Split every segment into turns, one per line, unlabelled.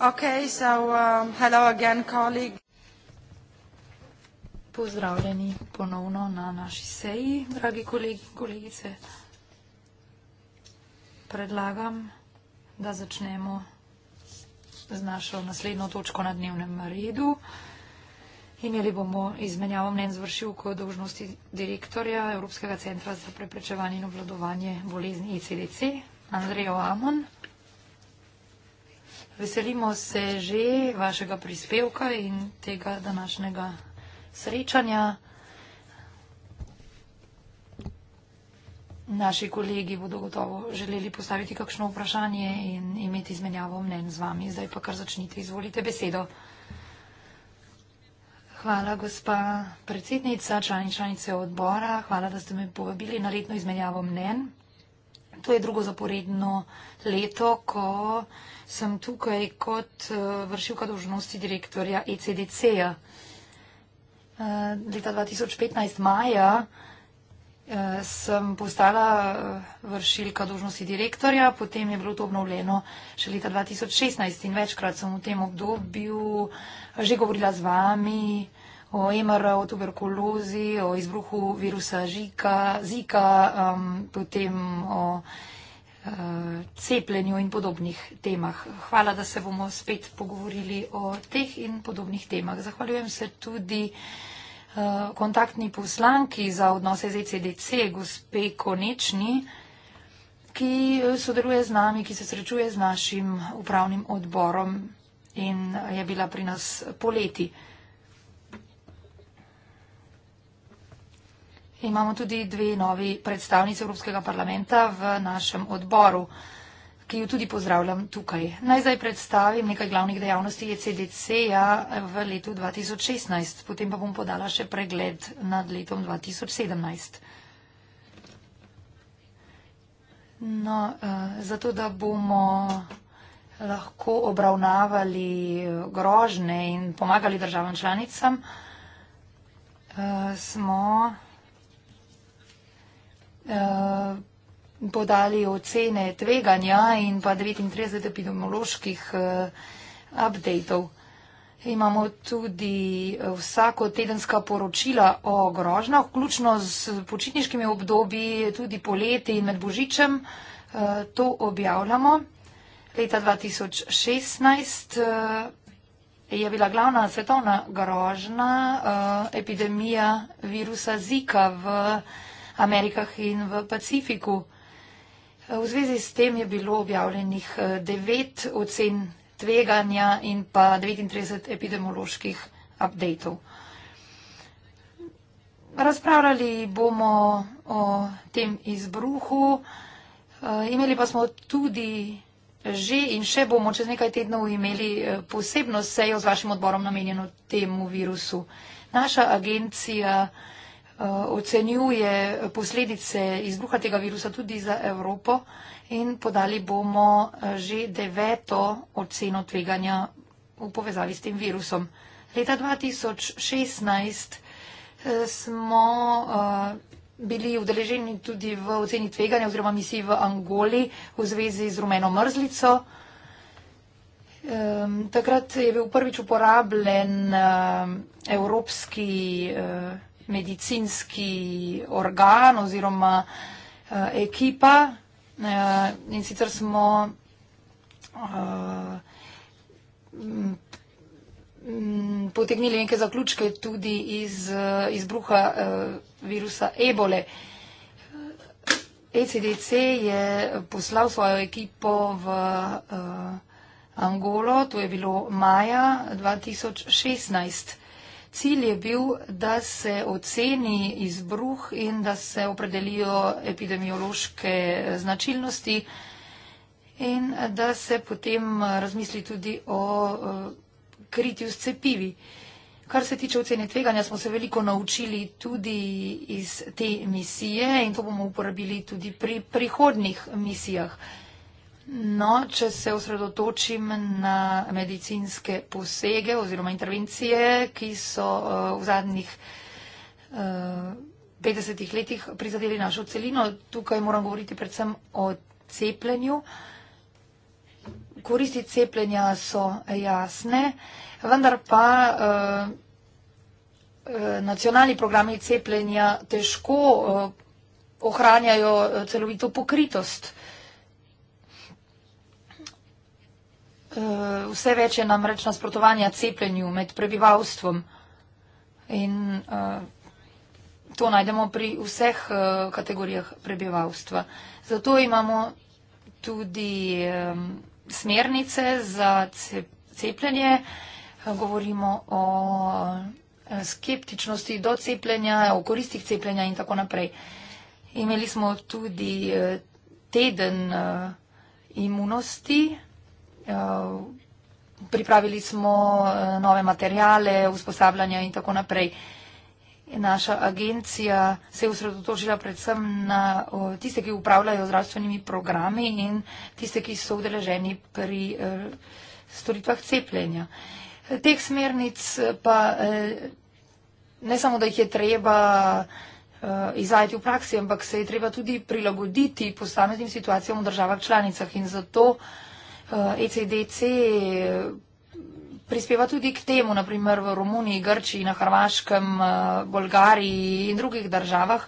Okay, so, um, hello again, Pozdravljeni ponovno na naši seji, dragi kolegi in kolegice. Predlagam, da začnemo z našo naslednjo točko na dnevnem redu. Imeli bomo izmenjavo mnen z vršilko dožnosti direktorja Evropskega centra za preprečevanje in obvladovanje bolezni ECDC, Andrejo Amon. Veselimo se že vašega prispevka in tega današnjega srečanja. Naši kolegi bodo gotovo želeli postaviti kakšno vprašanje in imeti izmenjavo mnen z vami. Zdaj pa kar začnite, izvolite besedo. Hvala, gospa predsednica, člani članice odbora. Hvala, da ste me povabili na letno izmenjavo mnen to je drugo zaporedno leto, ko sem tukaj kot eh, vršilka dožnosti direktorja ECDC-ja. Eh, leta 2015 maja eh, sem postala vršilka dožnosti direktorja, potem je bilo to obnovljeno še leta 2016 in večkrat sem v tem obdobju že govorila z vami o e MRO, o tuberkulozi, o izbruhu virusa Žika, Zika, um, potem o uh, cepljenju in podobnih temah. Hvala, da se bomo spet pogovorili o teh in podobnih temah. Zahvaljujem se tudi uh, kontaktni poslanki za odnose z ECDC, gospe Konečni ki uh, sodeluje z nami, ki se srečuje z našim upravnim odborom in je bila pri nas poleti. Imamo tudi dve novi predstavnici Evropskega parlamenta v našem odboru, ki jo tudi pozdravljam tukaj. Naj zdaj predstavim nekaj glavnih dejavnosti ECDC-ja v letu 2016, potem pa bom podala še pregled nad letom 2017. No, eh, zato, da bomo lahko obravnavali eh, grožne in pomagali državam članicam, eh, smo Eh, podali ocene tveganja in pa 39 epidemioloških eh, updateov. Imamo tudi eh, vsako tedenska poročila o grožnah, vključno z počitniškimi obdobji, tudi poleti in med božičem. To objavljamo. Leta 2016 je bila glavna svetovna grožna epidemija virusa Zika v Amerikah in v Pacifiku. V zvezi s tem je bilo objavljenih 9 eh, ocen tveganja in pa 39 epidemioloških updatov. Razpravljali bomo o tem izbruhu. Eh, imeli pa smo tudi že in še bomo čez nekaj tednov imeli eh, posebno sejo z vašim odborom namenjeno temu virusu. Naša agencija Eh, ocenjuje posledice izbruha tega virusa tudi za Evropo in podali bomo eh, že deveto oceno tveganja v povezavi s tem virusom. Leta 2016 eh, smo bili udeleženi tudi v oceni tveganja oziroma misiji v Angoli v zvezi z rumeno mrzlico. Um, takrat je bil prvič uporabljen uh, evropski uh, medicinski organ oziroma uh, ekipa uh, in sicer smo uh, potegnili neke zaključke tudi iz uh, izbruha uh, virusa ebole. ECDC je poslal svojo ekipo v uh, Angolo, to je bilo maja 2016. Cilj je bil, da se oceni izbruh in da se opredelijo epidemiološke značilnosti in da se potem razmisli tudi o eh, kritju s cepivi. Kar se tiče ocene tveganja, smo se veliko naučili tudi iz te misije in to bomo uporabili tudi pri prihodnih misijah. No, če se osredotočim na medicinske posege oziroma intervencije, ki so eh, v zadnjih 50 eh, letih prizadeli našo celino, tukaj moram govoriti predvsem o cepljenju. Koristi cepljenja so jasne, vendar pa eh, nacionalni programi cepljenja težko ohranjajo celovito pokritost Eh, vse več je namreč nasprotovanja cepljenju med prebivalstvom. In eh, to najdemo pri vseh eh, kategorijah prebivalstva. Zato imamo tudi smernice za cepljenje. Govorimo o skeptičnosti do cepljenja, o koristih cepljenja in tako naprej. Imeli smo tudi teden imunosti, Eh, pripravili smo eh, nove materijale, usposabljanja in tako naprej. Naša agencija se je usredotočila predvsem na eh, tiste, ki upravljajo zdravstvenimi programi in tiste, ki so udeleženi pri storitvah cepljenja. Teh smernic pa ne samo, da jih je treba izvajati v praksi, ampak se je treba tudi prilagoditi posameznim situacijam v državah članicah in zato ECDC eh, e eh, prispeva tudi k temu, naprimer v Romuniji, Grčiji, na Hrvaškem, eh, Bolgariji in drugih državah.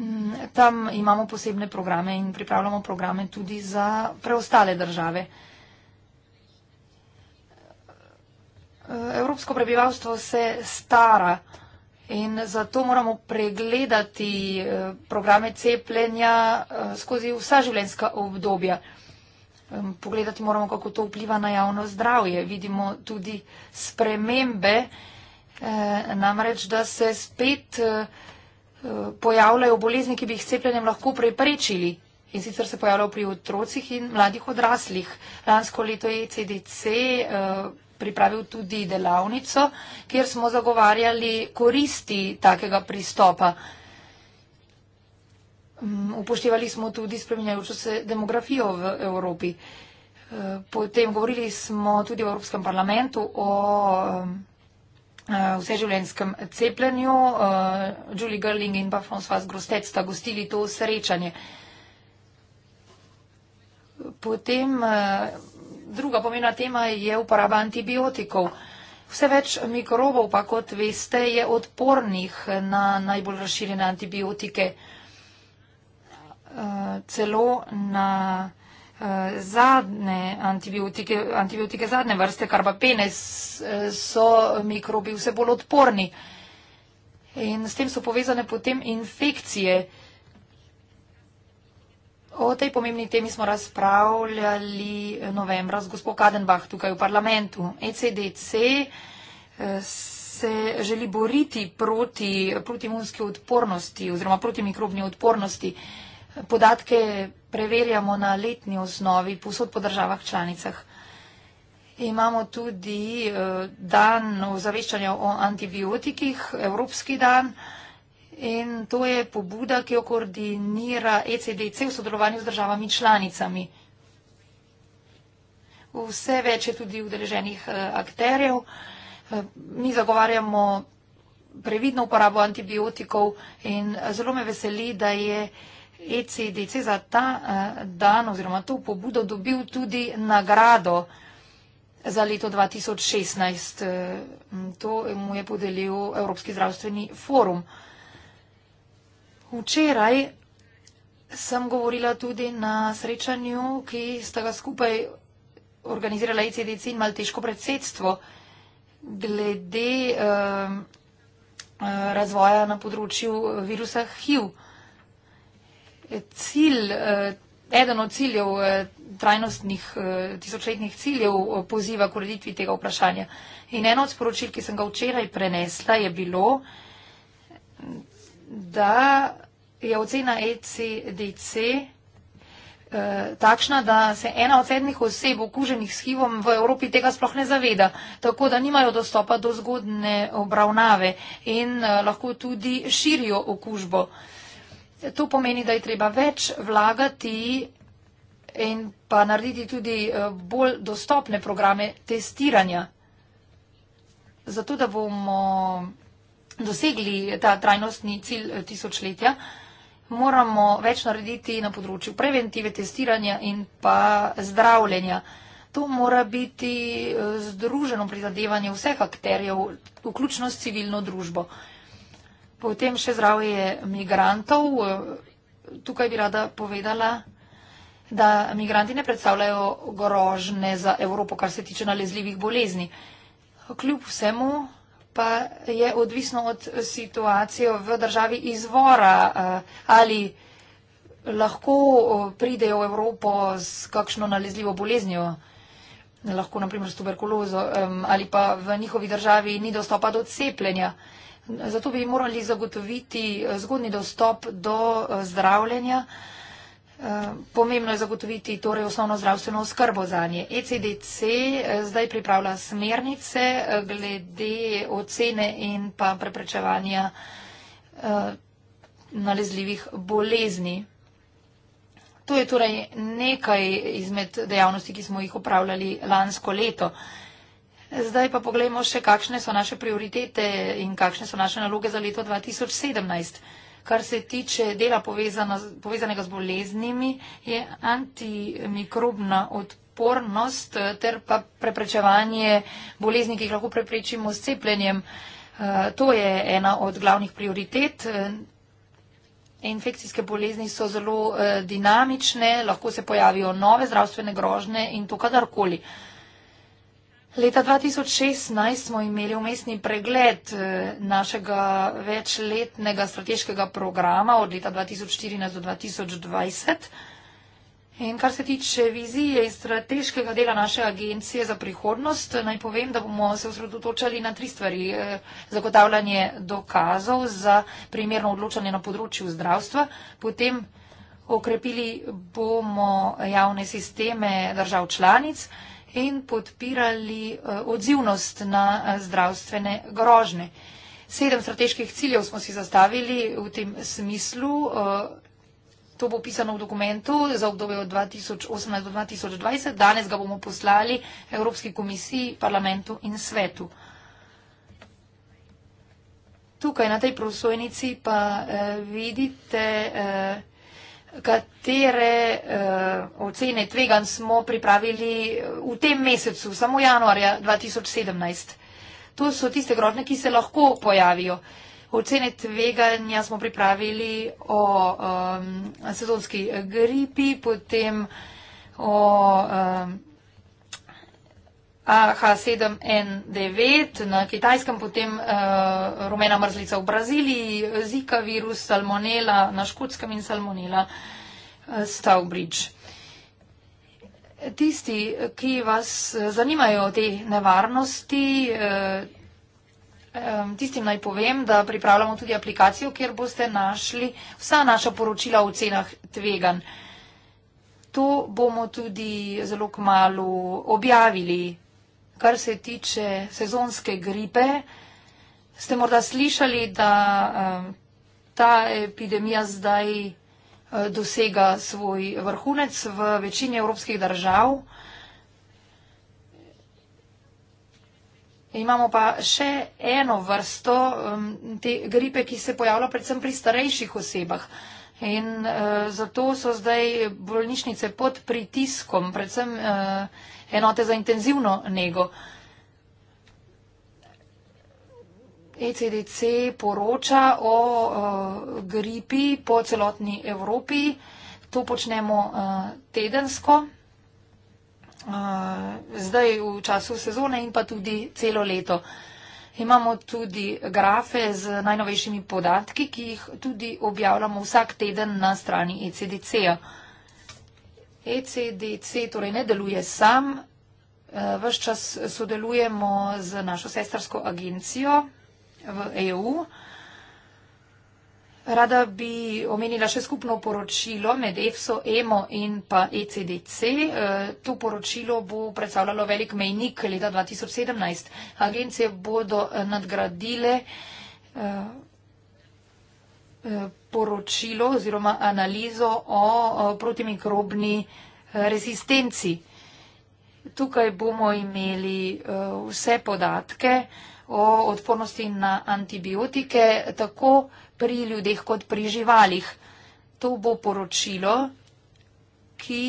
Mm, tam imamo posebne programe in pripravljamo programe tudi za preostale države. Evropsko prebivalstvo se stara in zato moramo pregledati programe cepljenja skozi vsa življenjska obdobja pogledati moramo, kako to vpliva na javno zdravje. Vidimo tudi spremembe, eh, namreč, da se spet eh, pojavljajo bolezni, ki bi jih cepljenjem lahko preprečili. In sicer se pojavljajo pri otrocih in mladih odraslih. Lansko leto je CDC eh, pripravil tudi delavnico, kjer smo zagovarjali koristi takega pristopa. Mm, upoštevali smo tudi spremenjajočo se demografijo v Evropi. Eh, potem govorili smo tudi v Evropskem parlamentu o eh, vseživljenjskem cepljenju. Eh, Julie Gerling in pa François Grostec sta gostili to srečanje. Potem druga pomena tema je uporaba antibiotikov. Vse več mikrobov pa, kot veste, je odpornih na najbolj razširjene antibiotike uh, celo na uh, zadnje antibiotike, antibiotike zadnje vrste, kar pa penes, uh, eh, so mikrobi vse bolj odporni. In s tem so povezane potem infekcije. O tej pomembni temi smo razpravljali novembra z gospod Kadenbach tukaj v parlamentu. ECDC se želi boriti proti protimunski odpornosti oziroma proti mikrobni odpornosti. Uh, podatke preverjamo na letni osnovi, posod po državah članicah. Imamo tudi eh, dan ozaveščanja o antibiotikih, Evropski dan, in to je pobuda, ki jo koordinira ECDC v sodelovanju z državami članicami. Vse več je tudi udeleženih eh, akterjev. Eh, mi zagovarjamo previdno uporabo antibiotikov in zelo me veseli, da je ECDC za ta eh, dan oziroma to pobudo dobil tudi nagrado za leto 2016. Eh, to mu je podelil Evropski zdravstveni forum. Včeraj sem govorila tudi na srečanju, ki sta ga skupaj organizirala ECDC in Malteško predsedstvo glede eh, eh razvoja na področju virusa HIV cilj, eh, eden od ciljev eh, trajnostnih eh, tisočletnih ciljev poziva k ureditvi tega vprašanja. In eno od sporočil, ki sem ga včeraj prenesla, je bilo, da je ocena ECDC takšna, da se ena od sedmih oseb okuženih s HIV-om v Evropi tega sploh ne zaveda, tako da nimajo dostopa do zgodne obravnave in lahko tudi širijo okužbo. To pomeni, da je treba več vlagati in pa narediti tudi eh, bolj dostopne programe testiranja, zato da bomo dosegli ta trajnostni cilj eh, tisočletja. Moramo več narediti na področju preventive, testiranja in pa zdravljenja. To mora biti eh, združeno prizadevanje vseh akterjev, vključno s civilno družbo. Potem še zdravje migrantov. Tukaj bi rada povedala, da migranti ne predstavljajo grožne za Evropo, kar se tiče nalezljivih bolezni. Kljub vsemu pa je odvisno od situacije v državi izvora, eh, ali lahko eh, pridejo v Evropo s kakšno nalezljivo boleznjo, lahko naprimer s tuberkulozo, ali pa v njihovi državi ni dostopa do cepljenja. Zato bi morali zagotoviti eh, zgodni dostop do eh, zdravljenja. Eh, pomembno je zagotoviti torej osnovno zdravstveno oskrbo za nje. ECDC zdaj pripravlja smernice glede ocene in pa preprečevanja nalezljivih bolezni. To je torej nekaj izmed dejavnosti, ki smo jih upravljali lansko leto. Zdaj pa pogledamo še, kakšne so naše prioritete in kakšne so naše naloge za leto 2017. Kar se tiče dela povezana, povezanega z boleznimi, je antimikrobna odpornost ter pa preprečevanje bolezni, ki jih lahko preprečimo s cepljenjem. Eh, to je ena od glavnih prioritet. Infekcijske bolezni so zelo eh, dinamične, lahko se pojavijo nove zdravstvene grožne in to kadarkoli. Leta 2016 smo imeli umestni pregled eh, našega večletnega strateškega programa od leta 2014 do 2020. In kar se tiče vizije in strateškega dela naše agencije za prihodnost, naj povem, da bomo se osredotočali na tri stvari. Eh, zagotavljanje dokazov za primerno odločanje na področju zdravstva, potem okrepili bomo javne sisteme držav članic in podpirali eh, odzivnost na eh, zdravstvene grožne. Sedem strateških ciljev smo si zastavili v tem smislu. Eh, to bo pisano v dokumentu za obdobje od 2018 do 2020. Danes ga bomo poslali Evropski komisiji, parlamentu in svetu. Tukaj na tej prosojnici pa vidite katere uh, ocene tvegan smo pripravili eh, v tem mesecu, samo januarja 2017. To so tiste grožne, ki se lahko pojavijo. Ocene tveganja smo pripravili o um, sezonski gripi, potem o um, AH7N9, na kitajskem potem uh, rumena mrzlica v Braziliji, zika virus, salmonela na škotskem in salmonela uh, eh, Stavbridge. Tisti, ki vas eh, zanimajo te nevarnosti, tistim naj povem, da pripravljamo tudi aplikacijo, kjer boste našli vsa naša poročila o cenah tvegan. To bomo tudi zelo kmalo objavili kar se tiče sezonske gripe, ste morda slišali, da eh, ta epidemija zdaj eh, dosega svoj vrhunec v večini evropskih držav. Imamo pa še eno vrsto te gripe, ki se pojavlja predvsem pri starejših osebah. In eh, zato so zdaj bolnišnice pod pritiskom, predvsem enote za intenzivno nego. ECDC poroča o uh, gripi po celotni Evropi. To počnemo uh, tedensko, uh, zdaj v času sezone in pa tudi celo leto. Imamo tudi grafe z najnovejšimi podatki, ki jih tudi objavljamo vsak teden na strani ECDC-a. Uh, ECDC torej ne deluje sam, eh, vse čas sodelujemo z našo sestrsko agencijo v EU. Rada bi omenila še skupno poročilo med EFSO, EMO in pa ECDC. Eh, to poročilo bo predstavljalo velik mejnik leta 2017. Agencije bodo eh, nadgradile poročilo oziroma analizo o protimikrobni eh, rezistenci. Tukaj bomo imeli eh, vse podatke o odpornosti na antibiotike, tako pri ljudeh kot pri živalih. To bo poročilo, ki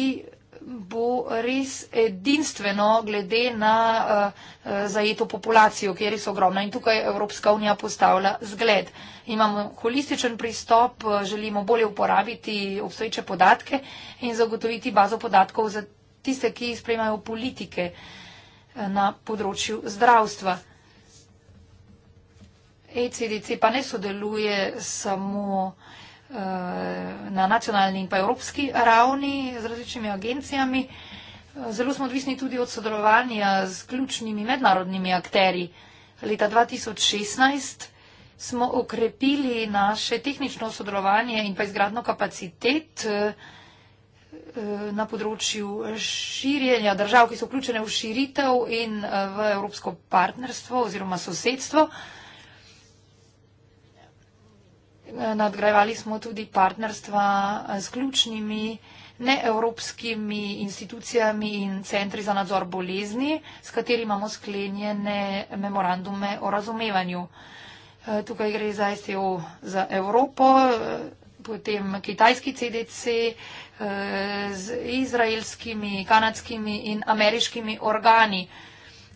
bo res edinstveno glede na eh, eh, zajeto populacijo, kjer so ogromna. In tukaj Evropska unija postavlja zgled. Imamo holističen pristop, eh, želimo bolje uporabiti obstoječe podatke in zagotoviti bazo podatkov za tiste, ki spremajo politike na področju zdravstva. ECDC pa ne sodeluje samo. Eh, na nacionalni in pa evropski ravni z različnimi agencijami. Eh, zelo smo odvisni tudi od sodelovanja z ključnimi mednarodnimi akteri. Leta 2016 smo okrepili naše tehnično sodelovanje in pa izgradno kapacitet eh, na področju širjenja držav, ki so vključene v širitev in v evropsko partnerstvo oziroma sosedstvo nadgrajevali smo tudi partnerstva z ključnimi neevropskimi institucijami in centri za nadzor bolezni, s katerimi imamo sklenjene memorandume o razumevanju. Eh, tukaj gre za STO za Evropo, eh, potem kitajski CDC eh, z izraelskimi, kanadskimi in ameriškimi organi.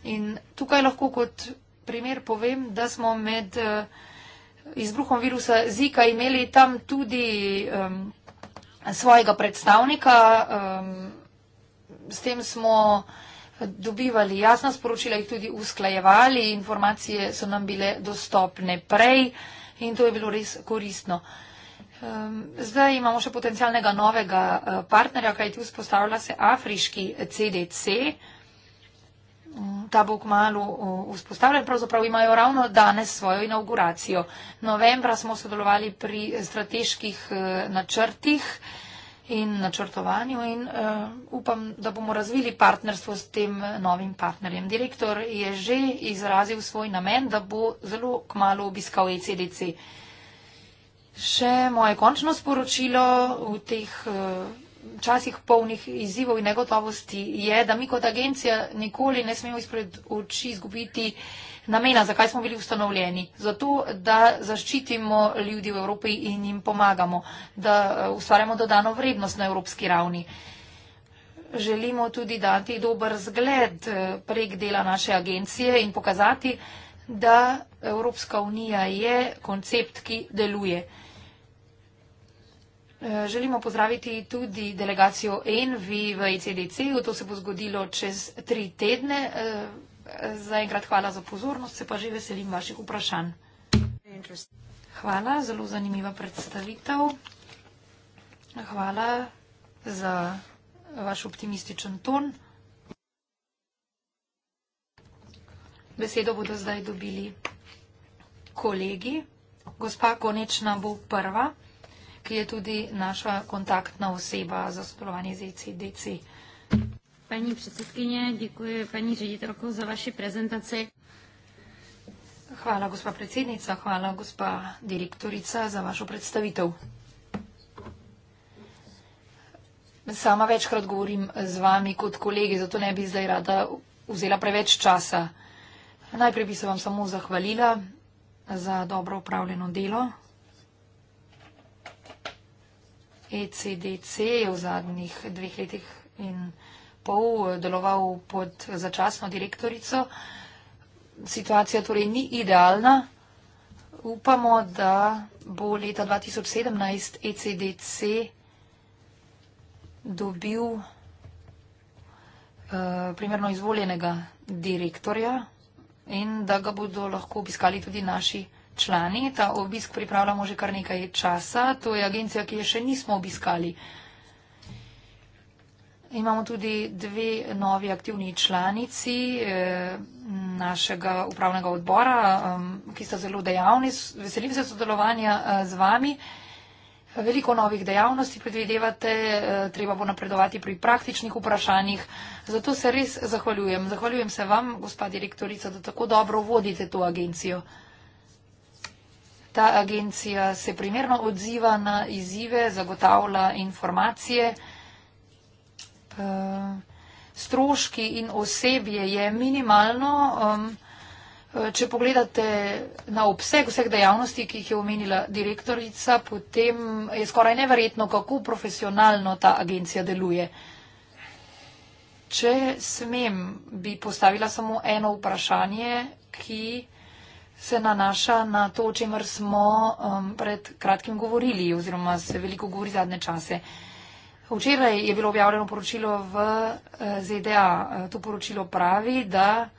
In tukaj lahko kot primer povem, da smo med izbruhom virusa Zika imeli tam tudi um, svojega predstavnika. Um, s tem smo dobivali jasna sporočila, jih tudi usklajevali, informacije so nam bile dostopne prej in to je bilo res koristno. Um, zdaj imamo še potencialnega novega uh, partnerja, kajti vzpostavlja se afriški CDC, ta bo kmalo vzpostavljen, pravzaprav imajo ravno danes svojo inauguracijo. Novembra smo sodelovali pri strateških e, načrtih in načrtovanju in uh, upam, da bomo razvili partnerstvo s tem e, novim partnerjem. Direktor je že izrazil svoj namen, da bo zelo kmalo obiskal ECDC. Še moje končno sporočilo v teh. Uh, včasih polnih izzivov in negotovosti je, da mi kot agencija nikoli ne smemo izpred oči izgubiti namena, zakaj smo bili ustanovljeni. Zato, da zaščitimo ljudi v Evropi in jim pomagamo, da eh, ustvarjamo dodano vrednost na evropski ravni. Želimo tudi dati dober zgled eh, prek dela naše agencije in pokazati, da Evropska unija je koncept, ki deluje. Eh, želimo pozdraviti tudi delegacijo ENVI v ECDC. To se bo zgodilo čez tri tedne. Eh, zaenkrat hvala za pozornost, se pa že veselim vaših vprašanj. Hvala, zelo zanimiva predstavitev. Hvala za vaš optimističen ton. Besedo bodo zdaj dobili kolegi. Gospa Konečna bo prva ki je tudi naša kontaktna oseba za sodelovanje z ECDC. Pani predsedkinje, děkuji pani ředitelko za vaši prezentaci. Hvala, gospa predsednica, hvala, gospa direktorica, za vašo predstavitev. Sama večkrat govorim z vami kot kolegi, zato ne bi zdaj rada vzela preveč časa. Najprej bi se vam samo zahvalila za dobro upravljeno delo, ECDC v zadnjih dveh letih in pol deloval pod začasno direktorico. Situacija torej ni idealna. Upamo, da bo leta 2017 ECDC dobil uh, primerno izvoljenega direktorja in da ga bodo lahko obiskali tudi naši člani. Ta obisk pripravljamo že kar nekaj časa. To je agencija, ki je še nismo obiskali. Imamo tudi dve novi aktivni članici eh, našega upravnega odbora, eh, ki sta zelo dejavni. Veselim se sodelovanja eh, z vami. Veliko novih dejavnosti predvidevate, treba bo napredovati pri praktičnih vprašanjih. Zato se res zahvaljujem. Zahvaljujem se vam, gospa direktorica, da tako dobro vodite to agencijo. Ta agencija se primerno odziva na izzive, zagotavlja informacije. Eh, stroški in osebje je minimalno. Eh, če pogledate na obseg vseh dejavnosti, ki jih je omenila direktorica, potem je skoraj neverjetno, kako profesionalno ta agencija deluje. Če smem, bi postavila samo eno vprašanje, ki se nanaša na to, o čemer smo um, pred kratkim govorili oziroma se veliko govori zadnje čase. Včeraj je bilo objavljeno poročilo v eh, ZDA. Eh, to poročilo pravi, da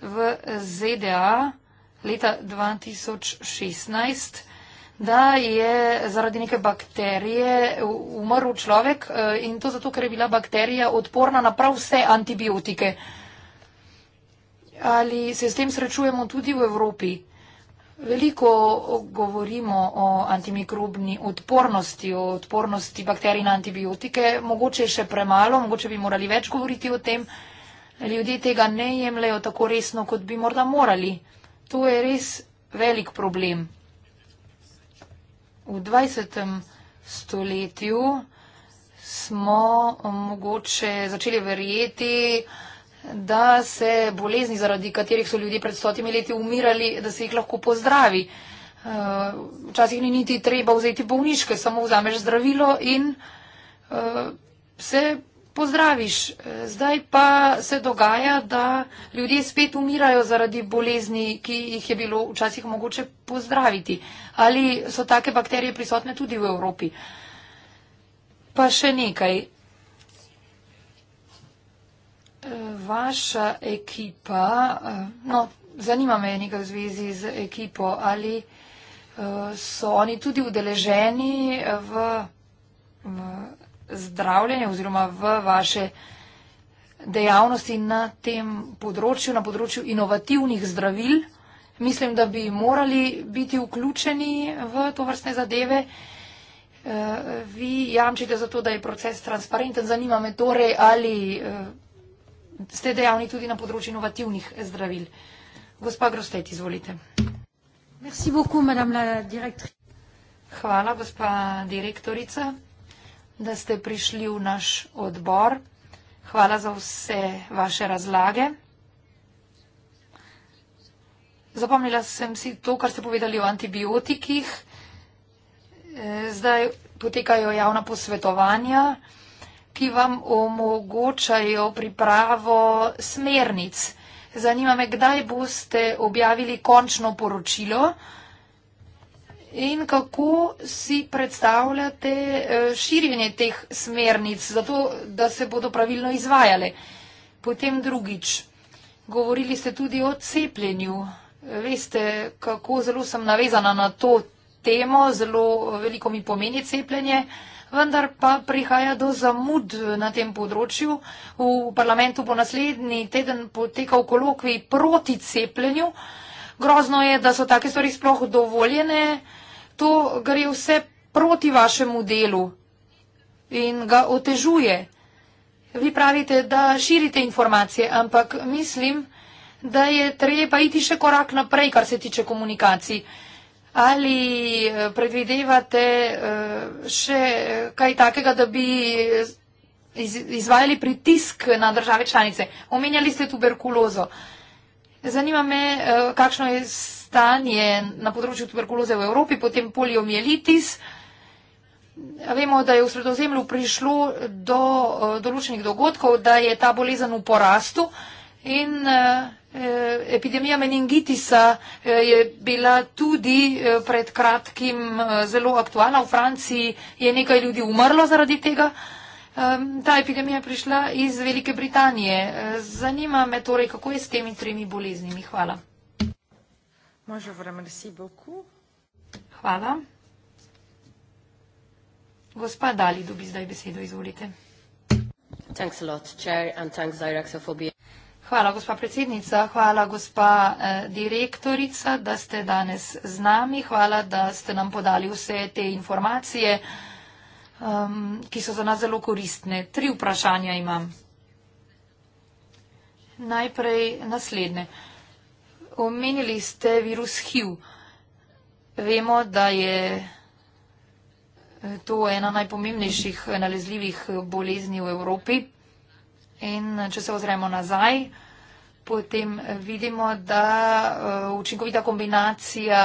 v eh, ZDA leta 2016, da je zaradi neke bakterije umrl človek in to zato, ker je bila bakterija odporna na prav vse antibiotike ali se s tem srečujemo tudi v Evropi? Veliko govorimo o antimikrobni odpornosti, o odpornosti bakterij na antibiotike, mogoče še premalo, mogoče bi morali več govoriti o tem. Ljudje tega ne jemljajo tako resno, kot bi morda morali. To je res velik problem. V 20. stoletju smo mogoče začeli verjeti, da se bolezni, zaradi katerih so ljudje pred stotimi leti umirali, da se jih lahko pozdravi. Eh, včasih ni niti treba vzeti bolniške, samo vzameš zdravilo in eh, se pozdraviš. Zdaj pa se dogaja, da ljudje spet umirajo zaradi bolezni, ki jih je bilo včasih mogoče pozdraviti. Ali so take bakterije prisotne tudi v Evropi? Pa še nekaj. vaša ekipa, eh, no, zanima me nekaj v zvezi z ekipo, ali eh, so oni tudi udeleženi v, v zdravljenju oziroma v vaše dejavnosti na tem področju, na področju inovativnih zdravil. Mislim, da bi morali biti vključeni v to vrstne zadeve. Eh, vi jamčite za to, da je proces transparenten. Zanima me torej, ali ste dejavni tudi na področju inovativnih zdravil. Gospa Grostet, izvolite. Merci beaucoup, madame la Hvala, gospa direktorica, da ste prišli v naš odbor. Hvala za vse vaše razlage. Zapomnila sem si to, kar ste povedali o antibiotikih. E, zdaj potekajo javna posvetovanja ki vam omogočajo pripravo smernic. Zanima me, kdaj boste objavili končno poročilo in kako si predstavljate eh, širjenje teh smernic, zato da se bodo pravilno izvajale. Potem drugič, govorili ste tudi o cepljenju. Veste, kako zelo sem navezana na to temo, zelo veliko mi pomeni cepljenje vendar pa prihaja do zamud na tem področju. V parlamentu bo naslednji teden potekal kolokvij proti cepljenju. Grozno je, da so take stvari sploh dovoljene. To gre vse proti vašemu delu in ga otežuje. Vi pravite, da širite informacije, ampak mislim, da je treba iti še korak naprej, kar se tiče komunikacij. Ali eh, predvidevate eh, še eh, kaj takega, da bi izvajali pritisk na države članice? Omenjali ste tuberkulozo. Zanima me, kakšno je stanje na področju tuberkuloze v Evropi, potem poliomielitis. Vemo, da je v sredozemlju prišlo do določenih dogodkov, da je ta bolezen v porastu in Eh, epidemija meningitisa eh, je bila tudi eh, pred kratkim zelo aktualna. V Franciji je nekaj ljudi umrlo zaradi tega. Ta epidemija je prišla iz Velike Britanije. Zanima me torej, kako je s temi tremi boleznimi. Hvala. Hvala. Gospa Dali dobi zdaj besedo. Izvolite. Thanks a lot, Chair, and thanks, Zyraxophobia. Hvala, gospa predsednica, hvala, gospa eh, direktorica, da ste danes z nami. Hvala, da ste nam podali vse te informacije, um, ki so za nas zelo koristne. Tri vprašanja imam. Najprej naslednje. Omenili ste virus HIV. Vemo, da je eh, to ena najpomembnejših nalezljivih bolezni v Evropi. In če se ozremo nazaj, potem vidimo, da eh, učinkovita kombinacija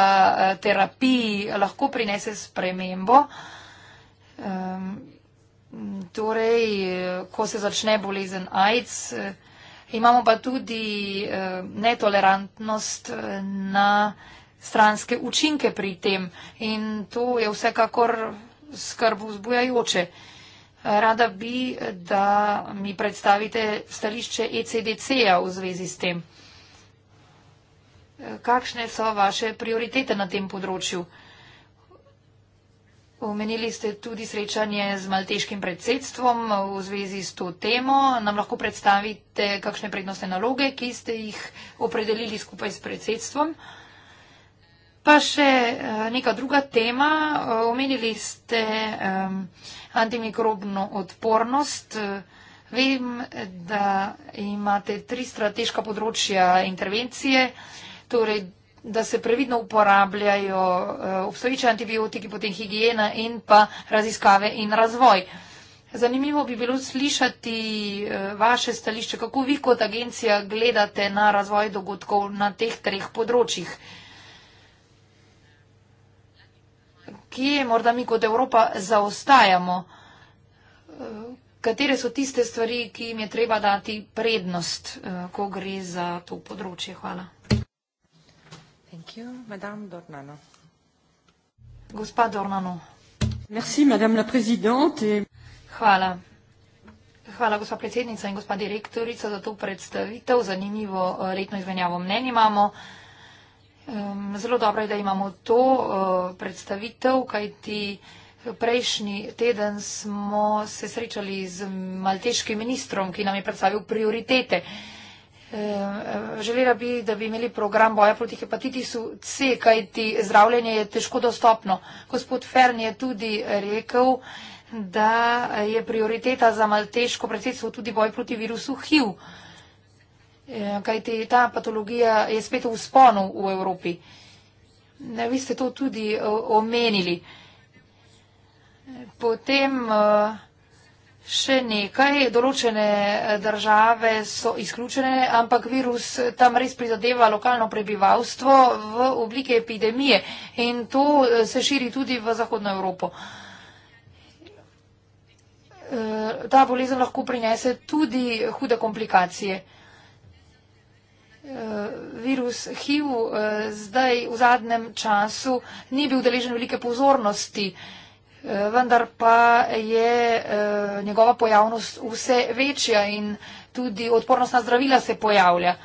eh, terapij lahko prinese spremembo. Ehm, torej, ko se začne bolezen AIDS, eh, imamo pa tudi netolerantnost na stranske učinke pri tem in to je vsekakor skrb vzbujajoče. Rada bi, da mi predstavite stališče ECDC-ja v zvezi s tem. Kakšne so vaše prioritete na tem področju? Omenili ste tudi srečanje z malteškim predsedstvom v zvezi s to temo. Nam lahko predstavite, kakšne prednostne naloge, ki ste jih opredelili skupaj s predsedstvom? Pa še eh, neka druga tema. Eh, omenili ste antimikrobno odpornost. Vem, da imate tri strateška področja intervencije, torej, da se previdno uporabljajo eh, obstoječi antibiotiki, potem higiena in pa raziskave in razvoj. Zanimivo bi bilo slišati vaše stališče, kako vi kot agencija gledate na razvoj dogodkov na teh treh področjih. kje morda mi kot Evropa zaostajamo? Katere so tiste stvari, ki jim je treba dati prednost, ko gre za to področje? Hvala. Gospa Dornano. Merci, Hvala. Hvala, gospa predsednica in gospa direktorica, za to predstavitev. Zanimivo letno izmenjavo mnenj imamo. Zelo dobro je, da imamo to eh, predstavitev, kajti prejšnji teden smo se srečali z malteškim ministrom, ki nam je predstavil prioritete. Eh, želela bi, da bi imeli program boja proti hepatitisu C, kajti zdravljenje je težko dostopno. Gospod Fern je tudi rekel, da je prioriteta za malteško predsedstvo tudi boj proti virusu HIV. Eh, kajti ta patologija je spet v sponu v Evropi. Vi ste to tudi eh, omenili. Potem eh, še nekaj, določene države so izključene, ampak virus tam res prizadeva lokalno prebivalstvo v obliki epidemije in to se širi tudi v Zahodno Evropo. Ta bolezen lahko prinese tudi hude komplikacije. Eh, virus HIV eh, zdaj v zadnjem času ni bil deležen velike pozornosti, eh, vendar pa je njegova pojavnost vse večja in tudi odpornost na zdravila se pojavlja.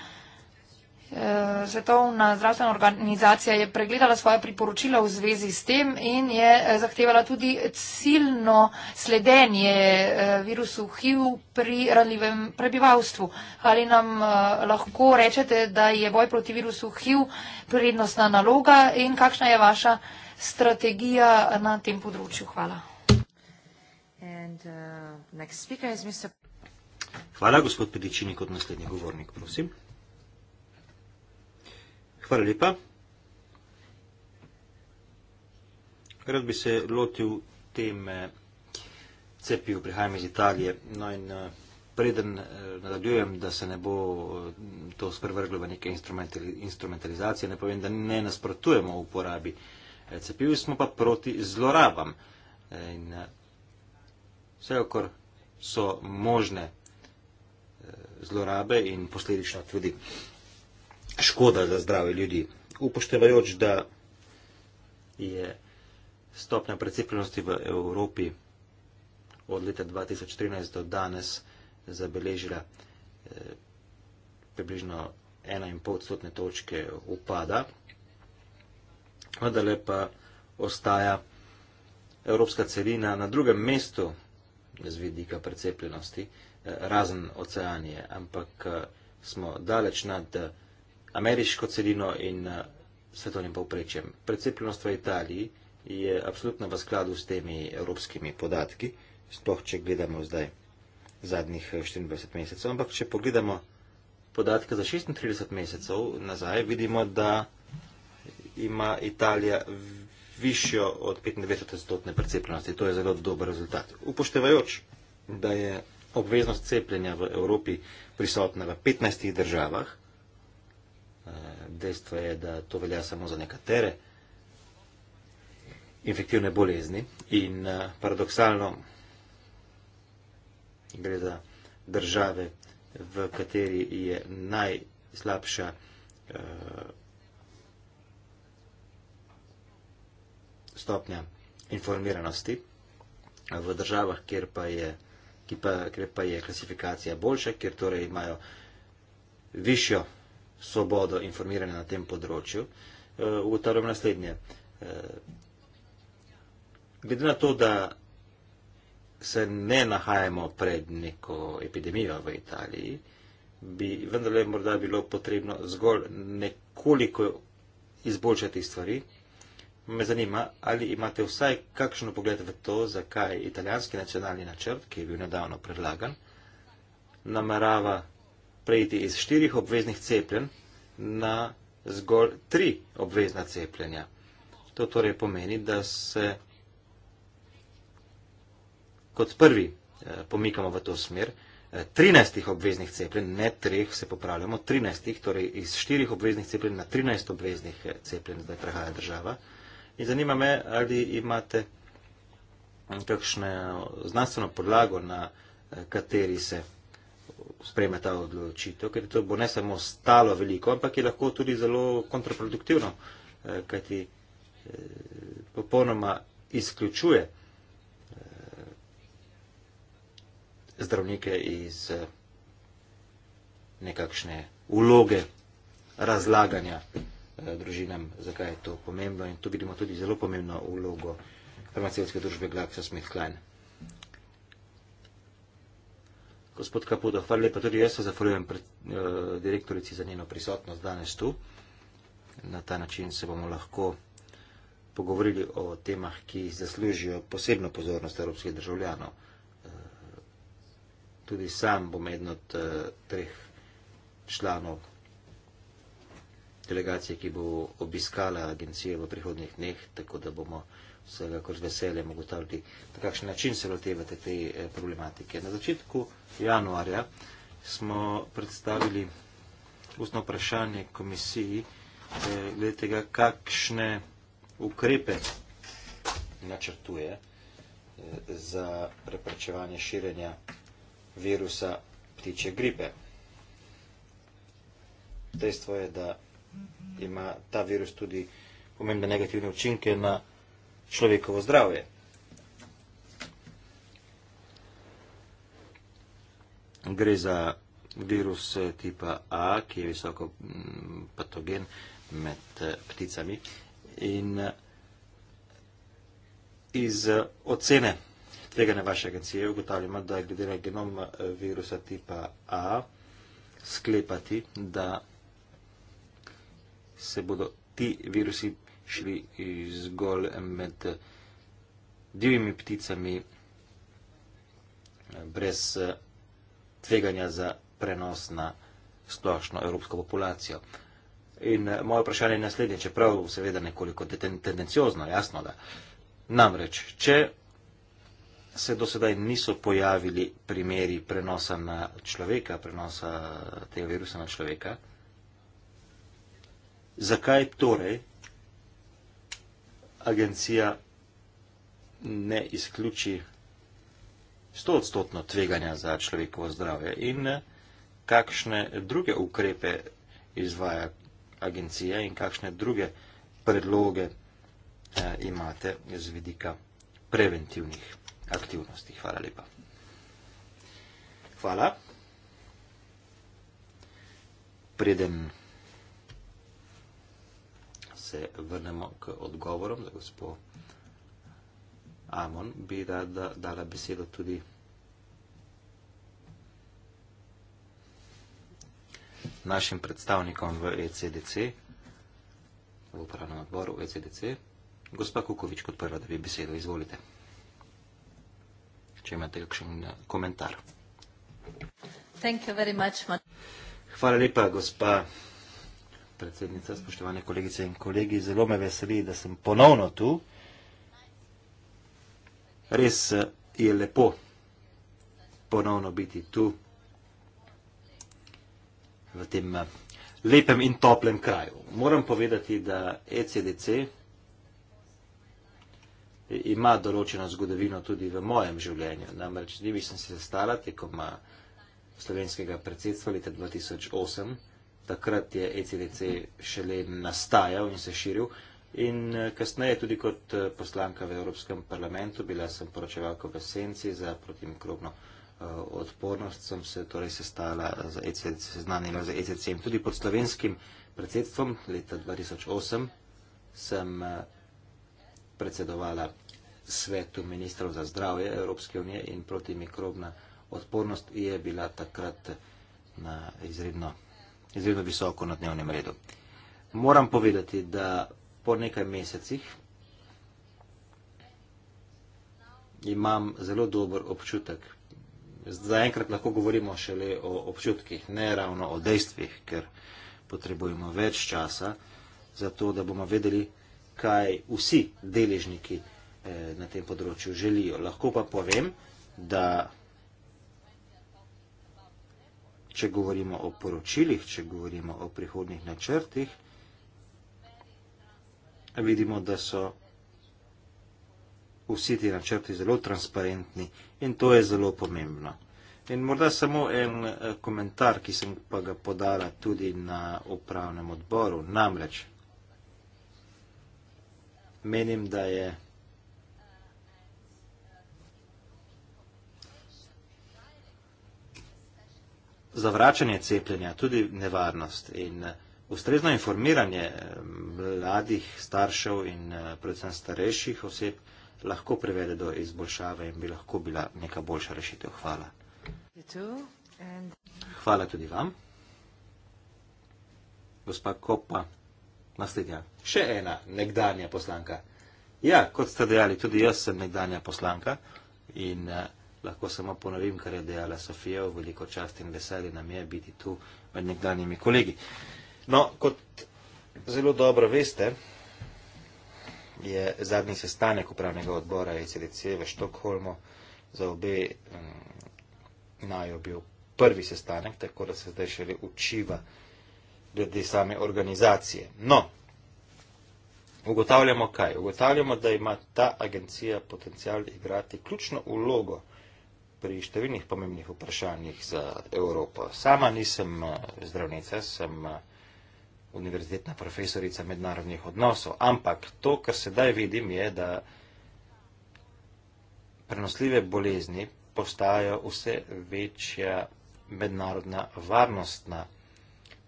Svetovna zdravstvena organizacija je pregledala svoja priporočila v zvezi s tem in je eh, zahtevala tudi ciljno sledenje eh, virusu HIV pri ranljivem prebivalstvu. Ali nam eh, lahko rečete, da je boj proti virusu HIV prednostna naloga in kakšna je vaša strategija na tem področju? Hvala. And, uh, Mr...
Hvala, gospod Pedičini, kot naslednji govornik, prosim. Hvala lepa. Rad bi se lotil teme cepiv, prihajam iz Italije. No in eh, preden eh, nadaljujem, da se ne bo eh, to sprevrglo v neke instrumentalizacije, ne povem, da ne nasprotujemo v uporabi cepiv, smo pa proti zlorabam. In vse, okor so možne zlorabe in posledično tudi škoda za zdrave ljudi. Upoštevajoč, da je stopnja precepljenosti v Evropi od leta 2013 do danes zabeležila eh, približno 1,5 odstotne točke upada, vendar pa ostaja evropska celina na drugem mestu z vidika precepljenosti, eh, razen oceanije, ampak eh, smo daleč nad ameriško celino in eh, svetovnim povprečjem. Precepljenost v Italiji je absolutno v skladu s temi evropskimi podatki, sploh če gledamo zdaj zadnjih 24 eh, mesecev. Ampak če pogledamo podatke za 36 mesecev nazaj, vidimo, da ima Italija višjo od 95-stotne precepljenosti. To je zelo dober rezultat. Upoštevajoč, da je obveznost cepljenja v Evropi prisotna v 15 državah, Dejstvo je, da to velja samo za nekatere infektivne bolezni in eh, paradoksalno gre za države, v kateri je najslabša eh, stopnja informiranosti, v državah, kjer pa je, kjer pa, kjer pa je klasifikacija boljša, kjer torej imajo višjo svobodo informiranja na tem področju, eh, ugotavljam naslednje. Eh, glede na to, da se ne nahajamo pred neko epidemijo v Italiji, bi vendarle morda bilo potrebno zgolj nekoliko izboljšati stvari. Me zanima, ali imate vsaj kakšen pogled v to, zakaj italijanski nacionalni načrt, ki je bil nedavno predlagan, namerava prejti iz štirih obveznih cepljen na zgolj tri obvezna cepljenja. To torej pomeni, da se kot prvi eh, pomikamo v to smer, 13 eh, obveznih cepljen, ne 3, se popravljamo, 13, torej iz 4 obveznih cepljen na 13 obveznih eh, cepljen, zdaj prehaja država. In zanima me, ali imate kakšno znanstveno podlago, na kateri se sprejme ta odločitev, ker to bo ne samo stalo veliko, ampak je lahko tudi zelo kontraproduktivno, eh, kajti eh, popolnoma izključuje eh, zdravnike iz nekakšne uloge razlaganja družinam, zakaj je to pomembno. In tu vidimo tudi zelo pomembno ulogo farmacevske družbe GlaxoSmithKline. Gospod Kapudo, hvala lepa. Tudi jaz se zahvaljujem pred, uh, direktorici za njeno prisotnost danes tu. Na ta način se bomo lahko pogovorili o temah, ki zaslužijo posebno pozornost evropskih državljanov. Eh, tudi sam bom eden od eh, treh članov delegacije, ki bo obiskala agencije v prihodnih dneh, tako da bomo vsega, kot z veseljem ugotavljati, na kakšen način se lotevate te eh, problematike. Na začetku januarja smo predstavili ustno vprašanje komisiji eh, glede tega, kakšne ukrepe načrtuje eh, za preprečevanje širenja virusa ptiče gripe. Dejstvo je, da ima ta virus tudi pomembne negativne učinke na človekovo zdravje. Gre za virus eh, tipa A, ki je visoko mm, patogen med eh, pticami. In eh, iz ocene tega na vaše agencije ugotavljamo, da je glede na genom virusa tipa A sklepati, da se bodo ti virusi šli zgolj med divjimi pticami, brez eh, tveganja za prenos na splošno evropsko populacijo. In eh, moje vprašanje je naslednje, čeprav seveda nekoliko tendenciozno, jasno da. Namreč, če se do sedaj niso pojavili primeri prenosa na človeka, prenosa tega virusa na človeka, zakaj torej agencija ne izključi stotstotno tveganja za človekovo zdravje in eh, kakšne druge ukrepe izvaja agencija in kakšne druge predloge eh, imate z vidika preventivnih aktivnosti. Hvala lepa. Hvala. Preden se vrnemo k odgovorom za gospo Amon, bi rada dala besedo tudi našim predstavnikom v ECDC, v upravnem odboru ECDC. Gospa Kukovič, kot prva, da bi besedo izvolite. Če imate kakšen eh, komentar. Thank you very much. Hvala lepa, gospa podpredsednica, spoštovane kolegice in kolegi. Zelo me veseli, da sem ponovno tu. Res eh, je lepo ponovno biti tu v tem eh, lepem in toplem kraju. Moram povedati, da ECDC ima določeno zgodovino tudi v mojem življenju. Namreč, z njimi sem se stala tekom eh, slovenskega predsedstva leta 2008 takrat je ECDC šele nastajal in se širil. In eh, kasneje tudi kot eh, poslanka v Evropskem parlamentu, bila sem poročevalka v Senci za protimikrobno eh, odpornost, sem se torej sestala z ECDC, seznanila z ECDC in tudi pod slovenskim predsedstvom leta 2008 sem predsedovala svetu ministrov za zdravje Evropske unije in protimikrobna odpornost je bila takrat na izredno izredno visoko na dnevnem redu. Moram povedati, da po nekaj mesecih imam zelo dober občutek. Zaenkrat lahko govorimo šele o občutkih, ne ravno o dejstvih, ker potrebujemo več časa za to, da bomo vedeli, kaj vsi deležniki eh, na tem področju želijo. Lahko pa povem, da če govorimo o poročilih, če govorimo o prihodnih načrtih, vidimo, da so vsi ti načrti zelo transparentni in to je zelo pomembno. In morda samo en eh, komentar, ki sem pa ga podala tudi na upravnem odboru. Namreč menim, da je. zavračanje cepljenja tudi nevarnost in eh, ustrezno informiranje eh, mladih staršev in eh, predvsem starejših oseb lahko privede do izboljšave in bi lahko bila neka boljša rešitev. Hvala. Hvala tudi vam. Gospa Kopa, naslednja, še ena nekdanja poslanka. Ja, kot ste dejali, tudi jaz sem nekdanja poslanka in uh, lahko samo ponovim, kar je dejala Sofija, veliko čast in veselje nam je biti tu med nekdanjimi kolegi. No, kot zelo dobro veste, je zadnji sestanek upravnega odbora ECDC v Štokholmu za obe mm, najo bil prvi sestanek, tako da se zdaj šele učiva glede same organizacije. No, ugotavljamo kaj? Ugotavljamo, da ima ta agencija potencial igrati ključno ulogo pri številnih pomembnih vprašanjih za Evropo. Sama nisem eh, zdravnica, sem eh, univerzitetna profesorica mednarodnih odnosov, ampak to, kar sedaj vidim, je, da prenosljive bolezni postajajo vse večja mednarodna varnostna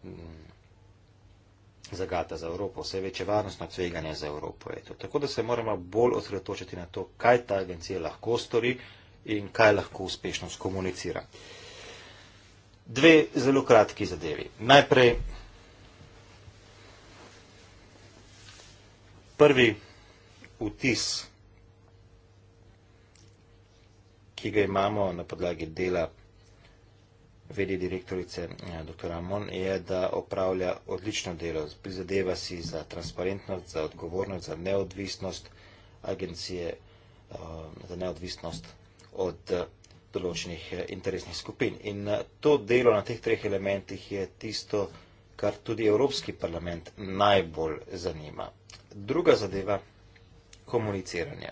mm, zagata za Evropo, vse večje varnostno tveganje za Evropo. Eto. Tako da se moramo bolj osredotočiti na to, kaj ta agencija lahko stori, in kaj lahko uspešno skomunicira. Dve zelo kratki zadevi. Najprej prvi vtis, ki ga imamo na podlagi dela vedi direktorice eh, dr. Amon, je, da opravlja odlično delo. Prizadeva si za transparentnost, za odgovornost, za neodvisnost agencije, eh, za neodvisnost od eh, določenih eh, interesnih skupin. In eh, to delo na teh treh elementih je tisto, kar tudi Evropski parlament najbolj zanima. Druga zadeva, komuniciranje.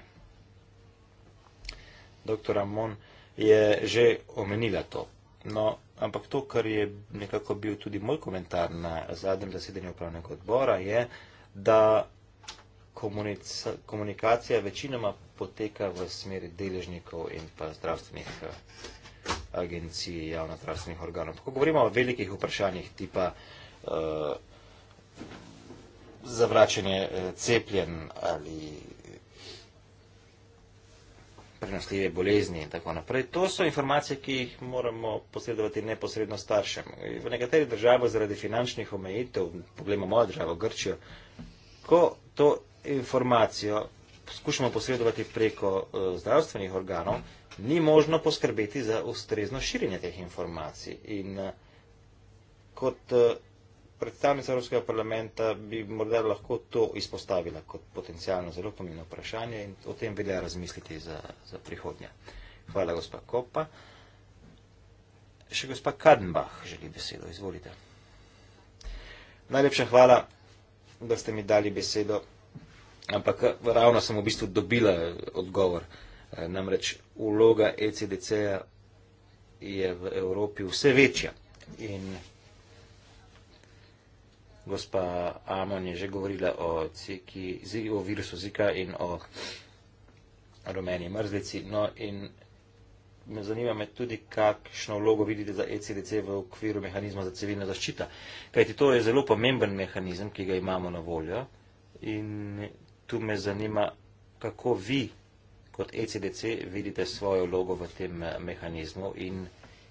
Doktor Amon je že omenila to. No, ampak to, kar je nekako bil tudi moj komentar na zadnjem zasedanju upravnega odbora, je, da komunikacija večinoma poteka v smeri deležnikov in pa zdravstvenih eh, agencij, javno zdravstvenih organov. Ko govorimo o velikih vprašanjih tipa uh, zavračanje eh, cepljen ali prenosljive bolezni in tako naprej. To so informacije, ki jih moramo posredovati neposredno staršem. V nekaterih državah zaradi finančnih omejitev, poglejmo mojo državo, Grčijo, ko to informacijo skušamo posredovati preko uh, zdravstvenih organov, ni možno poskrbeti za ustrezno širjenje teh informacij. In uh, kot uh, predstavnica Evropskega parlamenta bi morda lahko to izpostavila kot potencijalno zelo pomembno vprašanje in o tem velja razmisliti za, za prihodnje. Hvala, gospa Kopa. Še gospa Kadenbach želi besedo. Izvolite. Najlepša hvala, da ste mi dali besedo ampak eh, ravno sem v bistvu dobila eh, odgovor. Eh, namreč uloga ECDC-ja je v Evropi vse večja. In gospa Amon je že govorila o, ciki, o virusu Zika in o rumeni mrzlici. No in me zanima me tudi, kakšno vlogo vidite za ECDC v okviru mehanizma za civilno zaščito. Kajti to je zelo pomemben mehanizem, ki ga imamo na voljo. In tu me zanima, kako vi kot ECDC vidite svojo vlogo v tem eh, mehanizmu in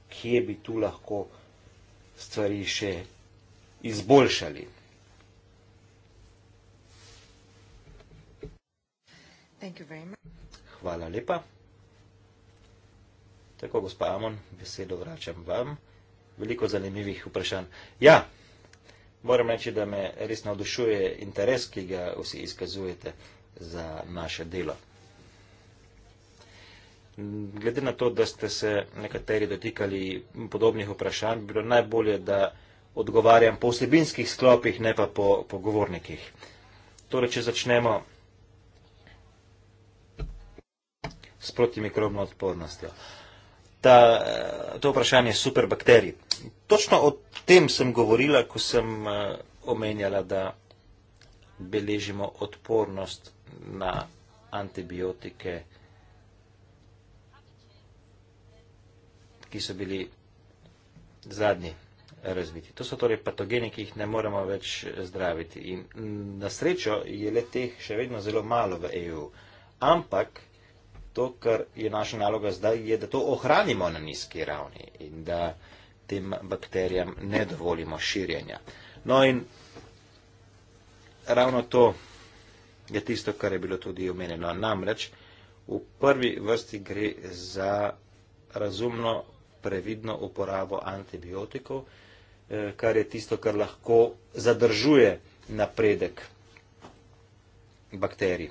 kje bi tu lahko stvari še izboljšali. Hvala lepa. Tako, gospod Amon, besedo vračam vam. Veliko zanimivih vprašanj. Ja, Moram reči, da me res navdušuje interes, ki ga vsi izkazujete za naše delo. Glede na to, da ste se nekateri dotikali podobnih vprašanj, bi bilo najbolje, da odgovarjam po vsebinskih sklopih, ne pa po pogovornikih. Torej, če začnemo s protimikrobno odpornostjo ta, to vprašanje superbakterij. Točno o tem sem govorila, ko sem eh, omenjala, da beležimo odpornost na antibiotike, ki so bili zadnji razviti. To so torej patogeni, ki jih ne moremo več zdraviti. In na srečo je le teh še vedno zelo malo v EU. Ampak to, kar je naša naloga zdaj, je, da to ohranimo na nizki ravni in da tem bakterijam ne dovolimo širjenja. No in ravno to je tisto, kar je bilo tudi omenjeno. Namreč v prvi vrsti gre za razumno, previdno uporabo antibiotikov, eh, kar je tisto, kar lahko zadržuje napredek bakterij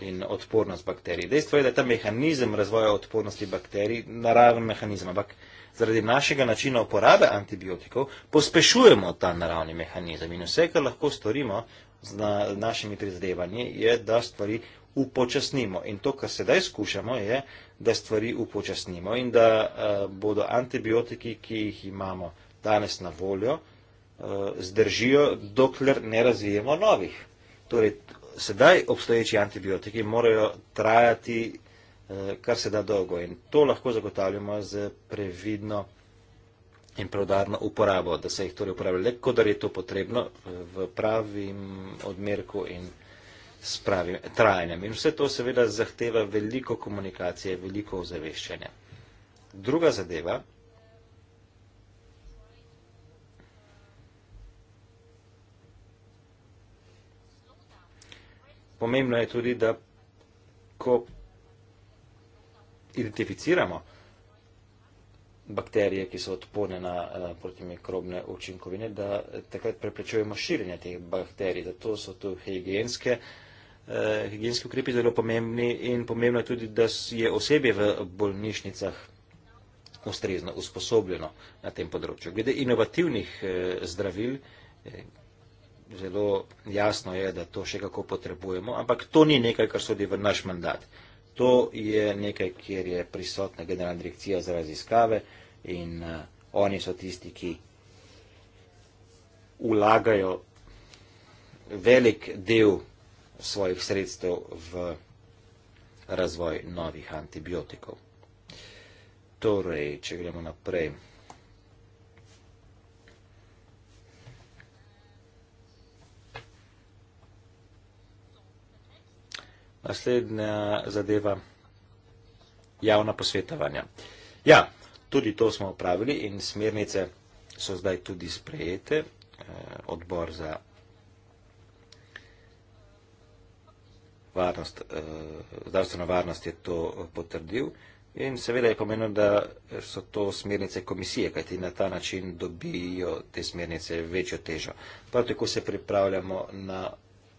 in odpornost bakterij. Dejstvo je, da je ta mehanizem razvoja odpornosti bakterij naraven mehanizem, ampak zaradi našega načina uporabe antibiotikov pospešujemo ta naravni mehanizem in vse, kar lahko storimo z na, našimi prizadevanji, je, da stvari upočasnimo. In to, kar sedaj skušamo, je, da stvari upočasnimo in da uh, bodo antibiotiki, ki jih imamo danes na voljo, uh, zdržijo, dokler ne razvijemo novih. Torej, sedaj obstoječi antibiotiki morajo trajati eh, kar se da dolgo in to lahko zagotavljamo z previdno in preudarno uporabo, da se jih torej uporablja le, kadar je to potrebno eh, v pravim odmerku in s pravim trajanjem. In vse to seveda zahteva veliko komunikacije, veliko ozaveščanja. Druga zadeva, pomembno je tudi, da ko identificiramo bakterije, ki so odporne na eh, protimikrobne učinkovine, da takrat preprečujemo širjenje teh bakterij. Zato so tu higijenske, eh, higijenske ukrepi zelo pomembni in pomembno je tudi, da je osebje v bolnišnicah ustrezno usposobljeno na tem področju. Glede inovativnih eh, zdravil, eh, zelo jasno je, da to še kako potrebujemo, ampak to ni nekaj, kar sodi v naš mandat. To je nekaj, kjer je prisotna generalna direkcija za raziskave in uh, oni so tisti, ki ulagajo velik del svojih sredstev v razvoj novih antibiotikov. Torej, če gremo naprej. Naslednja zadeva, javna posvetovanja. Ja, tudi to smo upravili in smernice so zdaj tudi sprejete. Eh, odbor za varnost, eh, zdravstveno varnost je to potrdil in seveda je pomenilo, da so to smernice komisije, kajti na ta način dobijo te smernice večjo težo. Prav tako se pripravljamo na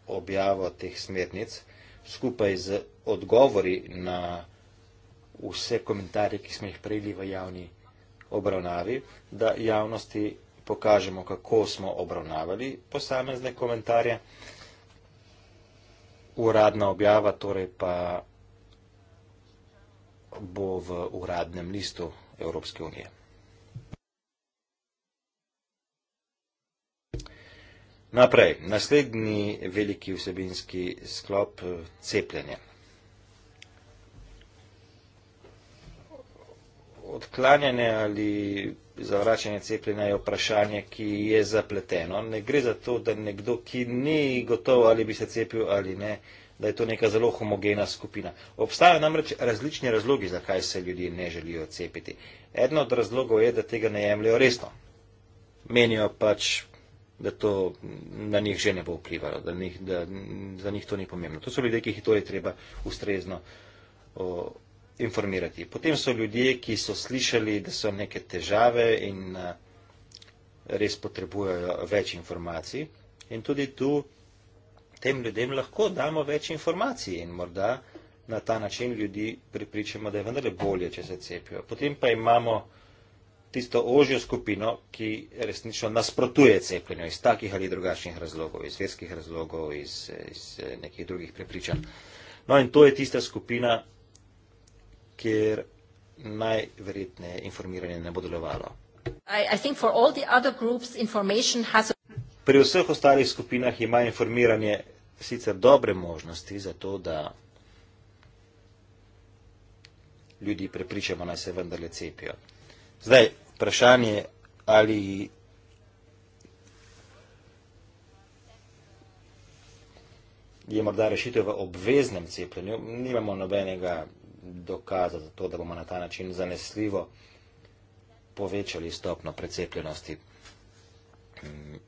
objavo teh smernic, skupaj z odgovori na vse komentarje, ki smo jih prejeli v javni obravnavi, da javnosti pokažemo, kako smo obravnavali posamezne komentarje. Uradna objava torej pa bo v uradnem listu Evropske unije. Naprej, naslednji veliki vsebinski sklop, cepljenje. Odklanjanje ali zavračanje cepljenja je vprašanje, ki je zapleteno. Ne gre za to, da nekdo, ki ni gotov ali bi se cepil ali ne, da je to neka zelo homogena skupina. Obstajajo namreč različni razlogi, zakaj se ljudje ne želijo cepiti. Eden od razlogov je, da tega ne jemljajo resno. Menijo pač, da to na njih že ne bo vplivalo, da, njih, da za njih to ni pomembno. To so ljudje, ki jih torej treba ustrezno o, informirati. Potem so ljudje, ki so slišali, da so neke težave in a, res potrebujejo več informacij. In tudi tu tem ljudem lahko damo več informacij in morda na ta način ljudi pripričamo, da je vendarle bolje, če se cepijo. Potem pa imamo tisto ožjo skupino, ki resnično nasprotuje cepljenju iz takih ali drugačnih razlogov, iz verskih razlogov, iz, iz eh, nekih drugih prepričanj. No in to je tista skupina, kjer najverjetneje informiranje ne bo delovalo. Pri vseh ostalih skupinah ima informiranje sicer dobre možnosti za to, da ljudi prepričamo, naj se vendarle cepijo. Zdaj, vprašanje, ali je morda rešitev v obveznem cepljenju. Nimamo nobenega dokaza za to, da bomo na ta način zanesljivo povečali stopno precepljenosti. Mm,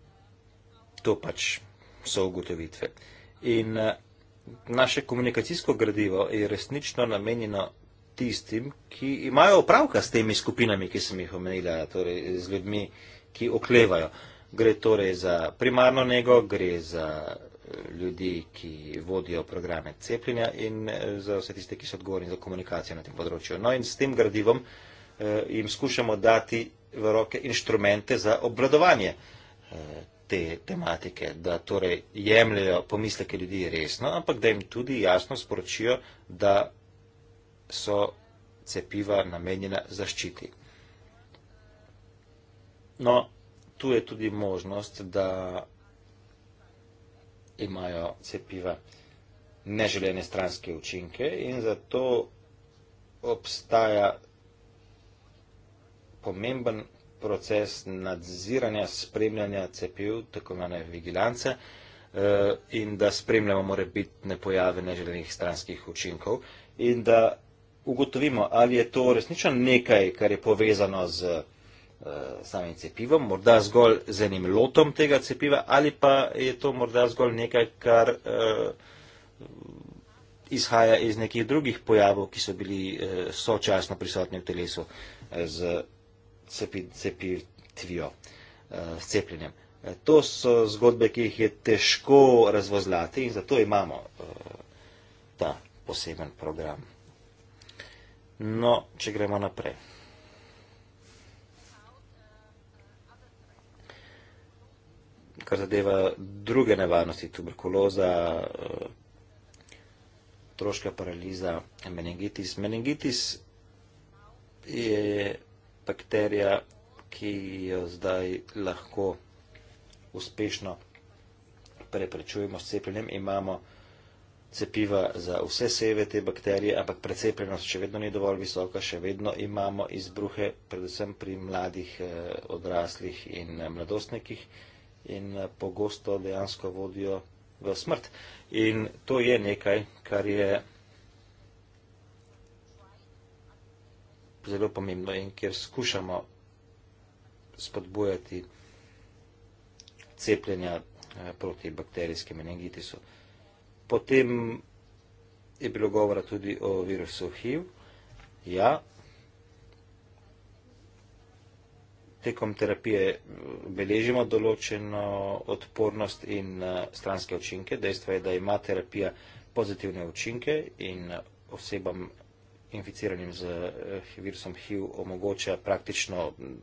to pač so ugotovitve. In eh, naše komunikacijsko gradivo je resnično namenjeno tistim, ki imajo opravka s temi skupinami, ki sem jih omenila, torej z ljudmi, ki oklevajo. Gre torej za primarno nego, gre za eh, ljudi, ki vodijo programe cepljenja in eh, za vse tiste, ki so odgovorni za komunikacijo na tem področju. No in s tem gradivom eh, jim skušamo dati v roke inštrumente za obvladovanje eh, te tematike, da torej jemljajo pomisleke ljudi resno, ampak da jim tudi jasno sporočijo, da so cepiva namenjena zaščiti. No, tu je tudi možnost, da imajo cepiva neželene stranske učinke in zato obstaja pomemben proces nadziranja, spremljanja cepiv, tako imenovane vigilance, eh, in da spremljamo morebitne pojave neželenih stranskih učinkov in da ugotovimo, ali je to resnično nekaj, kar je povezano z eh, samim cepivom, morda zgolj z enim lotom tega cepiva, ali pa je to morda zgolj nekaj, kar eh, izhaja iz nekih drugih pojavov, ki so bili eh, sočasno prisotni v telesu z cepitvijo, s cepljenjem. To so zgodbe, ki jih je težko razvozlati in zato imamo ta poseben program. No, če gremo naprej. Kar zadeva druge nevarnosti, tuberkuloza, eh, otroška paraliza, meningitis. Meningitis je bakterija, ki jo zdaj lahko uspešno preprečujemo s cepljenjem. Imamo cepiva za vse seve te bakterije, ampak precepljenost še vedno ni dovolj visoka, še vedno imamo izbruhe, predvsem pri mladih, eh, odraslih in eh, mladostnikih in eh, pogosto dejansko vodijo v smrt. In to je nekaj, kar je zelo pomembno in kjer skušamo spodbujati cepljenja proti bakterijskim meningitisom. Potem je bilo govora tudi o virusu HIV. Ja, tekom terapije beležimo določeno odpornost in eh, stranske učinke. Dejstvo je, da ima terapija pozitivne učinke in osebam inficiranim z eh, virusom HIV omogoča praktično mm,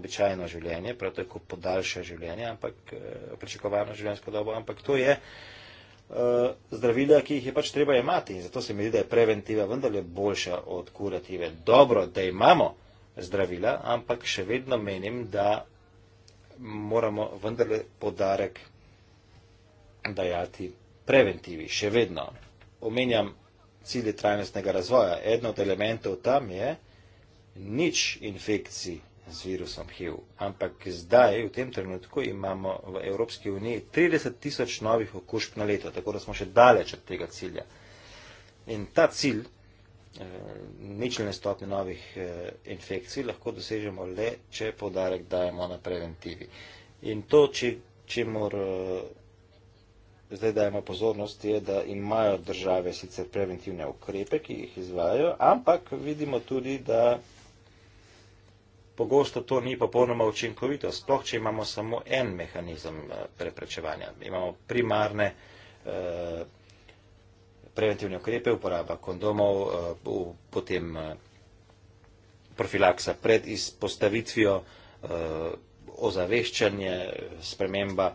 običajno življenje, prav tako podaljša življenje, ampak eh, pričakovano življenjsko dobo, ampak to je Eh, zdravila, ki jih je pač treba imati. In zato se mi zdi, da je preventiva vendarle boljša od kurative. Dobro, da imamo zdravila, ampak še vedno menim, da moramo vendarle podarek dajati preventivi. Še vedno omenjam cilje trajnostnega razvoja. Eden od elementov tam je nič infekcij z virusom HIV. Ampak zdaj, v tem trenutku, imamo v Evropski uniji 30 tisoč novih okužb na leto, tako da smo še daleč od tega cilja. In ta cilj, eh, ničelne stopnje novih eh, infekcij, lahko dosežemo le, če podarek dajemo na preventivi. In to, če, če mor eh, zdaj dajemo pozornost, je, da imajo države sicer preventivne ukrepe, ki jih izvajajo, ampak vidimo tudi, da pogosto to ni popolnoma učinkovito, sploh če imamo samo en mehanizem eh, preprečevanja. Imamo primarne eh, preventivne ukrepe, uporaba kondomov, eh, potem profilaksa pred izpostavitvijo, ozaveščanje, sprememba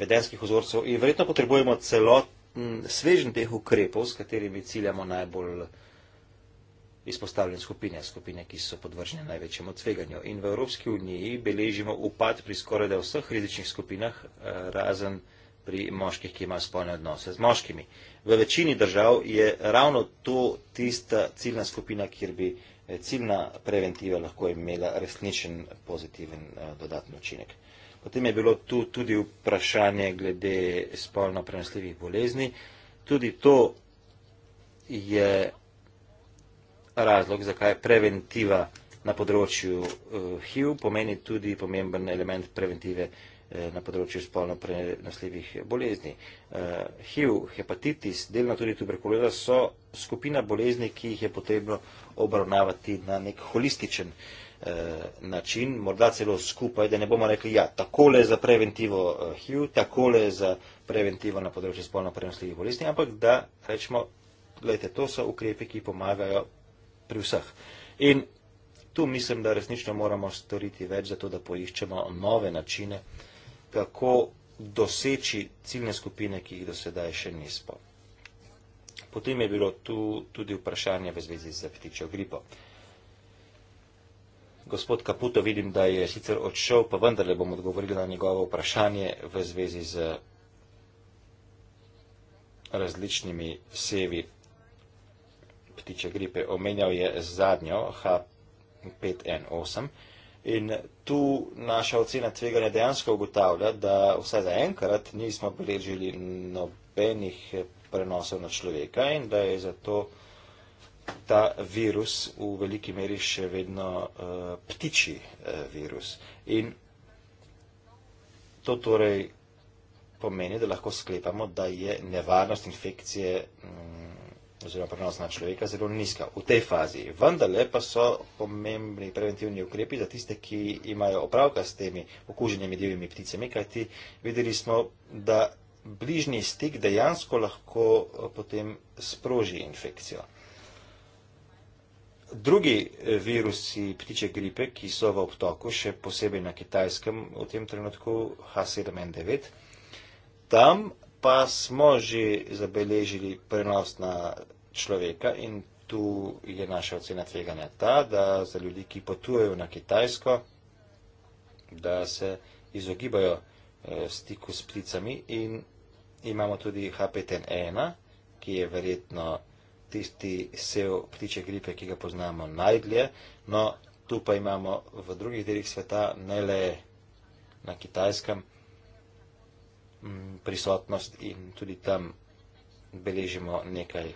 vedenskih vzorcev in verjetno potrebujemo celoten svežen teh ukrepov, s katerimi ciljamo najbolj izpostavljene skupine, skupine, ki so podvržene največjemu tveganju. In v Evropski uniji beležimo upad pri skoraj da vseh rizičnih skupinah, eh, razen pri moških, ki imajo spolne odnose z moškimi. V večini držav je ravno to tista ciljna skupina, kjer bi eh, ciljna preventiva lahko imela resničen pozitiven eh, dodatni učinek. Potem je bilo tu tudi vprašanje glede spolno prenosljivih bolezni. Tudi to je razlog, zakaj preventiva na področju uh, HIV pomeni tudi pomemben element preventive eh, na področju spolno prenosljivih bolezni. Eh, HIV, hepatitis, delno tudi tuberkuloza so skupina bolezni, ki jih je potrebno obravnavati na nek holističen način, morda celo skupaj, da ne bomo rekli, ja, takole za preventivo HIV, takole za preventivo na področju spolno prenosljivih bolezni, ampak da rečemo, gledajte, to so ukrepe, ki pomagajo pri vseh. In tu mislim, da resnično moramo storiti več za to, da poiščemo nove načine, kako doseči ciljne skupine, ki jih do sedaj še nismo. Potem je bilo tu tudi vprašanje v zvezi z ptičjo gripo. Gospod Kaputo, vidim, da je sicer odšel, pa vendarle bom odgovorila na njegovo vprašanje v zvezi z različnimi sevi ptiče gripe. Omenjal je zadnjo, H5N8. In tu naša ocena tveganja dejansko ugotavlja, da vsaj za enkrat nismo beležili nobenih prenosov na človeka in da je zato ta virus v veliki meri še vedno uh, ptiči uh, virus. In to torej pomeni, da lahko sklepamo, da je nevarnost infekcije. Um, oziroma prenos na človeka zelo nizka v tej fazi. Vendale pa so pomembni preventivni ukrepi za tiste, ki imajo opravka s temi okuženimi divjimi pticami, kajti videli smo, da bližnji stik dejansko lahko eh, potem sproži infekcijo. Drugi eh, virusi ptiče gripe, ki so v obtoku, še posebej na kitajskem v tem trenutku H7N9, tam pa smo že zabeležili prenos na človeka in tu je naša ocena tveganja ta, da za ljudi, ki potujejo na Kitajsko, da se izogibajo eh, stiku s pticami in imamo tudi H5N1, ki je verjetno tisti sev ptiče gripe, ki ga poznamo najdlje, no tu pa imamo v drugih delih sveta, ne le na kitajskem, mm, prisotnost in tudi tam beležimo nekaj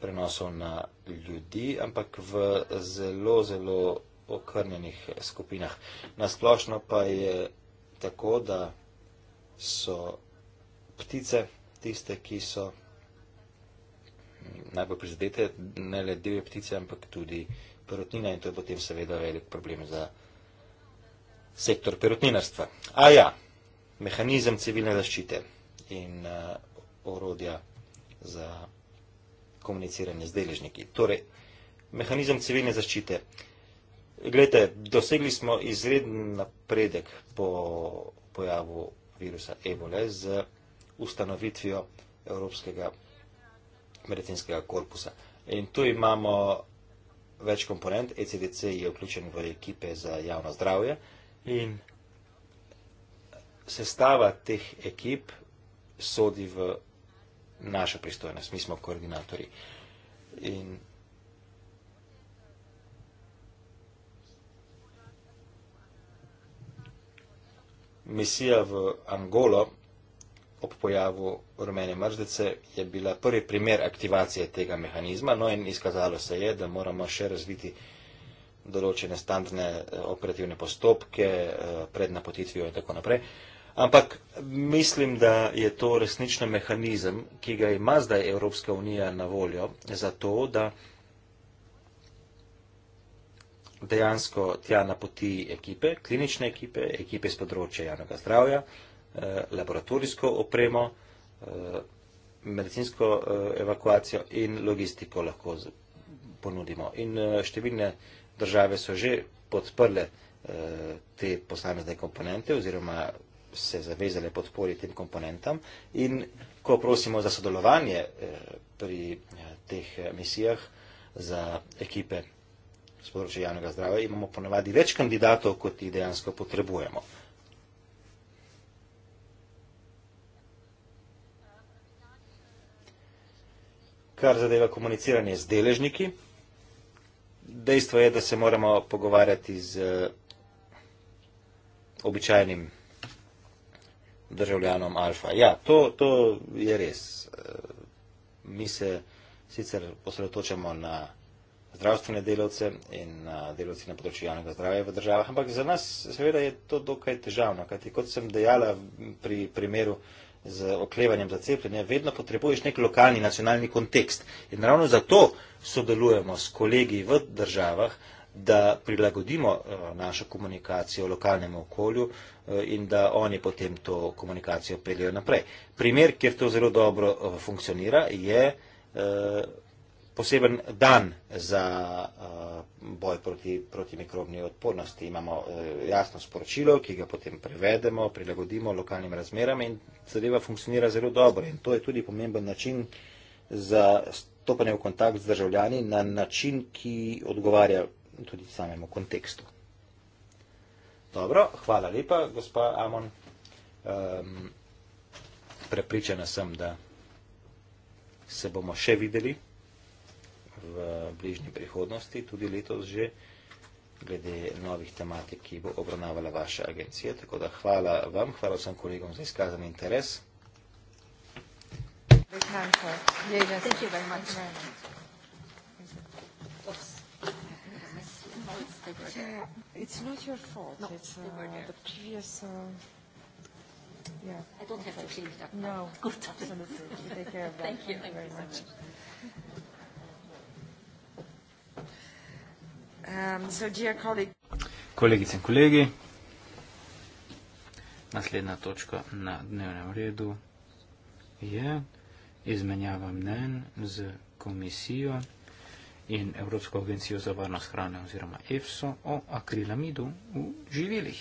prenosov na ljudi, ampak v zelo, zelo okrnjenih skupinah. Nasplošno pa je tako, da so ptice tiste, ki so najbolj prizadete, ne le divje ptice, ampak tudi perutnina in to je potem seveda velik problem za sektor perutninarstva. A ja, mehanizem civilne zaščite in uh, orodja za komuniciranje z deležniki. Torej, mehanizem civilne zaščite. Glejte, dosegli smo izreden napredek po pojavu virusa ebole z ustanovitvijo Evropskega medicinskega korpusa. In tu imamo več komponent. ECDC je vključen v ekipe za javno zdravje in sestava teh ekip sodi v naša pristojnost, mi smo koordinatori. In misija v Angolo ob pojavu rumene mrzlice je bila prvi primer aktivacije tega mehanizma, no in izkazalo se je, da moramo še razviti določene standardne eh, operativne postopke eh, pred napotitvijo in tako naprej. Ampak mislim, da je to resnično mehanizem, ki ga ima zdaj Evropska unija na voljo, zato da dejansko tja napoti ekipe, klinične ekipe, ekipe z področja javnega zdravja, eh, laboratorijsko opremo, eh, medicinsko eh, evakuacijo in logistiko lahko ponudimo. In številne države so že podprle te posamezne komponente oziroma se zavezale podpori tem komponentam in ko prosimo za sodelovanje eh, pri eh, teh eh, misijah za ekipe z področja javnega zdravja, imamo ponavadi več kandidatov, kot jih dejansko potrebujemo. Kar zadeva komuniciranje z deležniki, dejstvo je, da se moramo pogovarjati z običajnim vsega, državljanom Alfa. Ja, to, to je res. Eh, mi se sicer osredotočamo na zdravstvene delavce in na delavce na področju javnega zdravja v državah, ampak za nas seveda je to dokaj težavno, kajti kot sem dejala pri primeru z oklevanjem za cepljenje, vedno potrebuješ nek lokalni, nacionalni kontekst. In ravno zato sodelujemo s kolegi v državah, da prilagodimo eh, našo komunikacijo lokalnemu okolju eh, in da oni potem to komunikacijo peljejo naprej. Primer, kjer to zelo dobro eh, funkcionira, je poseben dan za boj proti, proti mikrobni odpornosti. Imamo jasno sporočilo, ki ga potem prevedemo, prilagodimo lokalnim razmeram in zadeva funkcionira zelo dobro. In to je tudi pomemben način za stopanje v kontakt z državljani na način, ki odgovarja tudi samemu kontekstu. Dobro, hvala lepa, gospa Amon. Um, prepričana sem, da se bomo še videli v bližnji prihodnosti, tudi letos že, glede novih tematik, ki bo obravnavala vaša agencija. Tako da hvala vam, hvala vsem kolegom za izkazan interes.
Thank you very much. it's the verdict. Yeah, it's not your fault. No, it's uh, the, the previous. Uh, yeah. I don't okay. have to clean it up. No. Now. Good. Absolutely. Take care of that. Thank you. Thank, Thank you very you so much. much. Um, so, dear colleague.
Kolegice in kolegi, naslednja točka na dnevnem redu je izmenjava mnen z komisijo in Evropsko agencijo za varnost hrane oziroma EFSO o akrilamidu v živilih.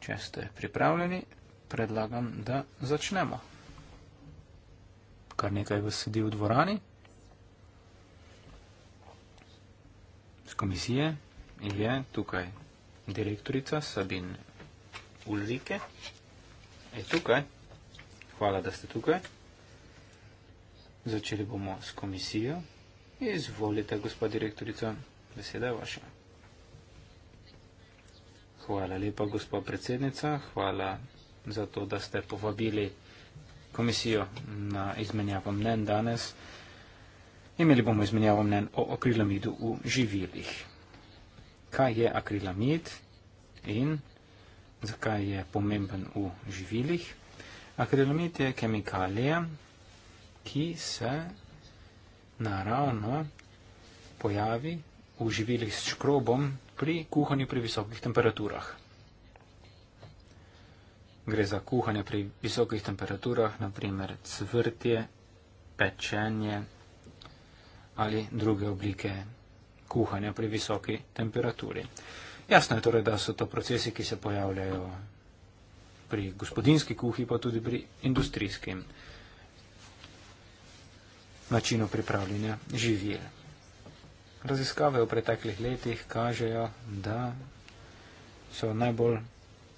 Če ste pripravljeni, predlagam, da začnemo. Kar nekaj vas sedi v dvorani. Z komisije je tukaj direktorica Sabin Ulrike. Je tukaj. Hvala, da ste tukaj. Začeli bomo s komisijo, Izvolite, gospod direktorica, beseda je vaša. Hvala lepa, gospod predsednica, hvala za to, da ste povabili komisijo na izmenjavo mnen danes. Imeli bomo izmenjavo mnen o akrilamidu v živilih. Kaj je akrilamid in zakaj je pomemben v živilih? Akrilamid je kemikalija, ki se naravno pojavi v živilih s škrobom pri kuhanju pri visokih temperaturah. Gre za kuhanje pri visokih temperaturah, naprimer cvrtje, pečenje ali druge oblike kuhanja pri visoki temperaturi. Jasno je torej, da so to procesi, ki se pojavljajo pri gospodinski kuhi, pa tudi pri industrijskem kuhi načinu pripravljanja živil. Raziskave v preteklih letih kažejo, da so najbolj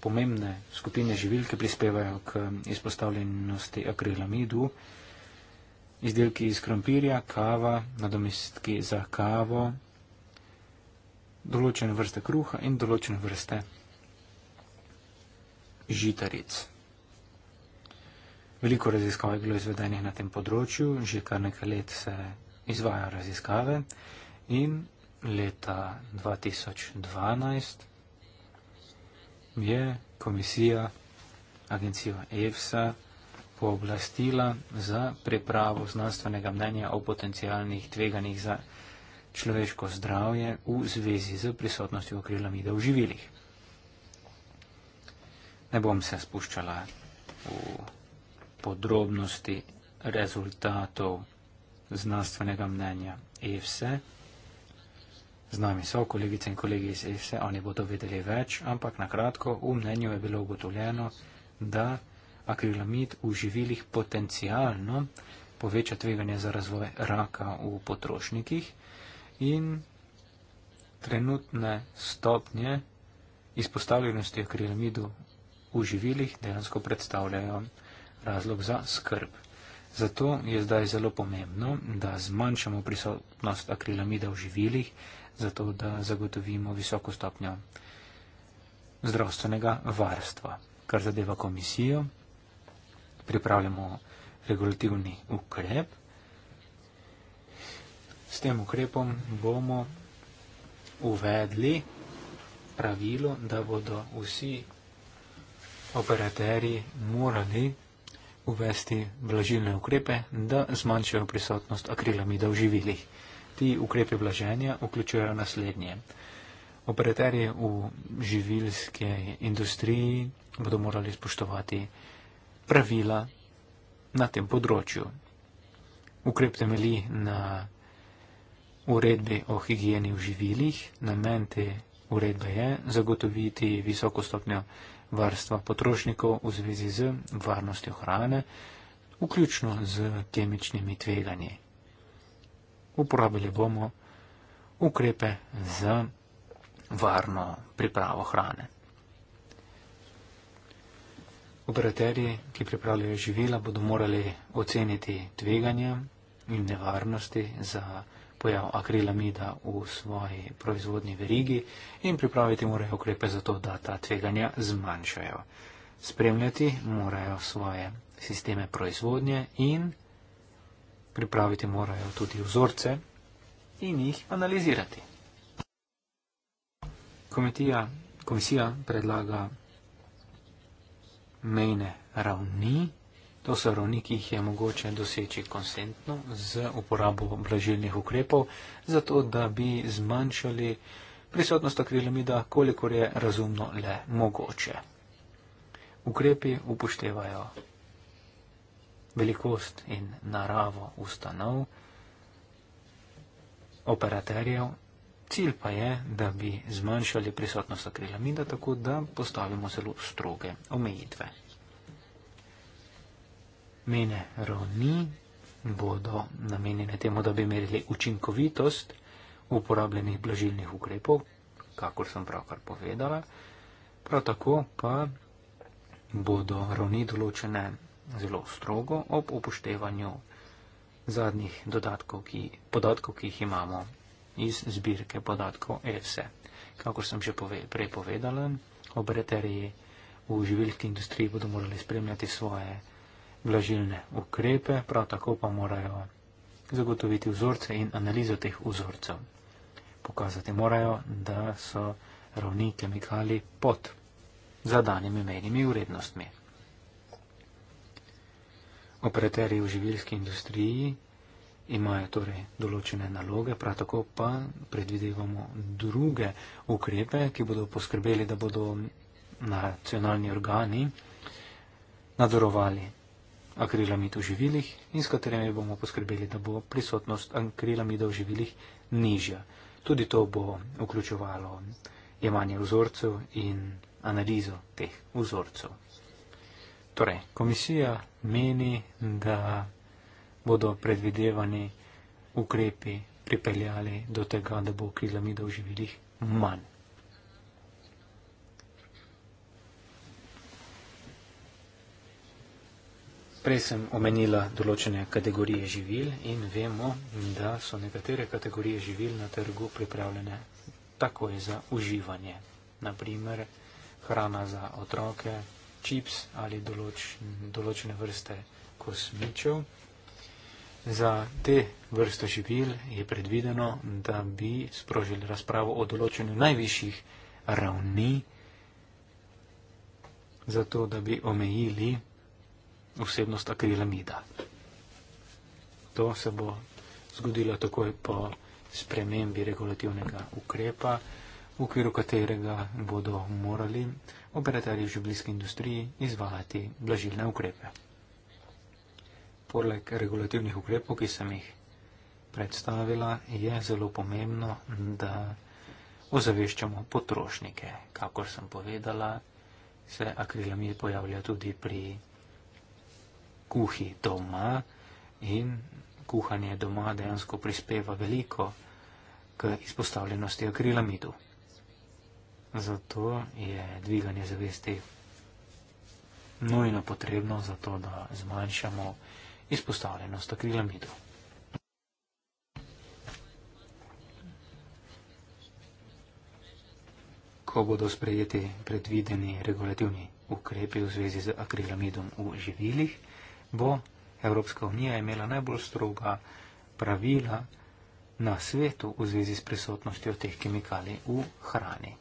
pomembne skupine živil, ki prispevajo k izpostavljenosti akrilamidu, izdelki iz krompirja, kava, nadomestki za kavo, določene vrste kruha in določene vrste žitaric. Veliko raziskav je bilo izvedenih na tem področju, že kar nekaj let se izvajajo raziskave in leta 2012 je komisija agencijo EFSA pooblastila za prepravo znanstvenega mnenja o potencijalnih tveganjih za človeško zdravje v zvezi z prisotnostjo okrilamide v živilih. Ne bom se spuščala v podrobnosti rezultatov znanstvenega mnenja EFSE. E. Z nami so kolegice in kolegi iz EFSE, e, oni bodo vedeli več, ampak na kratko v mnenju je bilo ugotovljeno, da akrilamid v živilih potencialno poveča tveganje za razvoj raka v potrošnikih in trenutne stopnje izpostavljenosti akrilamidu v živilih dejansko predstavljajo razlog za skrb. Zato je zdaj zelo pomembno, da zmanjšamo prisotnost akrilamida v živilih, zato da zagotovimo visoko stopnjo zdravstvenega varstva. Kar zadeva komisijo, pripravljamo regulativni ukrep. S tem ukrepom bomo uvedli pravilo, da bodo vsi operaterji morali uvesti blažilne ukrepe, da zmanjšajo prisotnost akrilamida v živilih. Ti ukrepe blaženja vključujejo naslednje. Operaterji v živilske industriji bodo morali spoštovati pravila na tem področju. Ukrep temeli na uredbi o higieni v živilih. Namen te uredbe je zagotoviti visoko stopnjo varstva potrošnikov v zvezi z varnostjo hrane, vključno z kemičnimi tveganji. Uporabili bomo ukrepe za varno pripravo hrane. Operaterji, ki pripravljajo živila, bodo morali oceniti tveganja in nevarnosti za hrano pojav akrilamida v svoji proizvodni verigi in pripraviti morajo ukrepe za to, da ta tveganja zmanjšajo. Spremljati morajo svoje sisteme proizvodnje in pripraviti morajo tudi vzorce in jih analizirati. Komitija, komisija predlaga mejne ravni To so ravni, ki jih je mogoče doseči konsentno z uporabo blažilnih ukrepov, zato da bi zmanjšali prisotnost akrilamida, kolikor je razumno le mogoče. Ukrepi upoštevajo velikost in naravo ustanov, operaterjev, cilj pa je, da bi zmanjšali prisotnost akrilamida, tako da postavimo zelo stroge omejitve. Mene ravni bodo namenjene temu, da bi merili učinkovitost uporabljenih blažilnih ukrepov, kakor sem pravkar povedala. Prav tako pa bodo ravni določene zelo strogo ob upoštevanju zadnjih dodatkov, ki, podatkov, ki jih imamo iz zbirke podatkov EFSE. Kakor sem že pove, prej povedala, operaterji v živilski industriji bodo morali spremljati svoje blažilne ukrepe, prav tako pa morajo zagotoviti vzorce in analizo teh vzorcev. Pokazati morajo, da so ravni kemikali pod zadanimi menimi vrednostmi. Operaterji v živilski industriji imajo torej določene naloge, prav tako pa predvidevamo druge ukrepe, ki bodo poskrbeli, da bodo nacionalni organi nadzorovali akrilamid v živilih in s katerimi bomo poskrbeli, da bo prisotnost akrilamida v živilih nižja. Tudi to bo vključovalo jemanje vzorcev in analizo teh vzorcev. Torej, komisija meni, da bodo predvidevani ukrepi pripeljali do tega, da bo akrilamida v živilih manj. Prej sem omenila določene kategorije živil in vemo, da so nekatere kategorije živil na trgu pripravljene takoj za uživanje. Naprimer, hrana za otroke, čips ali določ, določene vrste kosmičev. Za te vrste živil je predvideno, da bi sprožili razpravo o določenju najvišjih ravni, zato da bi omejili vsebnost akrilamida. To se bo zgodilo takoj po spremembi regulativnega ukrepa, v okviru katerega bodo morali operatari v življenjski industriji izvajati blažilne ukrepe. Poleg regulativnih ukrepov, ki sem jih predstavila, je zelo pomembno, da ozaveščamo potrošnike. Kakor sem povedala, se akrilamid pojavlja tudi pri kuhi doma in kuhanje doma dejansko prispeva veliko k izpostavljenosti akrilamidu. Zato je dviganje zavesti nujno potrebno, zato da zmanjšamo izpostavljenost akrilamidu. Ko bodo sprejeti predvideni regulativni ukrepi v zvezi z akrilamidom v živilih, bo Evropska unija imela najbolj stroga pravila na svetu v zvezi s prisotnostjo teh kemikalij v hrani.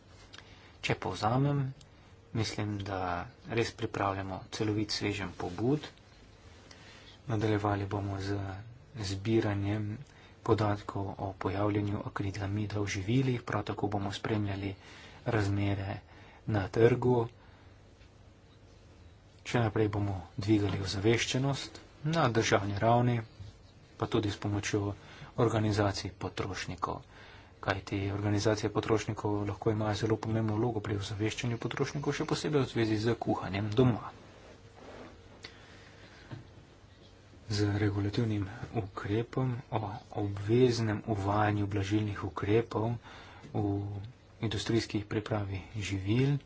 Če povzamem, mislim, da res pripravljamo celovit svežen pobud. Nadaljevali bomo z zbiranjem podatkov o pojavljanju akridamida v živilih, prav tako bomo spremljali razmere na trgu. Če naprej bomo dvigali ozaveščenost na državni ravni, pa tudi s pomočjo organizacij potrošnikov, kajti organizacije potrošnikov lahko imajo zelo pomembno vlogo pri ozaveščanju potrošnikov, še posebej v zvezi z kuhanjem doma. Z regulativnim ukrepom o obveznem uvajanju blažilnih ukrepov v industrijskih pripravi živil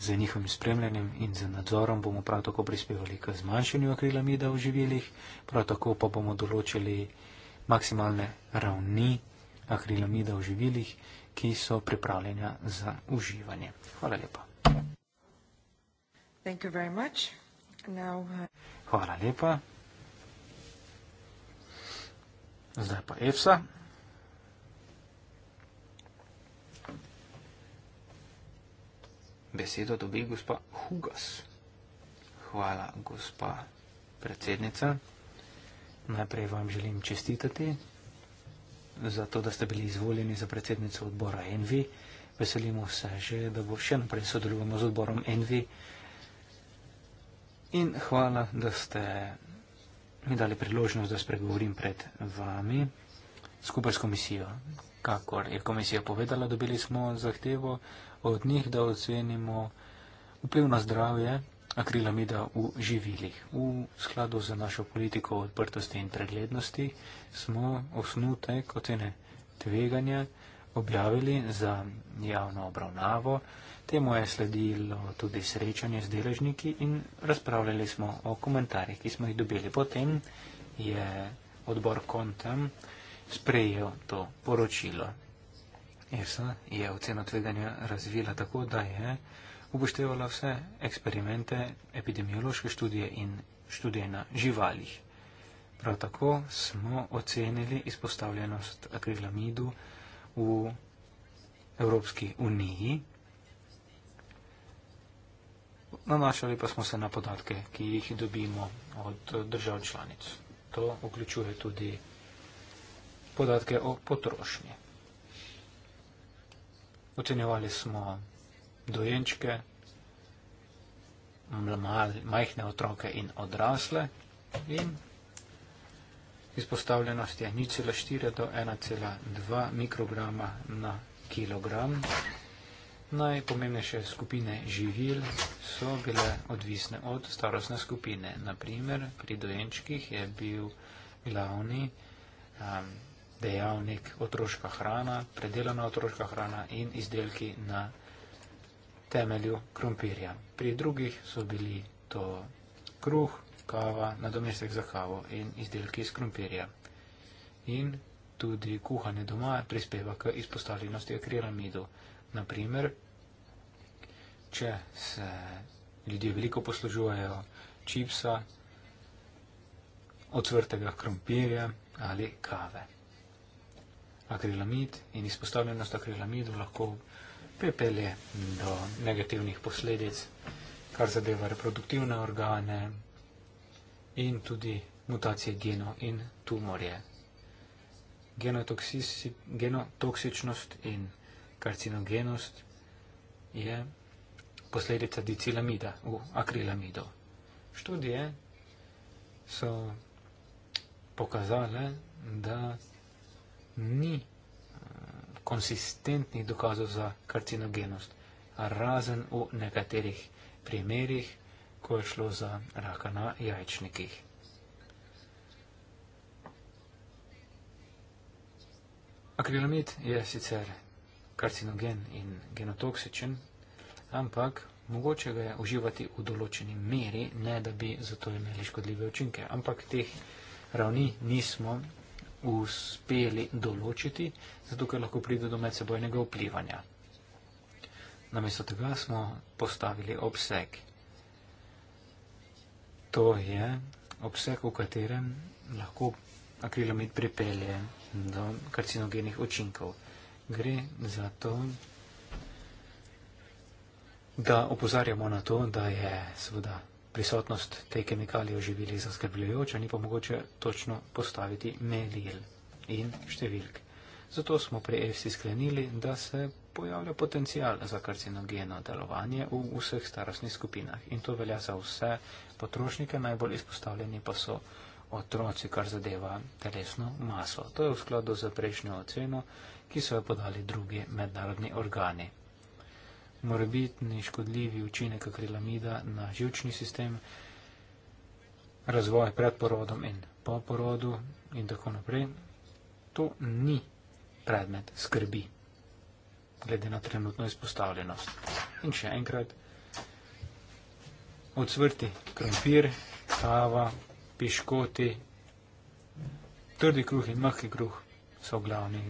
Z njihovim spremljanjem in z nadzorom bomo prav tako prispevali k zmanjšanju akrilamida v živilih, prav tako pa bomo določili maksimalne ravni akrilamida v živilih, ki so pripravljena za uživanje. Hvala lepa.
Uh,
Hvala lepa. Zdaj pa EFSA. besedo dobi gospa Hugas. Hvala, gospa predsednica. Najprej vam želim čestitati za to, da ste bili izvoljeni za predsednico odbora Envi. Veselimo se že, da bo še naprej sodelujemo z odborom Envi. In hvala, da ste mi dali priložnost, da spregovorim pred vami skupaj s komisijo. Kakor je komisija povedala, dobili smo zahtevo od njih, da ocenimo vpliv na zdravje akrilamida v živilih. V skladu z našo politiko odprtosti in preglednosti smo osnutek ocene tveganja objavili za javno obravnavo. Temu je sledilo tudi srečanje z deležniki in razpravljali smo o komentarjih, ki smo jih dobili. Potem je odbor kontem sprejel to poročilo. ESA je oceno tveganja razvila tako, da je upoštevala vse eksperimente, epidemiološke študije in študije na živalih. Prav tako smo ocenili izpostavljenost akrilamidu v Evropski uniji. Nanašali pa smo se na podatke, ki jih dobimo od držav članic. To vključuje tudi podatke o potrošnji. Ocenjevali smo dojenčke, majhne otroke in odrasle in izpostavljenost je 0,4 do 1,2 mikrograma na kilogram. Najpomembnejše skupine živil so bile odvisne od starostne skupine. Naprimer, pri dojenčkih je bil glavni um, dejavnik otroška hrana, predelana otroška hrana in izdelki na temelju krompirja. Pri drugih so bili to kruh, kava, nadomestek za kavo in izdelki iz krompirja. In tudi kuhanje doma prispeva k izpostavljenosti akrilamidu. Naprimer, če se ljudje veliko poslužujejo čipsa, odsvrtega krompirja ali kave akrilamid in izpostavljenost akrilamidu lahko pripelje do negativnih posledic, kar zadeva reproduktivne organe in tudi mutacije genov in tumorje. Genotoksičnost in karcinogenost je posledica dicilamida v akrilamidu. Študije so pokazale, da ni eh, konsistentnih dokazov za karcinogenost, razen v nekaterih primerjih, ko je šlo za raka na jajčnikih. Akrilamid je sicer karcinogen in genotoksičen, ampak mogoče ga je uživati v določeni meri, ne da bi zato imeli škodljive učinke. Ampak teh ravni nismo uspeli določiti, zato ker lahko pride do medsebojnega vplivanja. Namesto tega smo postavili obseg. To je obseg, v katerem lahko akrilamid pripelje do karcinogenih učinkov. Gre za to, da opozarjamo na to, da je seveda prisotnost te kemikalije v živilih zaskrbljujoča, ni pa mogoče točno postaviti meril in številk. Zato smo pri EFSI sklenili, da se pojavlja potencial za karcinogeno delovanje v vseh starostnih skupinah. In to velja za vse potrošnike, najbolj izpostavljeni pa so otroci, kar zadeva telesno maso. To je v skladu z prejšnjo oceno, ki so jo podali drugi mednarodni organi morbitni škodljivi učinek akrilamida na živčni sistem, razvoj pred porodom in po porodu in tako naprej, to ni predmet skrbi, glede na trenutno izpostavljenost. In še enkrat, odsvrti krompir, kava, piškoti, trdi kruh in mehki kruh so glavni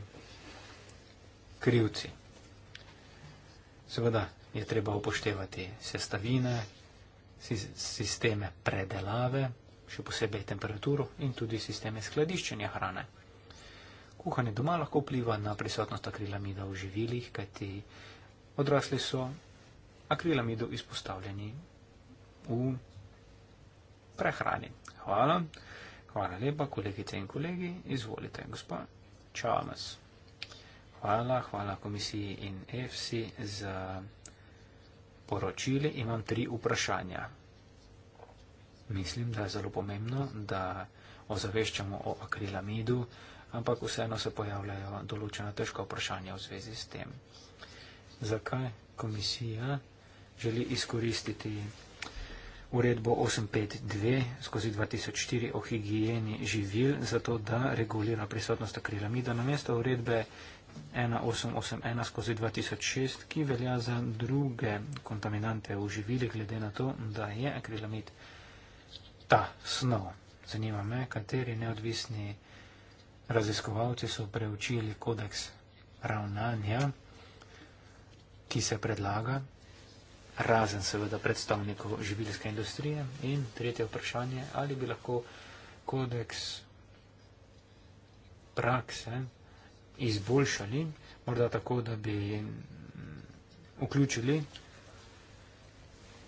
krivci. Seveda je treba upoštevati sestavine, sisteme predelave, še posebej temperaturo in tudi sisteme skladiščenja hrane. Kuhanje doma lahko vpliva na prisotnost akrilamida v živilih, kajti odrasli so akrilamidu izpostavljeni v prehrani. Hvala. Hvala lepa, kolegice in kolegi. Izvolite, gospod Čalmes. Hvala, hvala komisiji in EFSI za poročili. Imam tri vprašanja. Mislim, da je zelo pomembno, da ozaveščamo o akrilamidu, ampak vseeno se pojavljajo določena težka vprašanja v zvezi s tem. Zakaj komisija želi izkoristiti uredbo 852 skozi 2004 o higijeni živil, zato da regulira prisotnost akrilamida na mesto uredbe 1881 skozi 2006, ki velja za druge kontaminante v živili, glede na to, da je akrilamid ta snov. Zanima me, kateri neodvisni raziskovalci so preučili kodeks ravnanja, ki se predlaga, razen seveda predstavnikov živilske industrije. In tretje vprašanje, ali bi lahko kodeks prakse izboljšali, morda tako, da bi vključili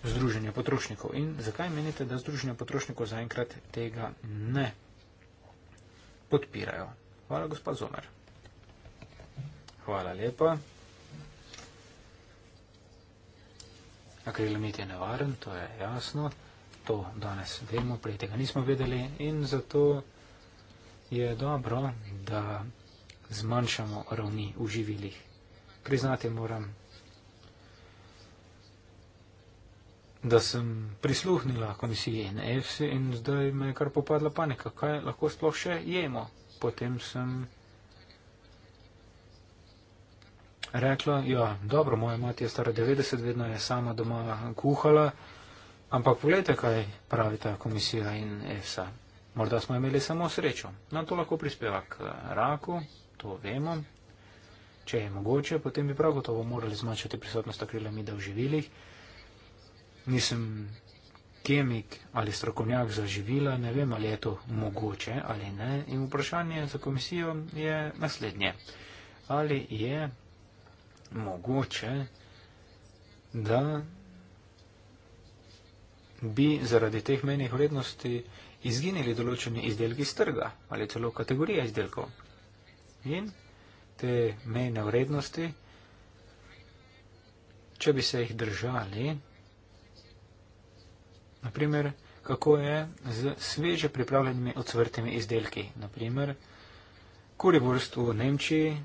združenje potrošnikov. In zakaj menite, da združenje potrošnikov zaenkrat tega ne podpirajo? Hvala, gospod Zomer. Hvala lepa. Akrilamid je nevaren, to je jasno. To danes vemo, prej tega nismo vedeli in zato je dobro, da zmanjšamo ravni v živilih. Priznati moram, da sem prisluhnila komisiji NFC in zdaj me je kar popadla panika, kaj lahko sploh še jemo. Potem sem rekla, ja, dobro, moja mati je stara 90, vedno je sama doma kuhala, ampak pogledajte, kaj pravi ta komisija NFC. Morda smo imeli samo srečo. Na to lahko prispeva k raku, to vemo. Če je mogoče, potem bi prav gotovo morali zmanjšati prisotnost akrila mida v živilih. Nisem kemik ali strokovnjak za živila, ne vem, ali je to mogoče ali ne. In vprašanje za komisijo je naslednje. Ali je mogoče, da bi zaradi teh menjih vrednosti izginili določeni izdelki iz trga ali celo kategorija izdelkov, in te mejne vrednosti, če bi se jih držali, naprimer, kako je z sveže pripravljenimi odsvrtimi izdelki. Naprimer, kurivurst v Nemčiji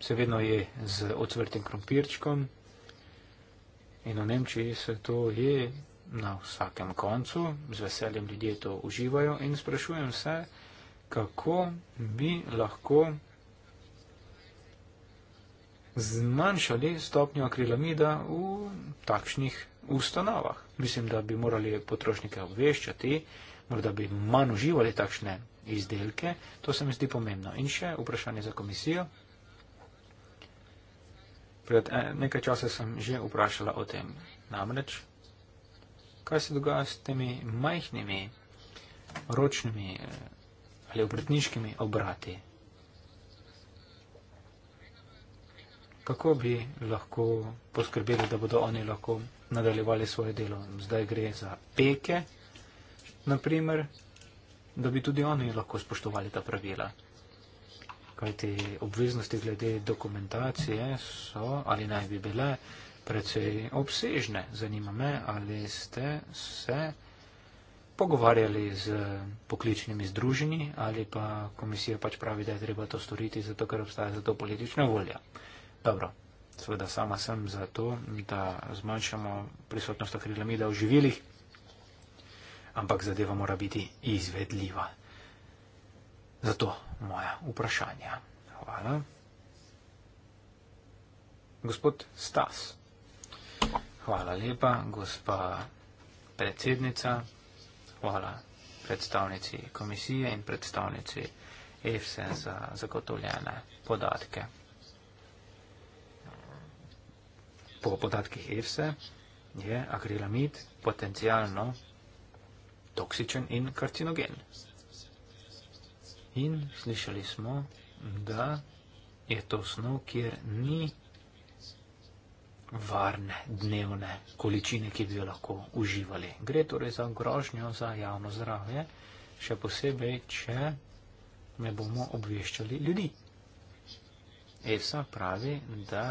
se vedno je z odsvrtim krompirčkom in v Nemčiji se to je na vsakem koncu, z veseljem ljudje to uživajo in sprašujem se, kako bi lahko zmanjšali stopnjo akrilamida v takšnih ustanovah. Mislim, da bi morali potrošnike obveščati, morda bi manj uživali takšne izdelke. To se mi zdi pomembno. In še vprašanje za komisijo. Pred eh, nekaj časa sem že vprašala o tem. Namreč, kaj se dogaja s temi majhnimi ročnimi eh, ali obrtniškimi obrati kako bi lahko poskrbeli, da bodo oni lahko nadaljevali svoje delo. Zdaj gre za peke, naprimer, da bi tudi oni lahko spoštovali ta pravila. Kaj te obveznosti glede dokumentacije so ali naj bi bile precej obsežne. Zanima me, ali ste se pogovarjali z pokličnimi združenji ali pa komisija pač pravi, da je treba to storiti, zato ker obstaja za to politična volja. Dobro. Sveda sama sem za to, da zmanjšamo prisotnost akrilamida v živilih, ampak zadeva mora biti izvedljiva. Zato moja vprašanja. Hvala. Gospod Stas. Hvala lepa, gospa predsednica. Hvala predstavnici komisije in predstavnici EFSE za zagotovljene podatke. po podatkih EFSE je akrilamid potencialno toksičen in karcinogen. In slišali smo, da je to snov, kjer ni varne dnevne količine, ki bi jo lahko uživali. Gre torej za grožnjo za javno zdravje, še posebej, če ne bomo obveščali ljudi. ESA pravi, da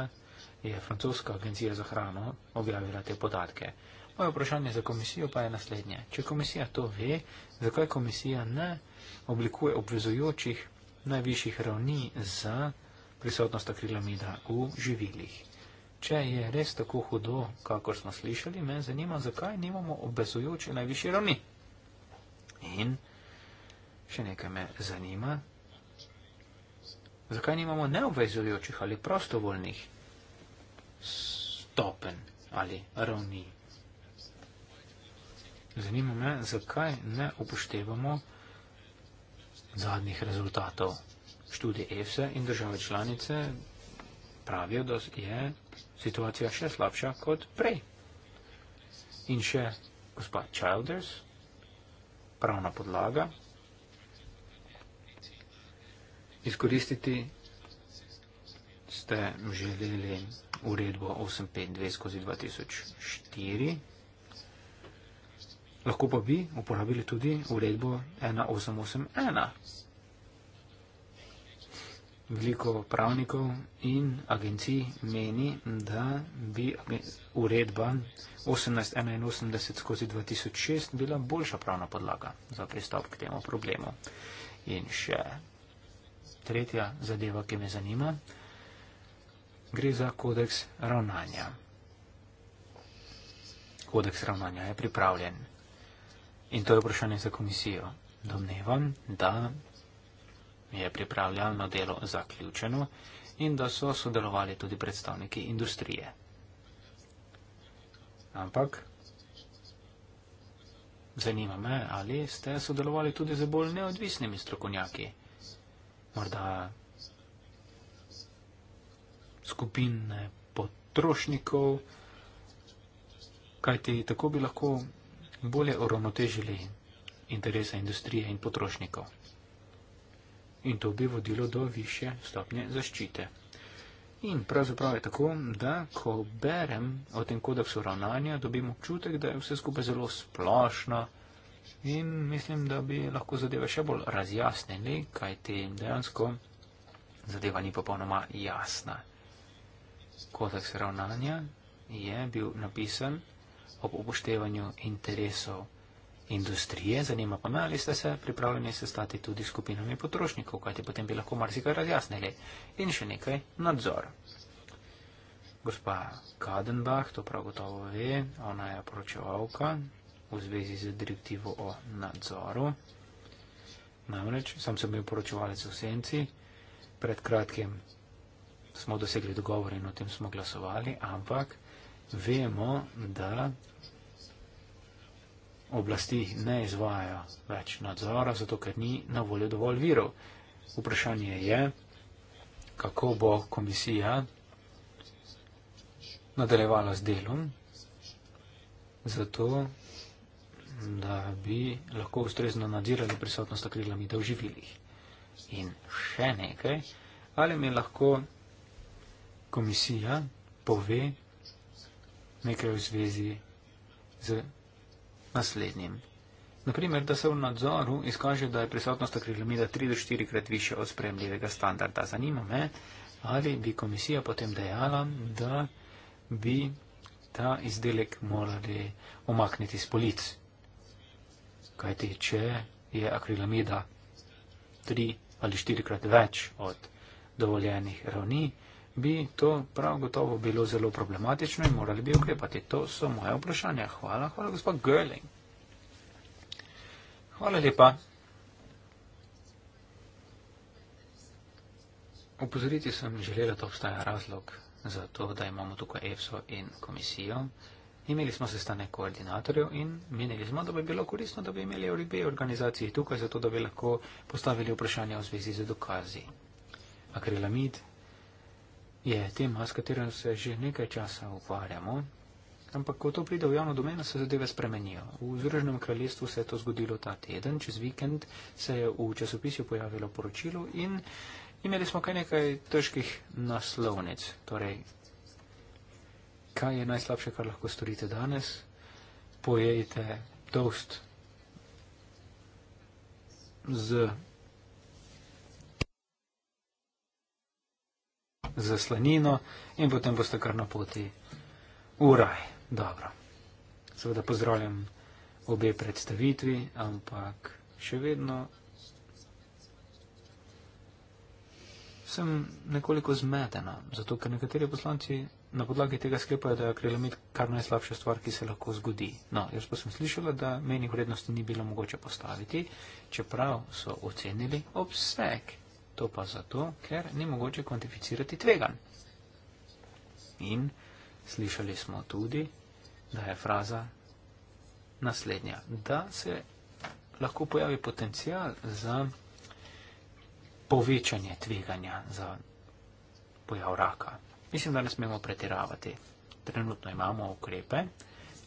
je francoska agencija za hrano objavila te podatke. Moje vprašanje za komisijo pa je naslednje. Če komisija to ve, zakaj komisija ne oblikuje obvezujočih najvišjih ravni za prisotnost akrilamida v živilih? Če je res tako hudo, kakor smo slišali, me zanima, zakaj nimamo obvezujoče najvišje ravni. In še nekaj me zanima, zakaj nimamo neobvezujočih ali prostovoljnih stopen ali ravni. Zanima me, zakaj ne upoštevamo zadnjih rezultatov. Študije EFSA in države članice pravijo, da je situacija še slabša kot prej. In še gospod Childers, pravna podlaga, izkoristiti ste želeli uredbo 852 skozi 2004. Lahko pa bi uporabili tudi uredbo 1881. Veliko pravnikov in agencij meni, da bi uredba 1881 skozi 2006 bila boljša pravna podlaga za pristop k temu problemu. In še tretja zadeva, ki me zanima gre za kodeks ravnanja. Kodeks ravnanja je pripravljen. In to je vprašanje za komisijo. Domnevam, da je pripravljalno delo zaključeno in da so sodelovali tudi predstavniki industrije. Ampak zanima me, ali ste sodelovali tudi z bolj neodvisnimi strokovnjaki, morda skupin potrošnikov, kajti tako bi lahko bolje uravnotežili interese industrije in potrošnikov. In to bi vodilo do više stopnje zaščite. In pravzaprav je tako, da ko berem o tem kodeksu ravnanja, dobim občutek, da je vse skupaj zelo splošno in mislim, da bi lahko zadeve še bolj razjasnili, kajti dejansko zadeva ni popolnoma jasna kodeks ravnanja je bil napisan ob upoštevanju interesov industrije. Zanima pa me, ali ste se pripravljeni sestati tudi skupinami potrošnikov, kajti potem bi lahko marsikaj razjasnili. In še nekaj, nadzor. Gospa Kadenbach to prav gotovo ve, ona je poročevalka v zvezi z direktivo o nadzoru. Namreč, sam sem bil poročevalec v senci, pred kratkim smo dosegli dogovor in o tem smo glasovali, ampak vemo, da oblasti ne izvajajo več nadzora, zato ker ni na voljo dovolj virov. Vprašanje je, kako bo komisija nadaljevala z delom, zato da bi lahko ustrezno nadzirali prisotnost akrilami do živilih. In še nekaj, ali mi lahko komisija pove nekaj v zvezi z naslednjim. Naprimer, da se v nadzoru izkaže, da je prisotnost akrilamida 3 do 4 krat više od spremljivega standarda. Zanima me, ali bi komisija potem dejala, da bi ta izdelek morali omakniti z polic. Kajti, če je akrilamida 3 ali 4 krat več od dovoljenih ravni, bi to prav gotovo bilo zelo problematično in morali bi ukrepati. To so moje vprašanja. Hvala, hvala, gospod Görling. Hvala lepa. Upozoriti sem želela, da obstaja razlog za to, da imamo tukaj EFSO in komisijo. Imeli smo sestanek koordinatorjev in menili smo, da bi bilo koristno, da bi imeli obe organizaciji tukaj, zato da bi lahko postavili vprašanja v zvezi z dokazi. Akrilamid je tema, s katero se že nekaj časa ukvarjamo, ampak ko to pride v javno domeno, se zadeve spremenijo. V Združenem kraljestvu se je to zgodilo ta teden, čez vikend se je v časopisju pojavilo poročilo in imeli smo kaj nekaj težkih naslovnic. Torej, kaj je najslabše, kar lahko storite danes? Pojejte toast z za slanino in potem boste kar na poti v raj. Dobro. Seveda pozdravljam obe predstavitvi, ampak še vedno sem nekoliko zmedena, zato ker nekateri poslanci na podlagi tega sklepajo, da je akrilamid kar najslabša stvar, ki se lahko zgodi. No, jaz pa sem slišala, da menih vrednosti ni bilo mogoče postaviti, čeprav so ocenili obseg To pa zato, ker ni mogoče kvantificirati tvegan. In slišali smo tudi, da je fraza naslednja, da se lahko pojavi potencial za povečanje tveganja za pojav raka. Mislim, da ne smemo pretiravati. Trenutno imamo ukrepe,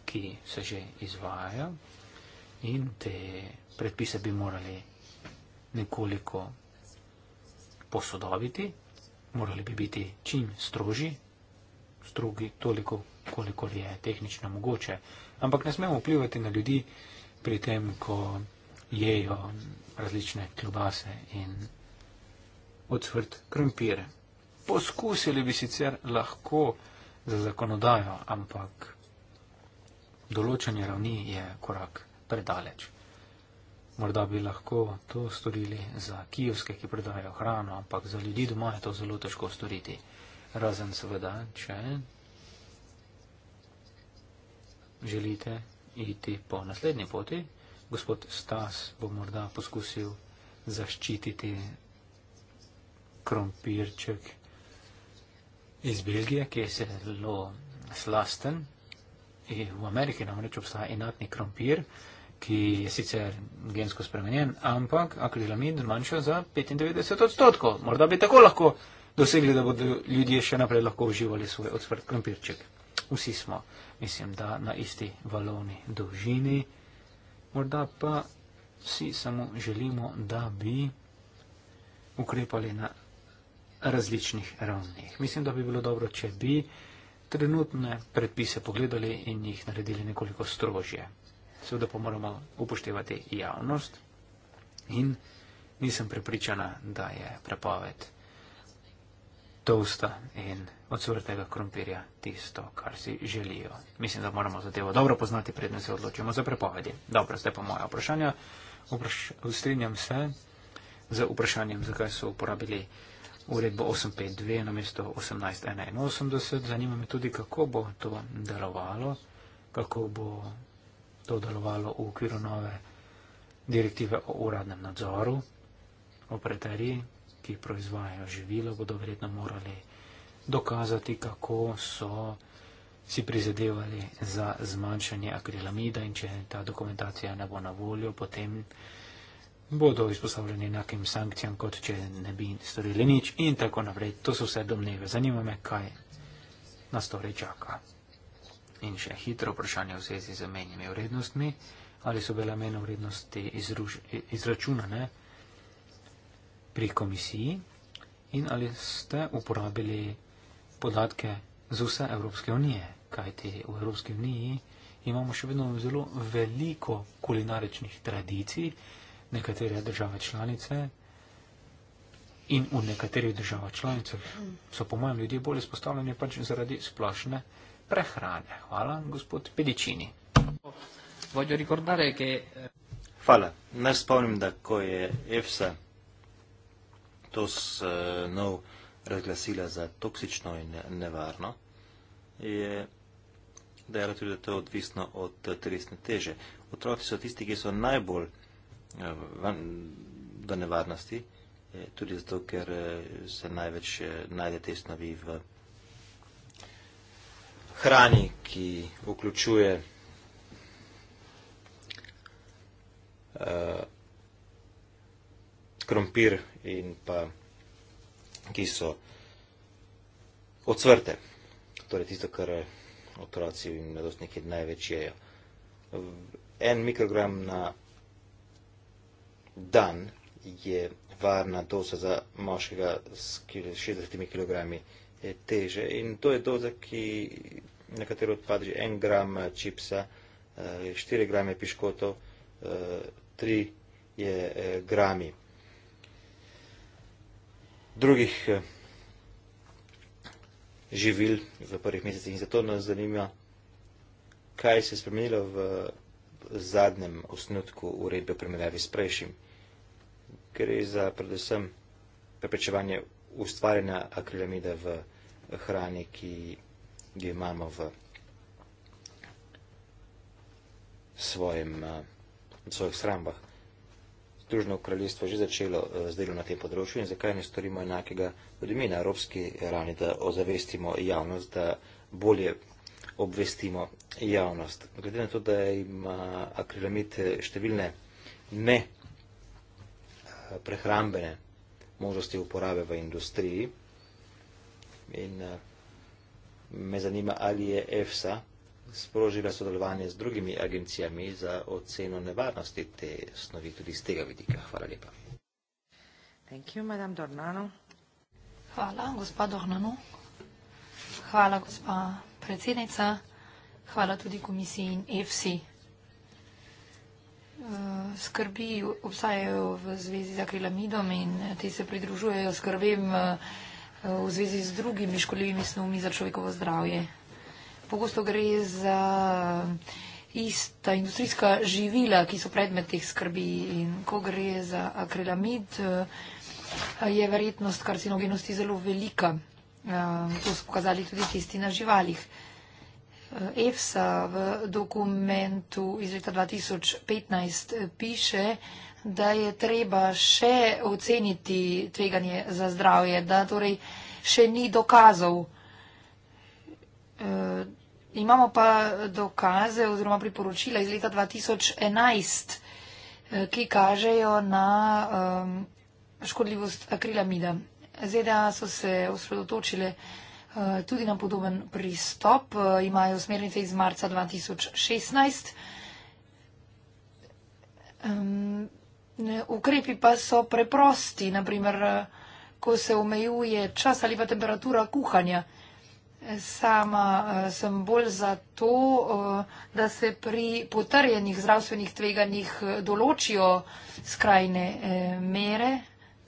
ki se že izvajajo in te predpise bi morali nekoliko posodobiti, morali bi biti čim stroži, strogi toliko, koliko je tehnično mogoče. Ampak ne smemo vplivati na ljudi pri tem, ko jejo različne klobase in odsvrt krompire. Poskusili bi sicer lahko za zakonodajo, ampak določenje ravni je korak predaleč. Morda bi lahko to storili za kijevske, ki predajo hrano, ampak za ljudi doma je to zelo težko storiti. Razen seveda, če želite iti po naslednji poti, gospod Stas bo morda poskusil zaščititi krompirček iz Belgije, ki je zelo slasten. In v Ameriki namreč obstaja enotni krompir ki je sicer gensko spremenjen, ampak akrilamid zmanjša za 95 odstotkov. Morda bi tako lahko dosegli, da bodo ljudje še naprej lahko uživali svoj odsprt krompirček. Vsi smo, mislim, da na isti valovni dolžini. Morda pa vsi samo želimo, da bi ukrepali na različnih ravnih. Mislim, da bi bilo dobro, če bi trenutne predpise pogledali in jih naredili nekoliko strožje seveda pa moramo upoštevati javnost in nisem prepričana, da je prepoved tosta in odsvrtega krompirja tisto, kar si želijo. Mislim, da moramo zadevo dobro poznati, predne se odločimo za prepovedi. Dobro, zdaj pa moja vprašanja. Ustrinjam se z vprašanjem, zakaj so uporabili uredbo 852 na mesto 1881. Zanima me tudi, kako bo to darovalo, kako bo to delovalo v okviru nove direktive o uradnem nadzoru. Operaterji, ki proizvajajo živila, bodo verjetno morali dokazati, kako so si prizadevali za zmanjšanje akrilamida in če ta dokumentacija ne bo na voljo, potem bodo izpostavljeni enakim sankcijam, kot če ne bi storili nič in tako naprej. To so vse domneve. Zanima me, kaj nas torej čaka in še hitro vprašanje v zvezi z menjimi vrednostmi, ali so bile menjene vrednosti izruž, izračunane pri komisiji in ali ste uporabili podatke z vse Evropske unije, kajti v Evropski uniji imamo še vedno zelo veliko kulinaričnih tradicij, nekatere države članice in v nekaterih državah članicah so po mojem ljudje bolj izpostavljeni pač zaradi splošne prehrane. Hvala, gospod Pedičini. Eh,
Hvala. Naj spomnim, da ko je EFSA to snov eh, razglasila za toksično in nevarno, je dejala tudi, da to je odvisno od eh, telesne teže. Otroci so tisti, ki so najbolj do nevarnosti, tudi zato, ker se največ najde te snovi v telesne teže hrani, ki vključuje uh, krompir in pa ki so odsvrte. Torej tisto, kar otroci in mladostniki največ jejo. En mikrogram na dan je varna dosa za moškega s 60 kg je teže. In to je doza, ki na katero odpade že en gram eh, čipsa, eh, štiri grame piškotov, eh, tri je grami drugih živil v prvih mesecih. In zato nas zanima, kaj se je spremenilo v zadnjem osnutku uredbe o primerjavi s prejšnjim. Gre za predvsem preprečevanje ustvarjanja akrilamide v hrani, ki jo imamo v svojem, eh, svojih shrambah. Združeno kraljestvo je že začelo eh, z delom na tem področju in zakaj ne storimo enakega tudi mi na evropski ravni, da ozavestimo javnost, da bolje obvestimo javnost. Glede na to, da ima akrilamid eh, številne ne prehrambene možnosti uporabe v industriji, In eh, me zanima, ali je EFSA sprožila sodelovanje z drugimi agencijami za oceno nevarnosti te snovi tudi z tega vidika. Hvala lepa.
Thank you, madam Dornano. Hvala, gospa Dornano. Hvala, gospa predsednica. Hvala tudi komisiji in EFSI. Eh, skrbi obstajajo v zvezi z akrilamidom in te se pridružujejo skrbem uh, v zvezi z drugimi škodljivimi snovmi za človekovo zdravje. Pogosto gre za ista industrijska živila, ki so predmet teh skrbi in ko gre za akrilamid, je verjetnost karcinogenosti zelo velika. Ehm, to so pokazali tudi testi na živalih. Eh, EFSA v dokumentu iz leta 2015 piše, da je treba še oceniti tveganje za zdravje, da torej še ni dokazov. Eh, imamo pa dokaze oziroma priporočila iz leta 2011, eh, ki kažejo na škodljivost akrilamida. ZDA e so se osredotočile Eh, tudi na podoben pristop. Eh, imajo smernice iz marca 2016. Ukrepi pa so preprosti, naprimer, eh, ko se omejuje čas ali pa temperatura kuhanja. Sama sem bolj za to, da se pri potrjenih zdravstvenih tveganjih določijo skrajne mere,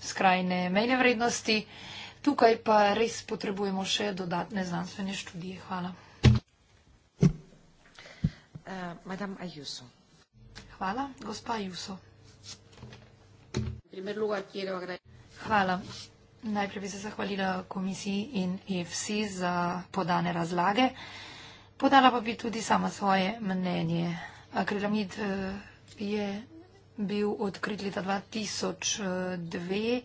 skrajne mejne vrednosti. Tukaj pa res potrebujemo še dodatne znanstvene študije. Hvala. Uh, Hvala, gospa Juso. Hvala. Najprej bi se zahvalila komisiji in EFSI za podane razlage. Podala pa bi tudi sama svoje mnenje. Akrilamid eh, je bil odkrit leta 2002.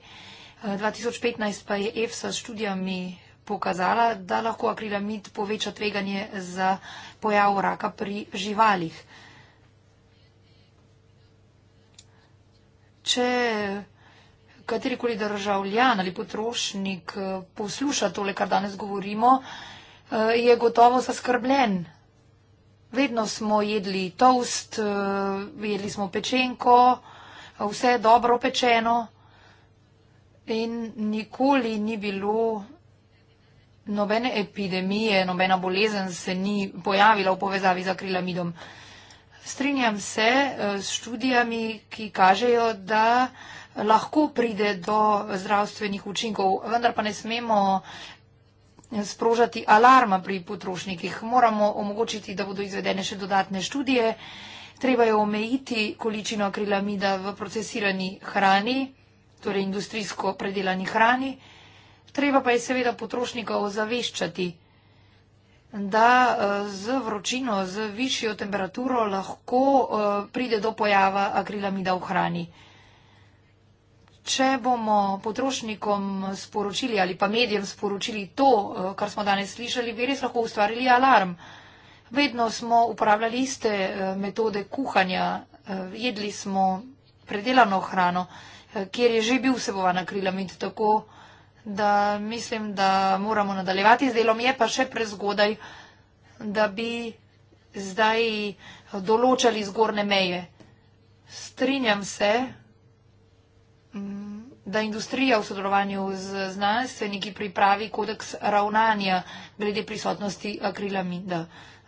2015 pa je EFSA s študijami pokazala, da lahko akrilamid poveča tveganje za pojav raka pri živalih. Če katerikoli državljan ali potrošnik eh, posluša tole, kar danes govorimo, eh, je gotovo zaskrbljen. Vedno smo jedli toast, eh, jedli smo pečenko, vse dobro pečeno. In nikoli ni bilo nobene epidemije, nobena bolezen se ni pojavila v povezavi z akrilamidom. Strinjam se eh, s študijami, ki kažejo, da lahko pride do zdravstvenih učinkov, vendar pa ne smemo sprožati alarma pri potrošnikih. Moramo omogočiti, da bodo izvedene še dodatne študije. Treba je omejiti količino akrilamida v procesirani hrani torej industrijsko predelani hrani. Treba pa je seveda potrošnika ozaveščati, da eh, z vročino, z višjo temperaturo lahko eh, pride do pojava akrilamida v hrani. Če bomo potrošnikom sporočili ali pa medijem sporočili to, eh, kar smo danes slišali, bi res lahko ustvarili alarm. Vedno smo uporabljali iste metode kuhanja, jedli smo predelano hrano. Eh, kjer je že bil vsebovan akrilamid. Tako da mislim, da moramo nadaljevati z delom. Je pa še prezgodaj, da bi zdaj določali zgorne meje. Strinjam se, mm, da industrija v sodelovanju z znanstveniki pripravi kodeks ravnanja glede prisotnosti akrilamida.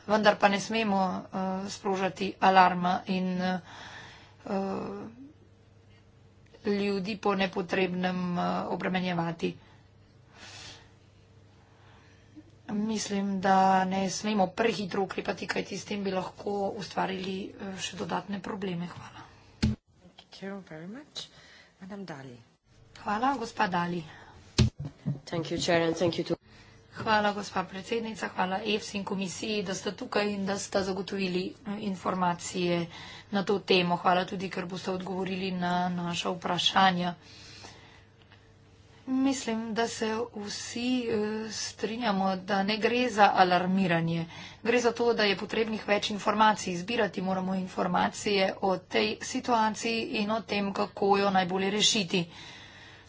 Vendar pa ne smemo uh, sprožati alarma in uh, ljudi po nepotrebnem eh, obremenjevati. Mislim, da ne smemo prehitro ukrepati, kajti s tem bi lahko ustvarili eh, še dodatne probleme. Hvala. Hvala, gospa Dali. Thank you, Chair, and thank you to Hvala, gospa predsednica, hvala EFS in komisiji, da ste tukaj in da ste zagotovili eh, informacije na to temo. Hvala tudi, ker boste odgovorili na naša vprašanja. Mislim, da se vsi eh, strinjamo, da ne gre za alarmiranje. Gre za to, da je potrebnih več informacij. Zbirati moramo informacije o tej situaciji in o tem, kako jo najbolje rešiti.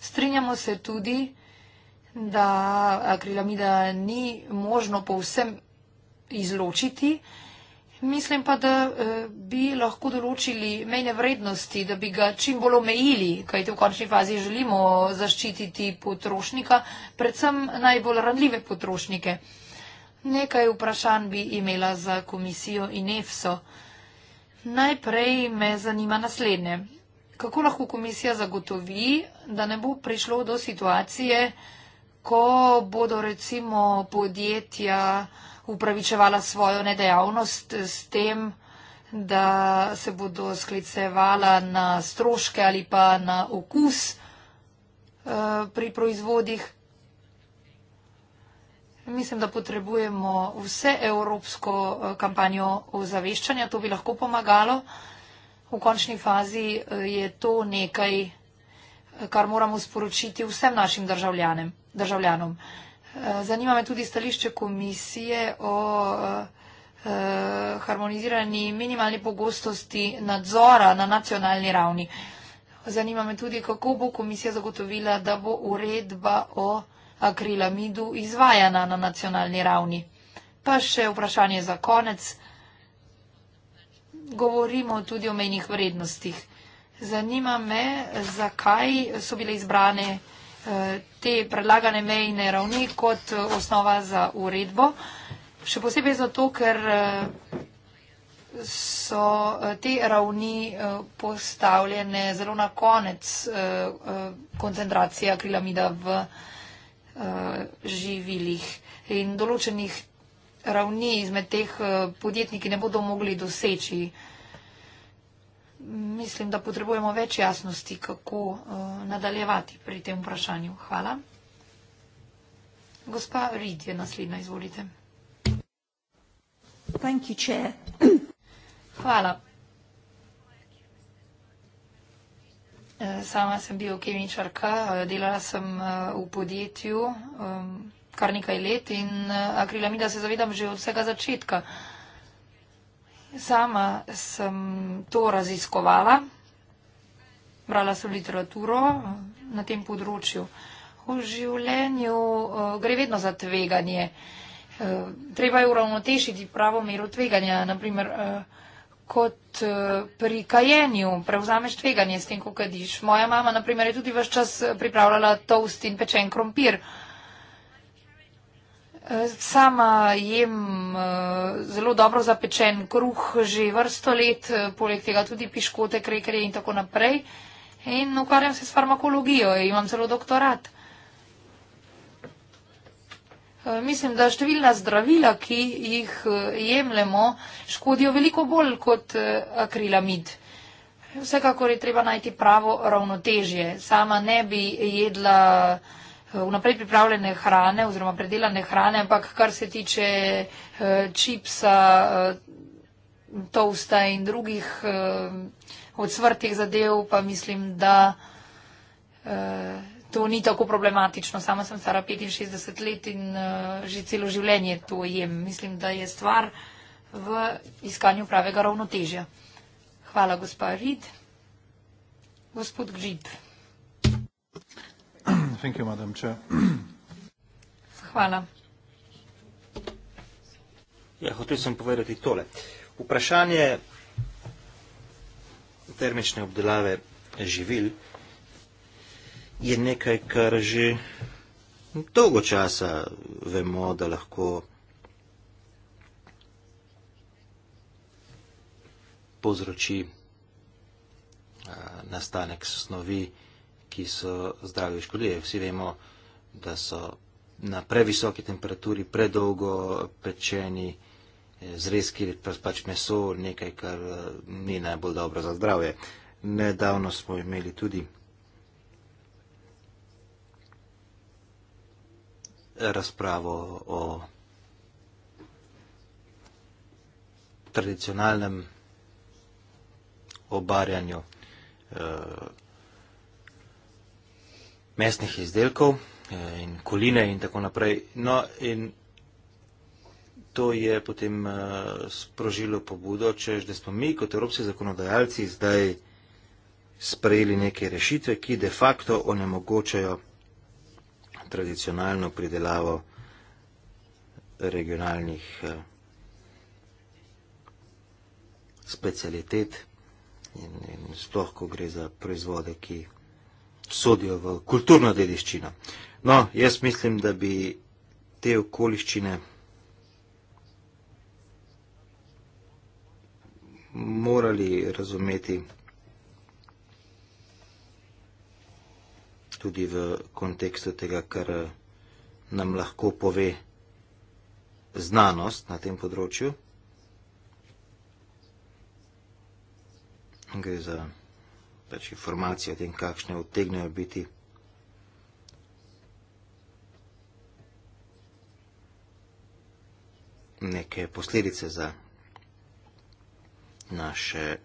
Strinjamo se tudi, da akrilamida ni možno povsem izločiti. Mislim pa, da eh, bi lahko določili mejne vrednosti, da bi ga čim bolj omejili, kajte v končni fazi želimo zaščititi potrošnika, predvsem najbolj ranljive potrošnike. Nekaj vprašanj bi imela za komisijo in EFSO. Najprej me zanima naslednje. Kako lahko komisija zagotovi, da ne bo prišlo do situacije, ko bodo recimo podjetja upravičevala svojo nedejavnost s tem, da se bodo sklicevala na stroške ali pa na okus eh, pri proizvodih. Mislim, da potrebujemo vse evropsko eh, kampanjo ozaveščanja, to bi lahko pomagalo. V končni fazi eh, je to nekaj, kar moramo sporočiti vsem našim državljanem državljanom. Eh, zanima me tudi stališče komisije o eh, harmonizirani minimalni pogostosti nadzora na nacionalni ravni. Zanima me tudi, kako bo komisija zagotovila, da bo uredba o akrilamidu izvajana na nacionalni ravni. Pa še vprašanje za konec. Govorimo tudi o menjih vrednostih. Zanima me, zakaj so bile izbrane vrednosti te predlagane mejne ravni kot osnova za uredbo. Še posebej zato, ker eh, so eh, te ravni eh, postavljene zelo na konec koncentracije akrilamida v živilih in določenih ravni izmed teh podjetniki ne bodo mogli doseči mislim, da potrebujemo več jasnosti, kako uh, nadaljevati pri tem vprašanju. Hvala. Gospa Rid je naslednja, izvolite. Thank you, chair. Hvala. Eh, sama sem bil kemičarka, eh, delala sem v podjetju kar nekaj let in akrilamida se zavedam že od vsega začetka. Sama sem to raziskovala, brala sem literaturo eh, na tem področju. V življenju eh, gre vedno za tveganje. Eh, treba je uravnotešiti pravo mero tveganja. Naprimer, kot pri kajenju prevzameš tveganje s tem, ko kadiš. Moja mama, naprimer, je tudi vse čas pripravljala toast in pečen krompir. Sama jem eh, zelo dobro zapečen kruh že vrsto let, eh, poleg tega tudi piškote, krekerje in tako naprej. In ukvarjam se s farmakologijo, imam celo doktorat. Eh, mislim, da številna zdravila, ki jih jemljemo, škodijo veliko bolj kot akrilamid. Vsekakor je treba najti pravo ravnotežje. Sama ne bi jedla. Eh, vnaprej pripravljene hrane oziroma predelane hrane, ampak kar se tiče eh, čipsa, eh, tosta in drugih odsvrtih zadev, pa mislim, da to ni tako problematično. Sama sem stara 65 let in že celo življenje to jem. Mislim, da je stvar v iskanju pravega ravnotežja. Hvala, gospa Rid. Gospod Gžip. Thank you, Madam Chair. Hvala.
Ja, hotel sem povedati tole. Vprašanje termične obdelave živil je nekaj, kar že dolgo časa vemo, da lahko povzroči nastanek snovi, ki so zdravi škodljive. Vsi vemo, da so na previsoki temperaturi predolgo pečeni eh, zrezki, pač meso, nekaj, kar eh, ni najbolj dobro za zdravje. Nedavno smo imeli tudi eh, razpravo o tradicionalnem obarjanju mesnih izdelkov eh, in koline in tako naprej. No, in to je potem eh, sprožilo pobudo, čež, da smo mi kot evropski zakonodajalci zdaj sprejeli neke rešitve, ki de facto onemogočajo tradicionalno pridelavo regionalnih eh, specialitet in, in sploh, ko gre za proizvode, ki sodijo v kulturno dediščino. No, jaz mislim, da bi te okoliščine morali razumeti tudi v kontekstu tega, kar eh, nam lahko pove znanost na tem področju. Gre za. Okay, so pač informacije o tem, kakšne odtegnejo biti. Neke posledice za naše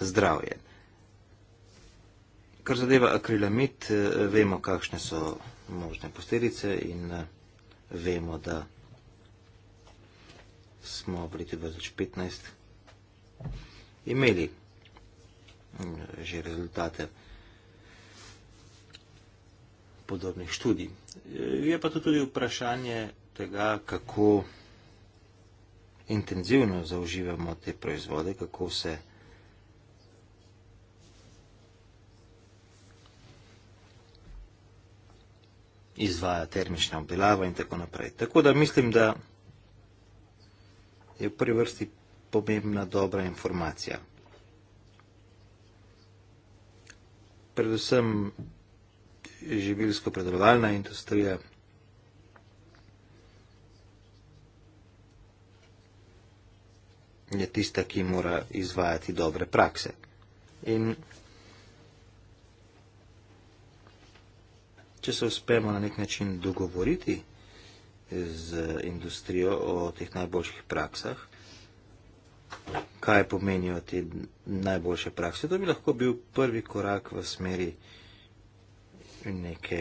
zdravje. Kar zadeva akrilamid, eh, vemo, kakšne so možne posledice in eh, vemo, da smo v letu 2015 imeli že rezultate podobnih študij. Je pa to tudi vprašanje tega, kako intenzivno zauživamo te proizvode, kako se izvaja termična obdelava in tako naprej. Tako da mislim, da je v prvi vrsti pomembna dobra informacija. predvsem živilsko-predelovalna industrija. je tista, ki mora izvajati dobre prakse. In če se uspemo na nek način dogovoriti z industrijo o teh najboljših praksah, kaj pomenijo te najboljše prakse. To bi lahko bil prvi korak v smeri neke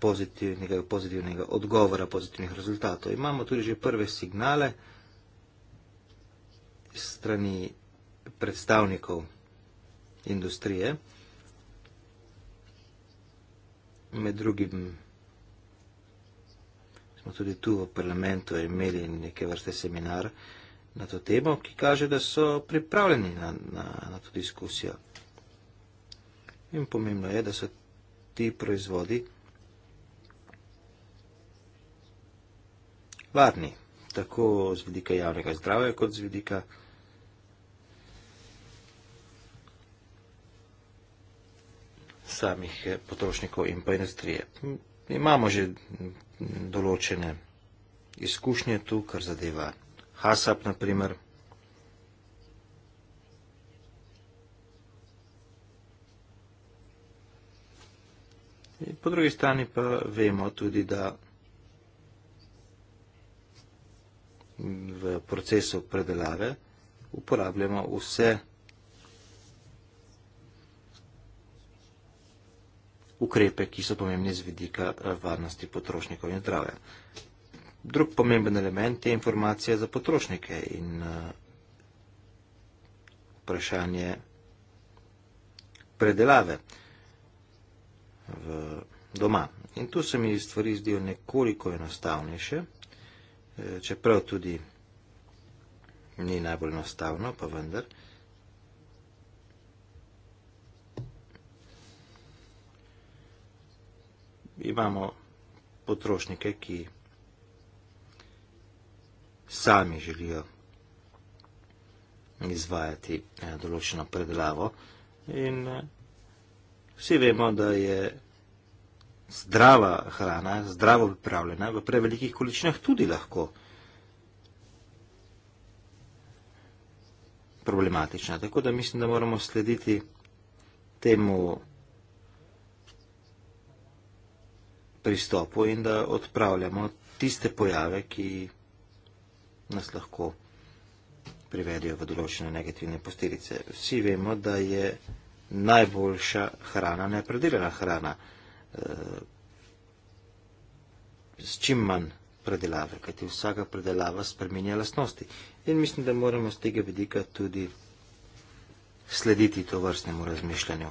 pozitivnega, pozitivnega odgovora, pozitivnih rezultatov. Imamo tudi že prve signale strani predstavnikov industrije. Med drugim smo tudi tu v parlamentu imeli neke vrste seminar, na to temo, ki kaže, da so pripravljeni na, na, na to diskusijo. In pomembno je, da so ti proizvodi varni, tako z vidika javnega zdravja, kot z vidika samih eh, potrošnikov in pa industrije. Imamo že določene izkušnje tu, kar zadeva Хасап, например. И по други страни па веймо туди да в процесу определаве управляма усе ukrepe, ki so pomembni z vidika eh, varnosti potrošnikov in zdravja. Drug pomemben element je informacija za potrošnike in eh, vprašanje predelave v doma. In tu se mi stvari zdijo nekoliko enostavnejše, eh, čeprav tudi ni najbolj enostavno, pa vendar. Imamo potrošnike, ki sami želijo izvajati eh, določeno predelavo. In eh, vsi vemo, da je zdrava hrana, zdravo pripravljena v prevelikih količinah tudi lahko problematična. Tako da mislim, da moramo slediti temu pristopu in da odpravljamo tiste pojave, ki nas lahko privedejo v določene negativne posledice. Vsi vemo, da je najboljša hrana nepredelana hrana, eh, s čim manj predelave, kajti vsaka predelava spreminja lastnosti. In mislim, da moramo z tega vidika tudi slediti to vrstnemu razmišljanju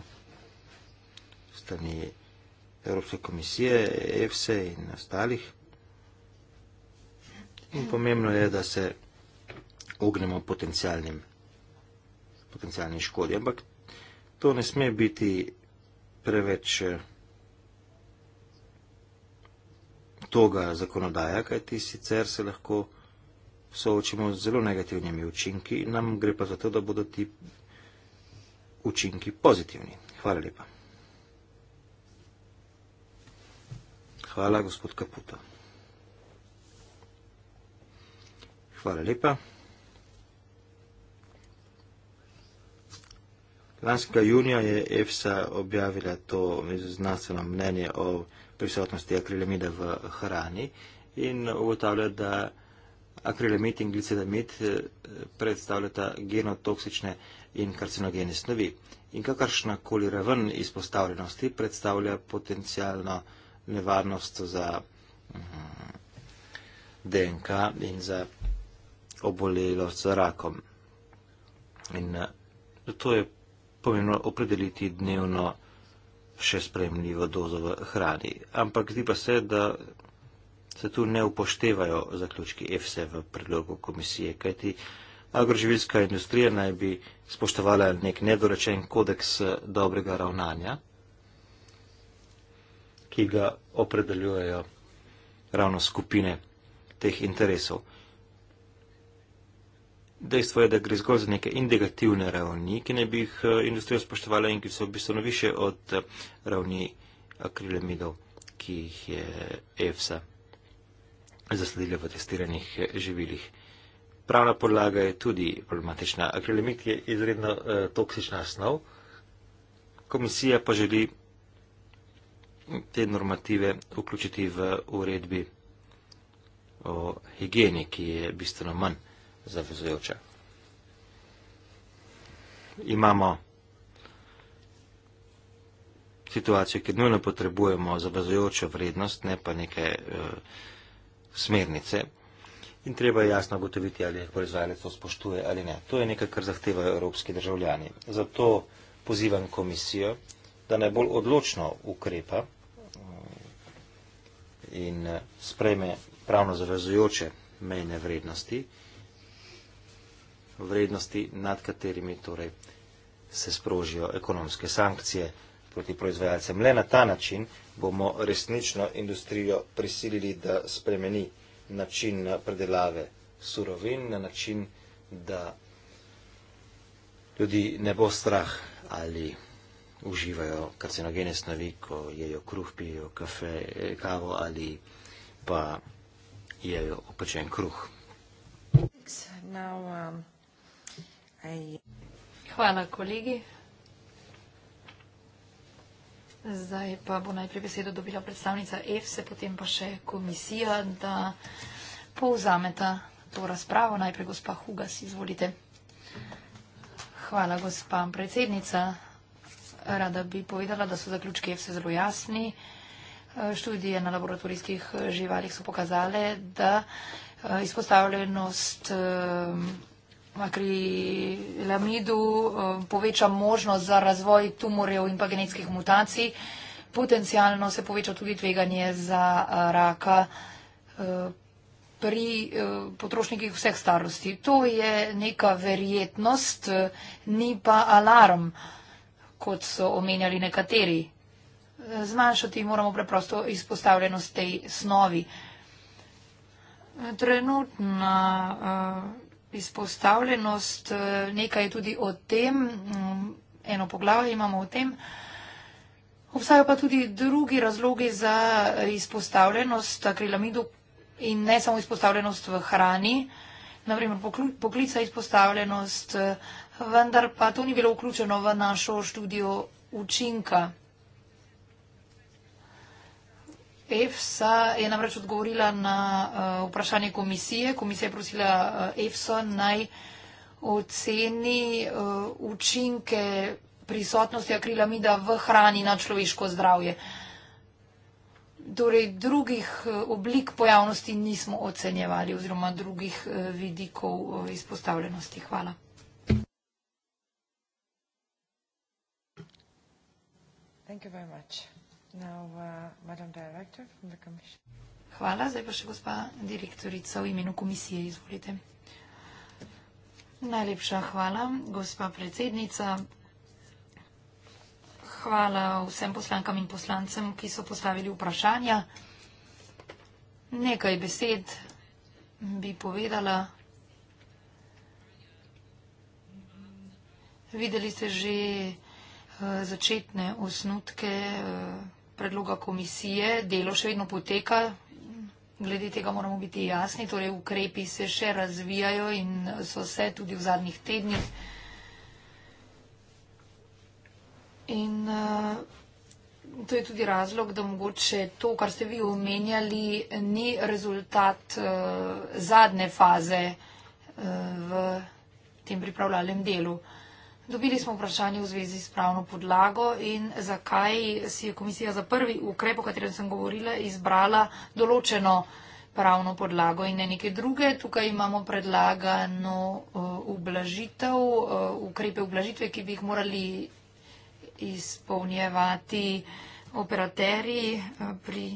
strani Evropske komisije, EFSE in ostalih. In pomembno je, da se ognemo potencijalnim, potencijalnim škodi. Ampak to ne sme biti preveč eh, toga zakonodaja, kajti sicer se lahko soočimo z zelo negativnimi učinki, nam gre pa za to, da bodo ti učinki pozitivni. Hvala lepa. Hvala, gospod Kaputa. Hvala lepa. Lanskega junija je EFSA objavila to znanstveno mnenje o prisotnosti akrilamida v hrani in ugotavlja, da akrilamid in glicidamid eh, predstavljata genotoksične in karcinogene snovi. In kakršna koli raven izpostavljenosti predstavlja potencijalno nevarnost za mhm, DNK in za obolelo z rakom. In eh, zato je pomembno opredeliti dnevno še spremljivo dozo v hrani. Ampak zdi pa se, da se tu ne upoštevajo zaključki EFSE v predlogu komisije, kajti
agroživilska
industrija naj bi spoštovala nek nedorečen kodeks eh, dobrega ravnanja, ki ga opredeljujejo ravno skupine teh interesov. Dejstvo je, da gre zgolj za neke indikativne ravni, ki ne bi jih eh, industrija spoštovala in ki so bistveno više od eh, ravni akrilamidov, ki jih je EFSA zasledila v testiranih eh, živilih. Pravna podlaga je tudi problematična. Akrilamid je izredno eh, toksična snov. Komisija pa želi te normative vključiti v uredbi o higieni, ki je bistveno manj zavezujoča. Imamo situacijo, ki nujno potrebujemo zavezujočo vrednost, ne pa neke uh, smernice. In treba je jasno ugotoviti, ali jih proizvajalec to spoštuje ali ne. To je nekaj, kar zahtevajo evropski državljani. Zato pozivam komisijo, da najbolj odločno ukrepa eh, in eh, sprejme pravno zavezujoče mejne vrednosti vrednosti, nad katerimi torej se sprožijo ekonomske sankcije proti proizvajalcem. Le na ta način bomo resnično industrijo prisilili, da spremeni način predelave surovin na način, da ljudi ne bo strah ali uživajo karcinogene snovi, ko jejo kruh, pijejo kafe, kavo ali pa jejo opečen kruh.
Now, um... Hvala, kolegi. Zdaj pa bo najprej besedo dobila predstavnica EFSE, potem pa še komisija, da povzameta to razpravo. Najprej gospa Hugas, izvolite. Hvala, gospa predsednica. Rada bi povedala, da so zaključki EFSE zelo jasni. Študije na laboratorijskih živalih so pokazale, da eh, izpostavljenost eh, pri lamidu eh, poveča možnost za razvoj tumorjev in pa genetskih mutacij, potencialno se poveča tudi tveganje za eh, raka eh, pri potrošnikih vseh starosti. To je neka verjetnost, ni pa alarm, kot so omenjali nekateri. Zmanjšati moramo preprosto izpostavljenost tej snovi. Trenutna izpostavljenost, eh, nekaj tudi o tem, mm, eno poglavje imamo o tem. Obstajajo pa tudi drugi razlogi za izpostavljenost akrilamidu in ne samo izpostavljenost v hrani, naprimer poklica izpostavljenost, eh, vendar pa to ni bilo vključeno v našo študijo učinka. EFSA je namreč odgovorila na uh, vprašanje komisije. Komisija je prosila uh, EFSA naj oceni uh, učinke prisotnosti akrilamida v hrani na človeško zdravje. Torej, drugih oblik pojavnosti nismo ocenjevali oziroma drugih vidikov izpostavljenosti. Hvala. Thank you very much. Uh, hvala. Zdaj pa še gospa direktorica v imenu komisije. Izvolite. Najlepša hvala, gospa predsednica. Hvala vsem poslankam in poslancem, ki so postavili vprašanja. Nekaj besed bi povedala. Videli ste že eh, začetne osnutke eh, predloga komisije, delo še vedno poteka. Glede tega moramo biti jasni, torej ukrepi se še razvijajo in so se tudi v zadnjih tednih. In uh, to je tudi razlog, da mogoče to, kar ste vi omenjali, ni rezultat uh, zadnje faze uh, v tem pripravljalnem delu. Uh, Dobili smo vprašanje v zvezi s pravno podlago in zakaj si je komisija za prvi ukrep, o katerem sem govorila, izbrala določeno pravno podlago in ne neke druge. Tukaj imamo predlagano eh, ublažitev, eh, ukrepe ublažitve, ki bi jih morali izpolnjevati operaterji eh, pri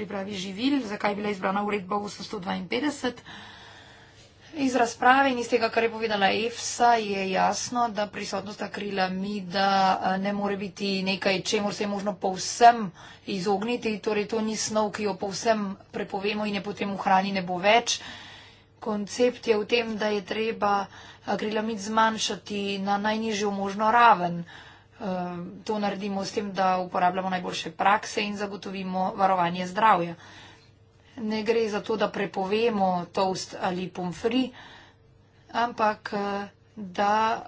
pripravi živil, zakaj je bila izbrana uredba 852. Iz razprave in iz tega, kar je povedala EFSA, je jasno, da prisotnost akrila mida eh, ne more biti nekaj, čemu se je možno povsem izogniti. Torej, to ni snov, ki jo povsem prepovemo in je potem v hrani ne bo več. Koncept je v tem, da je treba akrilamid zmanjšati na najnižjo možno raven. Eh, to naredimo s tem, da uporabljamo najboljše prakse in zagotovimo varovanje zdravja ne gre za to, da prepovemo toast ali pomfri, ampak da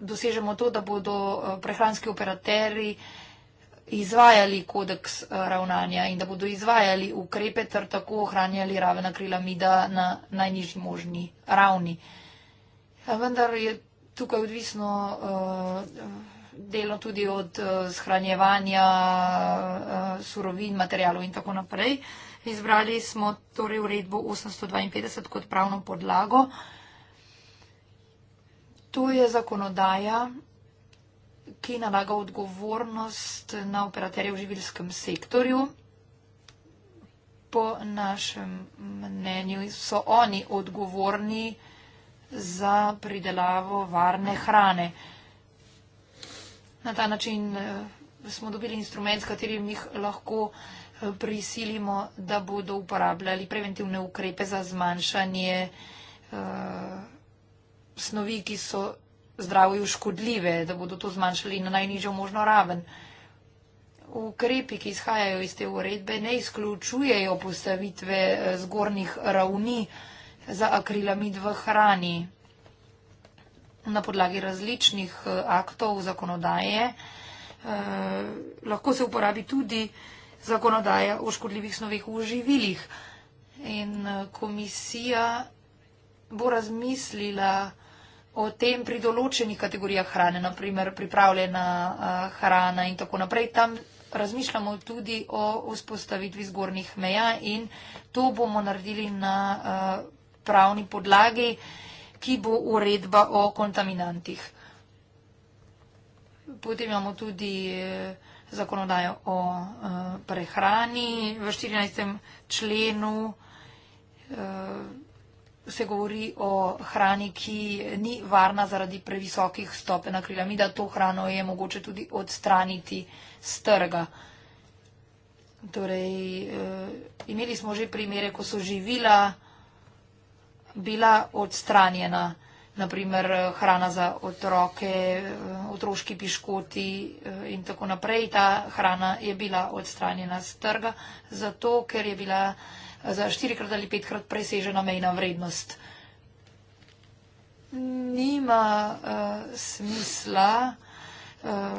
dosežemo to, da bodo prehranski operateri izvajali kodeks ravnanja in da bodo izvajali ukrepe ter tako ohranjali raven akrilamida na najnižji možni ravni. Vendar je tukaj odvisno delo tudi od shranjevanja surovin, materijalov in tako naprej. Izbrali smo torej uredbo 852 kot pravno podlago. To je zakonodaja, ki nalaga odgovornost na operaterje v živilskem sektorju. Po našem mnenju so oni odgovorni za pridelavo varne hrane. Na ta način eh, smo dobili instrument, s katerim jih lahko prisilimo, da bodo uporabljali preventivne ukrepe za zmanjšanje uh, snovi, ki so zdravju škodljive, da bodo to zmanjšali na najnižjo možno raven. Ukrepi, ki izhajajo iz te uredbe, ne izključujejo postavitve eh, zgornjih ravni za akrilamid v hrani. Na podlagi različnih eh, aktov zakonodaje eh, lahko se uporabi tudi eh, zakonodaje o škodljivih snovih v živilih. In eh, komisija bo razmislila o tem pri določenih kategorijah hrane, naprimer pripravljena eh, hrana in tako naprej. Tam razmišljamo tudi o vzpostavitvi zgornjih meja in to bomo naredili na eh, pravni podlagi, ki bo uredba o kontaminantih. Potem imamo tudi zakonodajo o uh, prehrani. V 14. členu uh, se govori o hrani, ki ni varna zaradi previsokih stopenj akrilamida. To hrano je mogoče tudi odstraniti z trga. Torej, uh, imeli smo že primere, ko so živila bila odstranjena naprimer eh, hrana za otroke, eh, otroški piškoti eh, in tako naprej. Ta hrana je bila odstranjena z trga, zato ker je bila za štirikrat ali petkrat presežena mejna vrednost. Nima uh, smisla uh,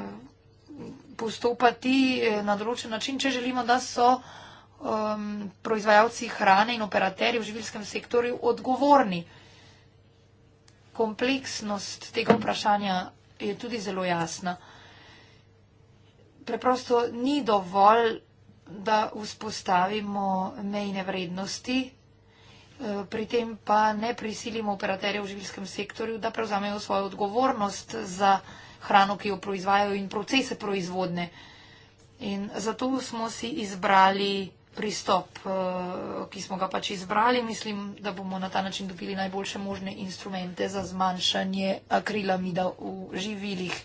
postopati na določen način, če želimo, da so um, proizvajalci hrane in operaterji v živilskem sektorju odgovorni kompleksnost tega vprašanja je tudi zelo jasna. Preprosto ni dovolj, da vzpostavimo mejne vrednosti, eh, pri tem pa ne prisilimo operaterje v življenskem sektorju, da prevzamejo svojo odgovornost za hrano, ki jo proizvajajo in procese proizvodne. In zato smo si izbrali pristop, eh, ki smo ga pač izbrali. Mislim, da bomo na ta način dobili najboljše možne instrumente za zmanjšanje akrilamida v živilih,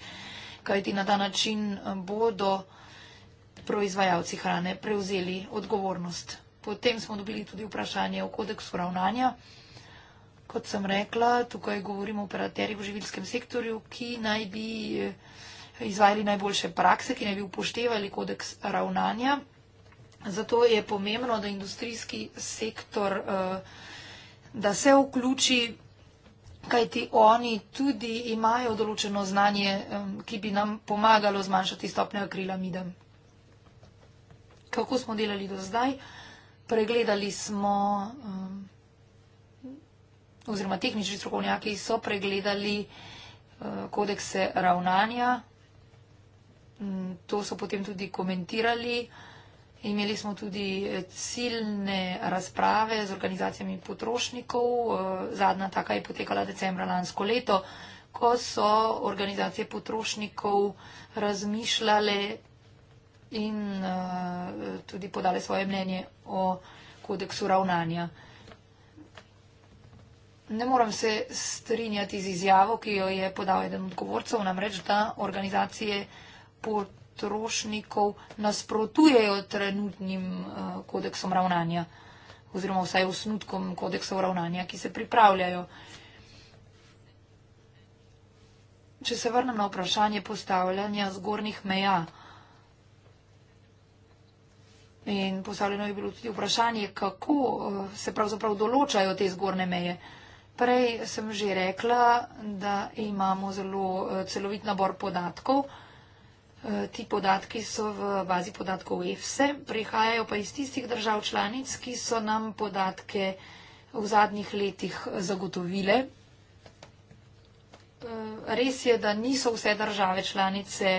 kajti na ta način eh, bodo proizvajalci hrane prevzeli odgovornost. Potem smo dobili tudi vprašanje o kodeksu ravnanja. Kot sem rekla, tukaj govorimo o operaterjih v živilskem sektorju, ki naj bi eh, izvajali najboljše prakse, ki naj bi upoštevali kodeks ravnanja. Zato je pomembno, da industrijski sektor, eh, da se vključi, kajti oni tudi imajo določeno znanje, ki bi nam pomagalo zmanjšati stopnjo akrilamida. Kako smo delali do zdaj? Pregledali smo, oziroma tehnični strokovnjaki so pregledali eh, kodekse ravnanja. Mm, to so potem tudi komentirali. Imeli smo tudi eh, ciljne razprave z organizacijami potrošnikov. Eh, zadnja taka je potekala decembra lansko leto, ko so organizacije potrošnikov razmišljale in eh, tudi podale svoje mnenje o kodeksu ravnanja. Ne moram se strinjati z izjavo, ki jo je podal eden od govorcev, namreč da organizacije potrošnikov potrošnikov nasprotujejo trenutnim eh, kodeksom ravnanja oziroma vsaj osnutkom kodeksov ravnanja, ki se pripravljajo. Če se vrnem na vprašanje postavljanja zgornjih meja, in postavljeno je bilo tudi vprašanje, kako eh, se pravzaprav določajo te zgornje meje. Prej sem že rekla, da imamo zelo eh, celovit nabor podatkov, Eh, ti podatki so v bazi podatkov EFSE, prihajajo pa iz tistih držav članic, ki so nam podatke v zadnjih letih zagotovile. Eh, res je, da niso vse države članice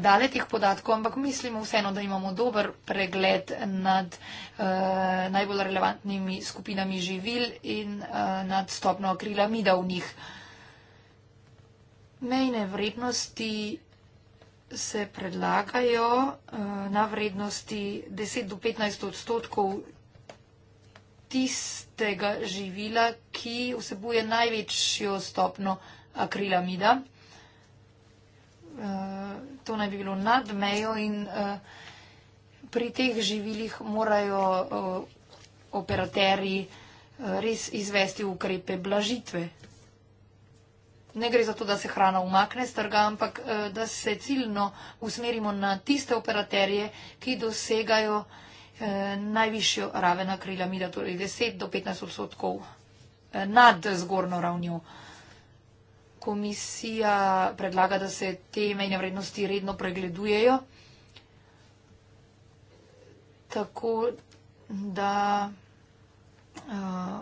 dale teh podatkov, ampak mislimo vseeno, da imamo dober pregled nad uh, najbolj relevantnimi skupinami živil in uh, nad stopno akrilamida v njih. Mejne vrednosti uh, se predlagajo eh, na vrednosti 10 do 15 odstotkov tistega živila, ki vsebuje največjo stopno akrilamida. Eh, to naj bi bilo nad mejo in eh, pri teh živilih morajo operaterji res izvesti ukrepe blažitve ne gre za to, da se hrana umakne s trga, ampak eh, da se ciljno usmerimo na tiste operaterje, ki dosegajo eh, najvišjo raven akrilamida, torej 10 do 15 odstotkov eh, nad zgornjo ravnjo. Komisija predlaga, da se te mejne vrednosti redno pregledujejo, tako da. Uh,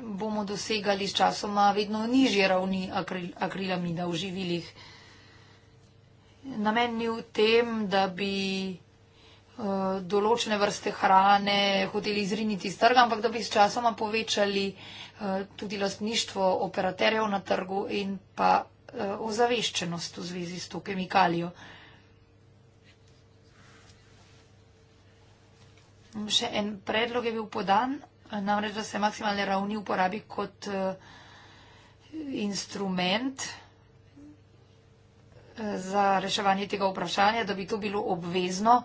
bomo dosegali s časoma vedno nižje ravni akril, akrilamida v živilih. Namen ni v tem, da bi uh, določene vrste hrane hoteli izriniti iz trga, ampak da bi s časoma povečali uh, tudi lastništvo operaterjev na trgu in pa uh, ozaveščenost v zvezi s to kemikalijo. Še en predlog je bil podan namreč, da se maksimalne ravni uporabi kot eh, instrument eh, za reševanje tega vprašanja, da bi to bilo obvezno,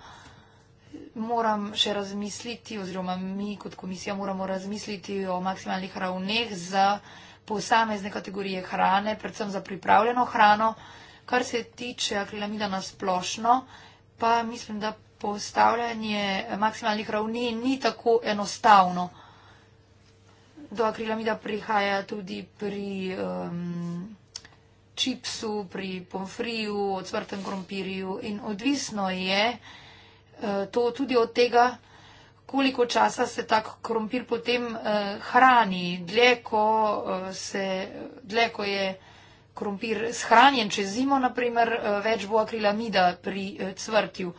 moram še razmisliti oziroma mi kot komisija moramo razmisliti o maksimalnih ravneh za posamezne kategorije hrane, predvsem za pripravljeno hrano. Kar se tiče akrilamida na splošno, pa mislim, da postavljanje maksimalnih ravni ni tako enostavno do akrilamida prihaja tudi pri um, čipsu, pri pomfriju, odsvrtem krompirju in odvisno je uh, to tudi od tega, koliko časa se tak krompir potem uh, hrani, dlje ko, uh, se, dlje ko je krompir shranjen čez zimo, naprimer, uh, več bo akrilamida pri uh, cvrtju.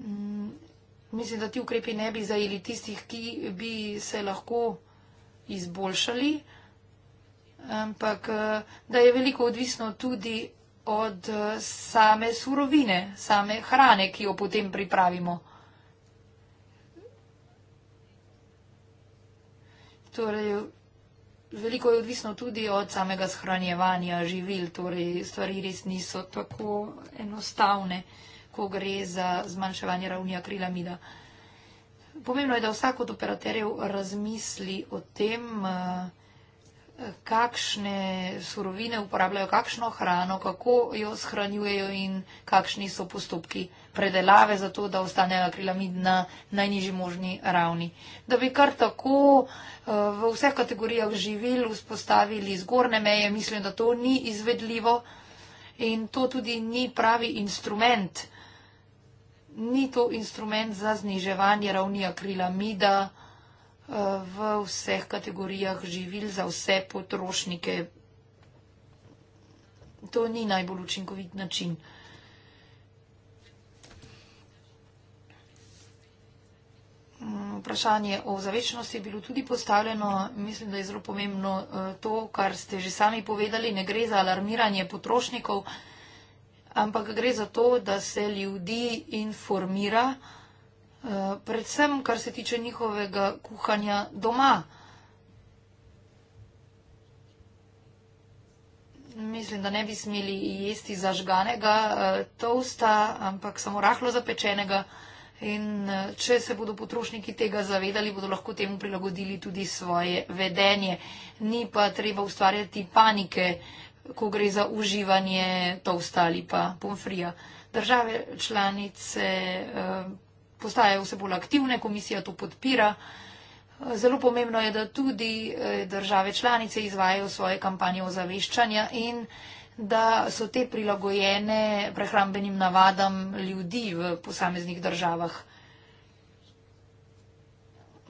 Mm mislim, da ti ukrepi ne bi zajeli tistih, ki bi se lahko izboljšali, ampak da je veliko odvisno tudi od same surovine, same hrane, ki jo potem pripravimo. Torej, veliko je odvisno tudi od samega shranjevanja živil, torej stvari res niso tako enostavne ko gre za zmanjševanje ravni akrilamida. Pomembno je, da vsak od operaterjev razmisli o tem, eh, kakšne surovine uporabljajo, kakšno hrano, kako jo shranjujejo in kakšni so postopki predelave za to, da ostane akrilamid na najnižji možni ravni. Da bi kar tako eh, v vseh kategorijah živil vzpostavili zgorne meje, mislim, da to ni izvedljivo in to tudi ni pravi instrument ni to instrument za zniževanje ravni akrilamida eh, v vseh kategorijah živil za vse potrošnike. To ni najbolj učinkovit način. Mm, vprašanje o zavečnosti je bilo tudi postavljeno. Mislim, da je zelo pomembno eh, to, kar ste že sami povedali. Ne gre za alarmiranje potrošnikov, ampak gre za to, da se ljudi informira, eh, predvsem kar se tiče njihovega kuhanja doma. Mislim, da ne bi smeli jesti zažganega eh, tosta, ampak samo rahlo zapečenega. In eh, če se bodo potrošniki tega zavedali, bodo lahko temu prilagodili tudi svoje vedenje. Ni pa treba ustvarjati panike, ko gre za uživanje tosta ali pa pomfrija. Države članice eh, postajajo vse bolj aktivne, komisija to podpira. Eh, zelo pomembno je, da tudi eh, države članice izvajajo svoje kampanje ozaveščanja in da so te prilagojene prehrambenim navadam ljudi v posameznih državah.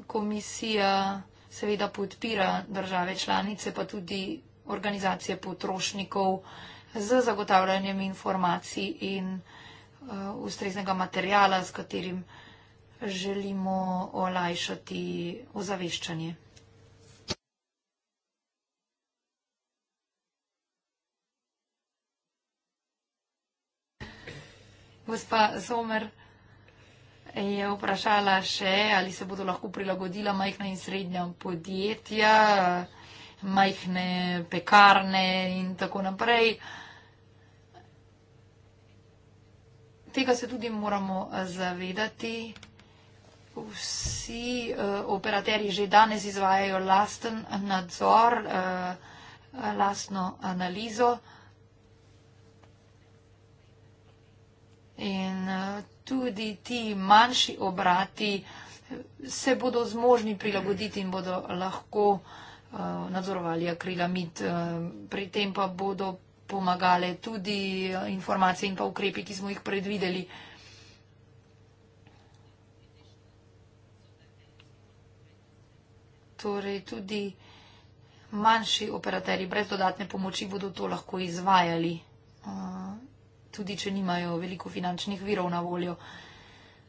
Komisija seveda podpira države članice, pa tudi organizacije potrošnikov z zagotavljanjem informacij in uh, ustreznega materijala, s katerim želimo olajšati ozaveščanje. Gospa Somer je vprašala še, ali se bodo lahko prilagodila majhna in srednja podjetja. Uh, majhne pekarne in tako naprej. Tega se tudi moramo eh, zavedati. Vsi uh, operaterji že danes izvajajo lasten eh, nadzor, uh, lastno analizo. In uh, tudi ti manjši obrati se bodo zmožni prilagoditi in bodo lahko uh, Eh, nadzorovali akrilamid. Eh, pri tem pa bodo pomagale tudi eh, informacije in pa ukrepi, ki smo jih predvideli. Torej tudi manjši operateri brez dodatne pomoči bodo to lahko izvajali, tudi če nimajo veliko finančnih virov na voljo.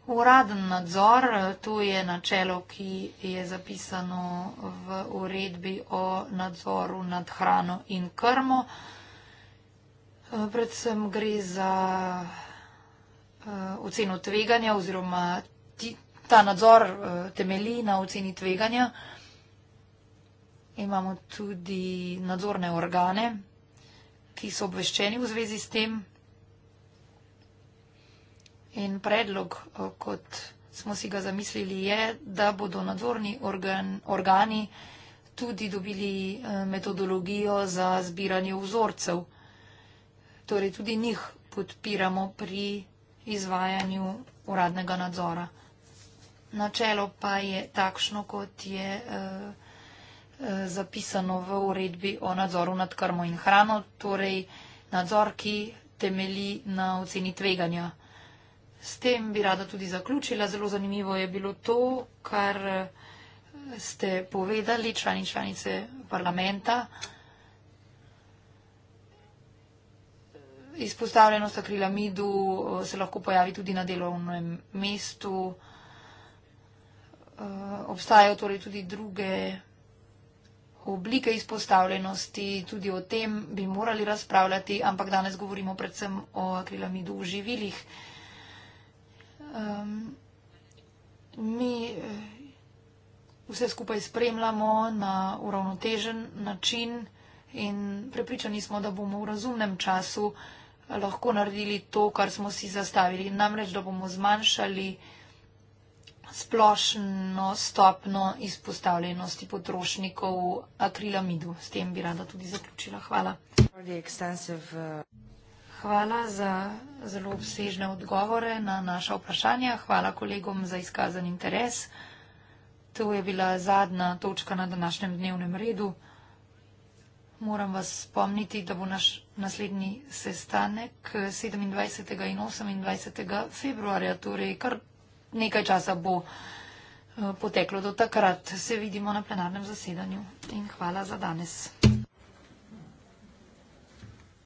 Uraden nadzor, to je načelo, ki je zapisano v uredbi o nadzoru nad hrano in krmo. Eh, predvsem gre za eh, oceno tveganja oziroma ta nadzor eh, temeli na oceni tveganja. Imamo tudi nadzorne organe, ki so obveščeni v zvezi s tem. In predlog, eh, kot smo si ga zamislili, je, da bodo nadzorni organ, organi tudi dobili eh, metodologijo za zbiranje vzorcev. Torej tudi njih podpiramo pri izvajanju uradnega nadzora. Načelo pa je takšno, kot je eh, zapisano v uredbi o nadzoru nad krmo in hrano, torej nadzor, ki temeli na oceni tveganja. S tem bi rada tudi zaključila. Zelo zanimivo je bilo to, kar eh, ste povedali člani in članice parlamenta. Izpostavljenost akrilamidu eh, se lahko pojavi tudi na delovnem mestu. Eh, obstajajo torej tudi druge oblike izpostavljenosti, tudi o tem bi morali razpravljati, ampak danes govorimo predvsem o akrilamidu v živilih. Um, mi eh, vse skupaj spremljamo na uravnotežen način in prepričani smo, da bomo v razumnem času eh, lahko naredili to, kar smo si zastavili. Namreč, da bomo zmanjšali splošno stopno izpostavljenosti potrošnikov akrilamidu. S tem bi rada tudi zaključila. Hvala hvala za zelo obsežne odgovore na naša vprašanja. Hvala kolegom za izkazan interes. To je bila zadnja točka na današnjem dnevnem redu. Moram vas spomniti, da bo naš naslednji sestanek 27. in 28. februarja, torej kar nekaj časa bo eh, poteklo do takrat. Se vidimo na plenarnem zasedanju in hvala za danes.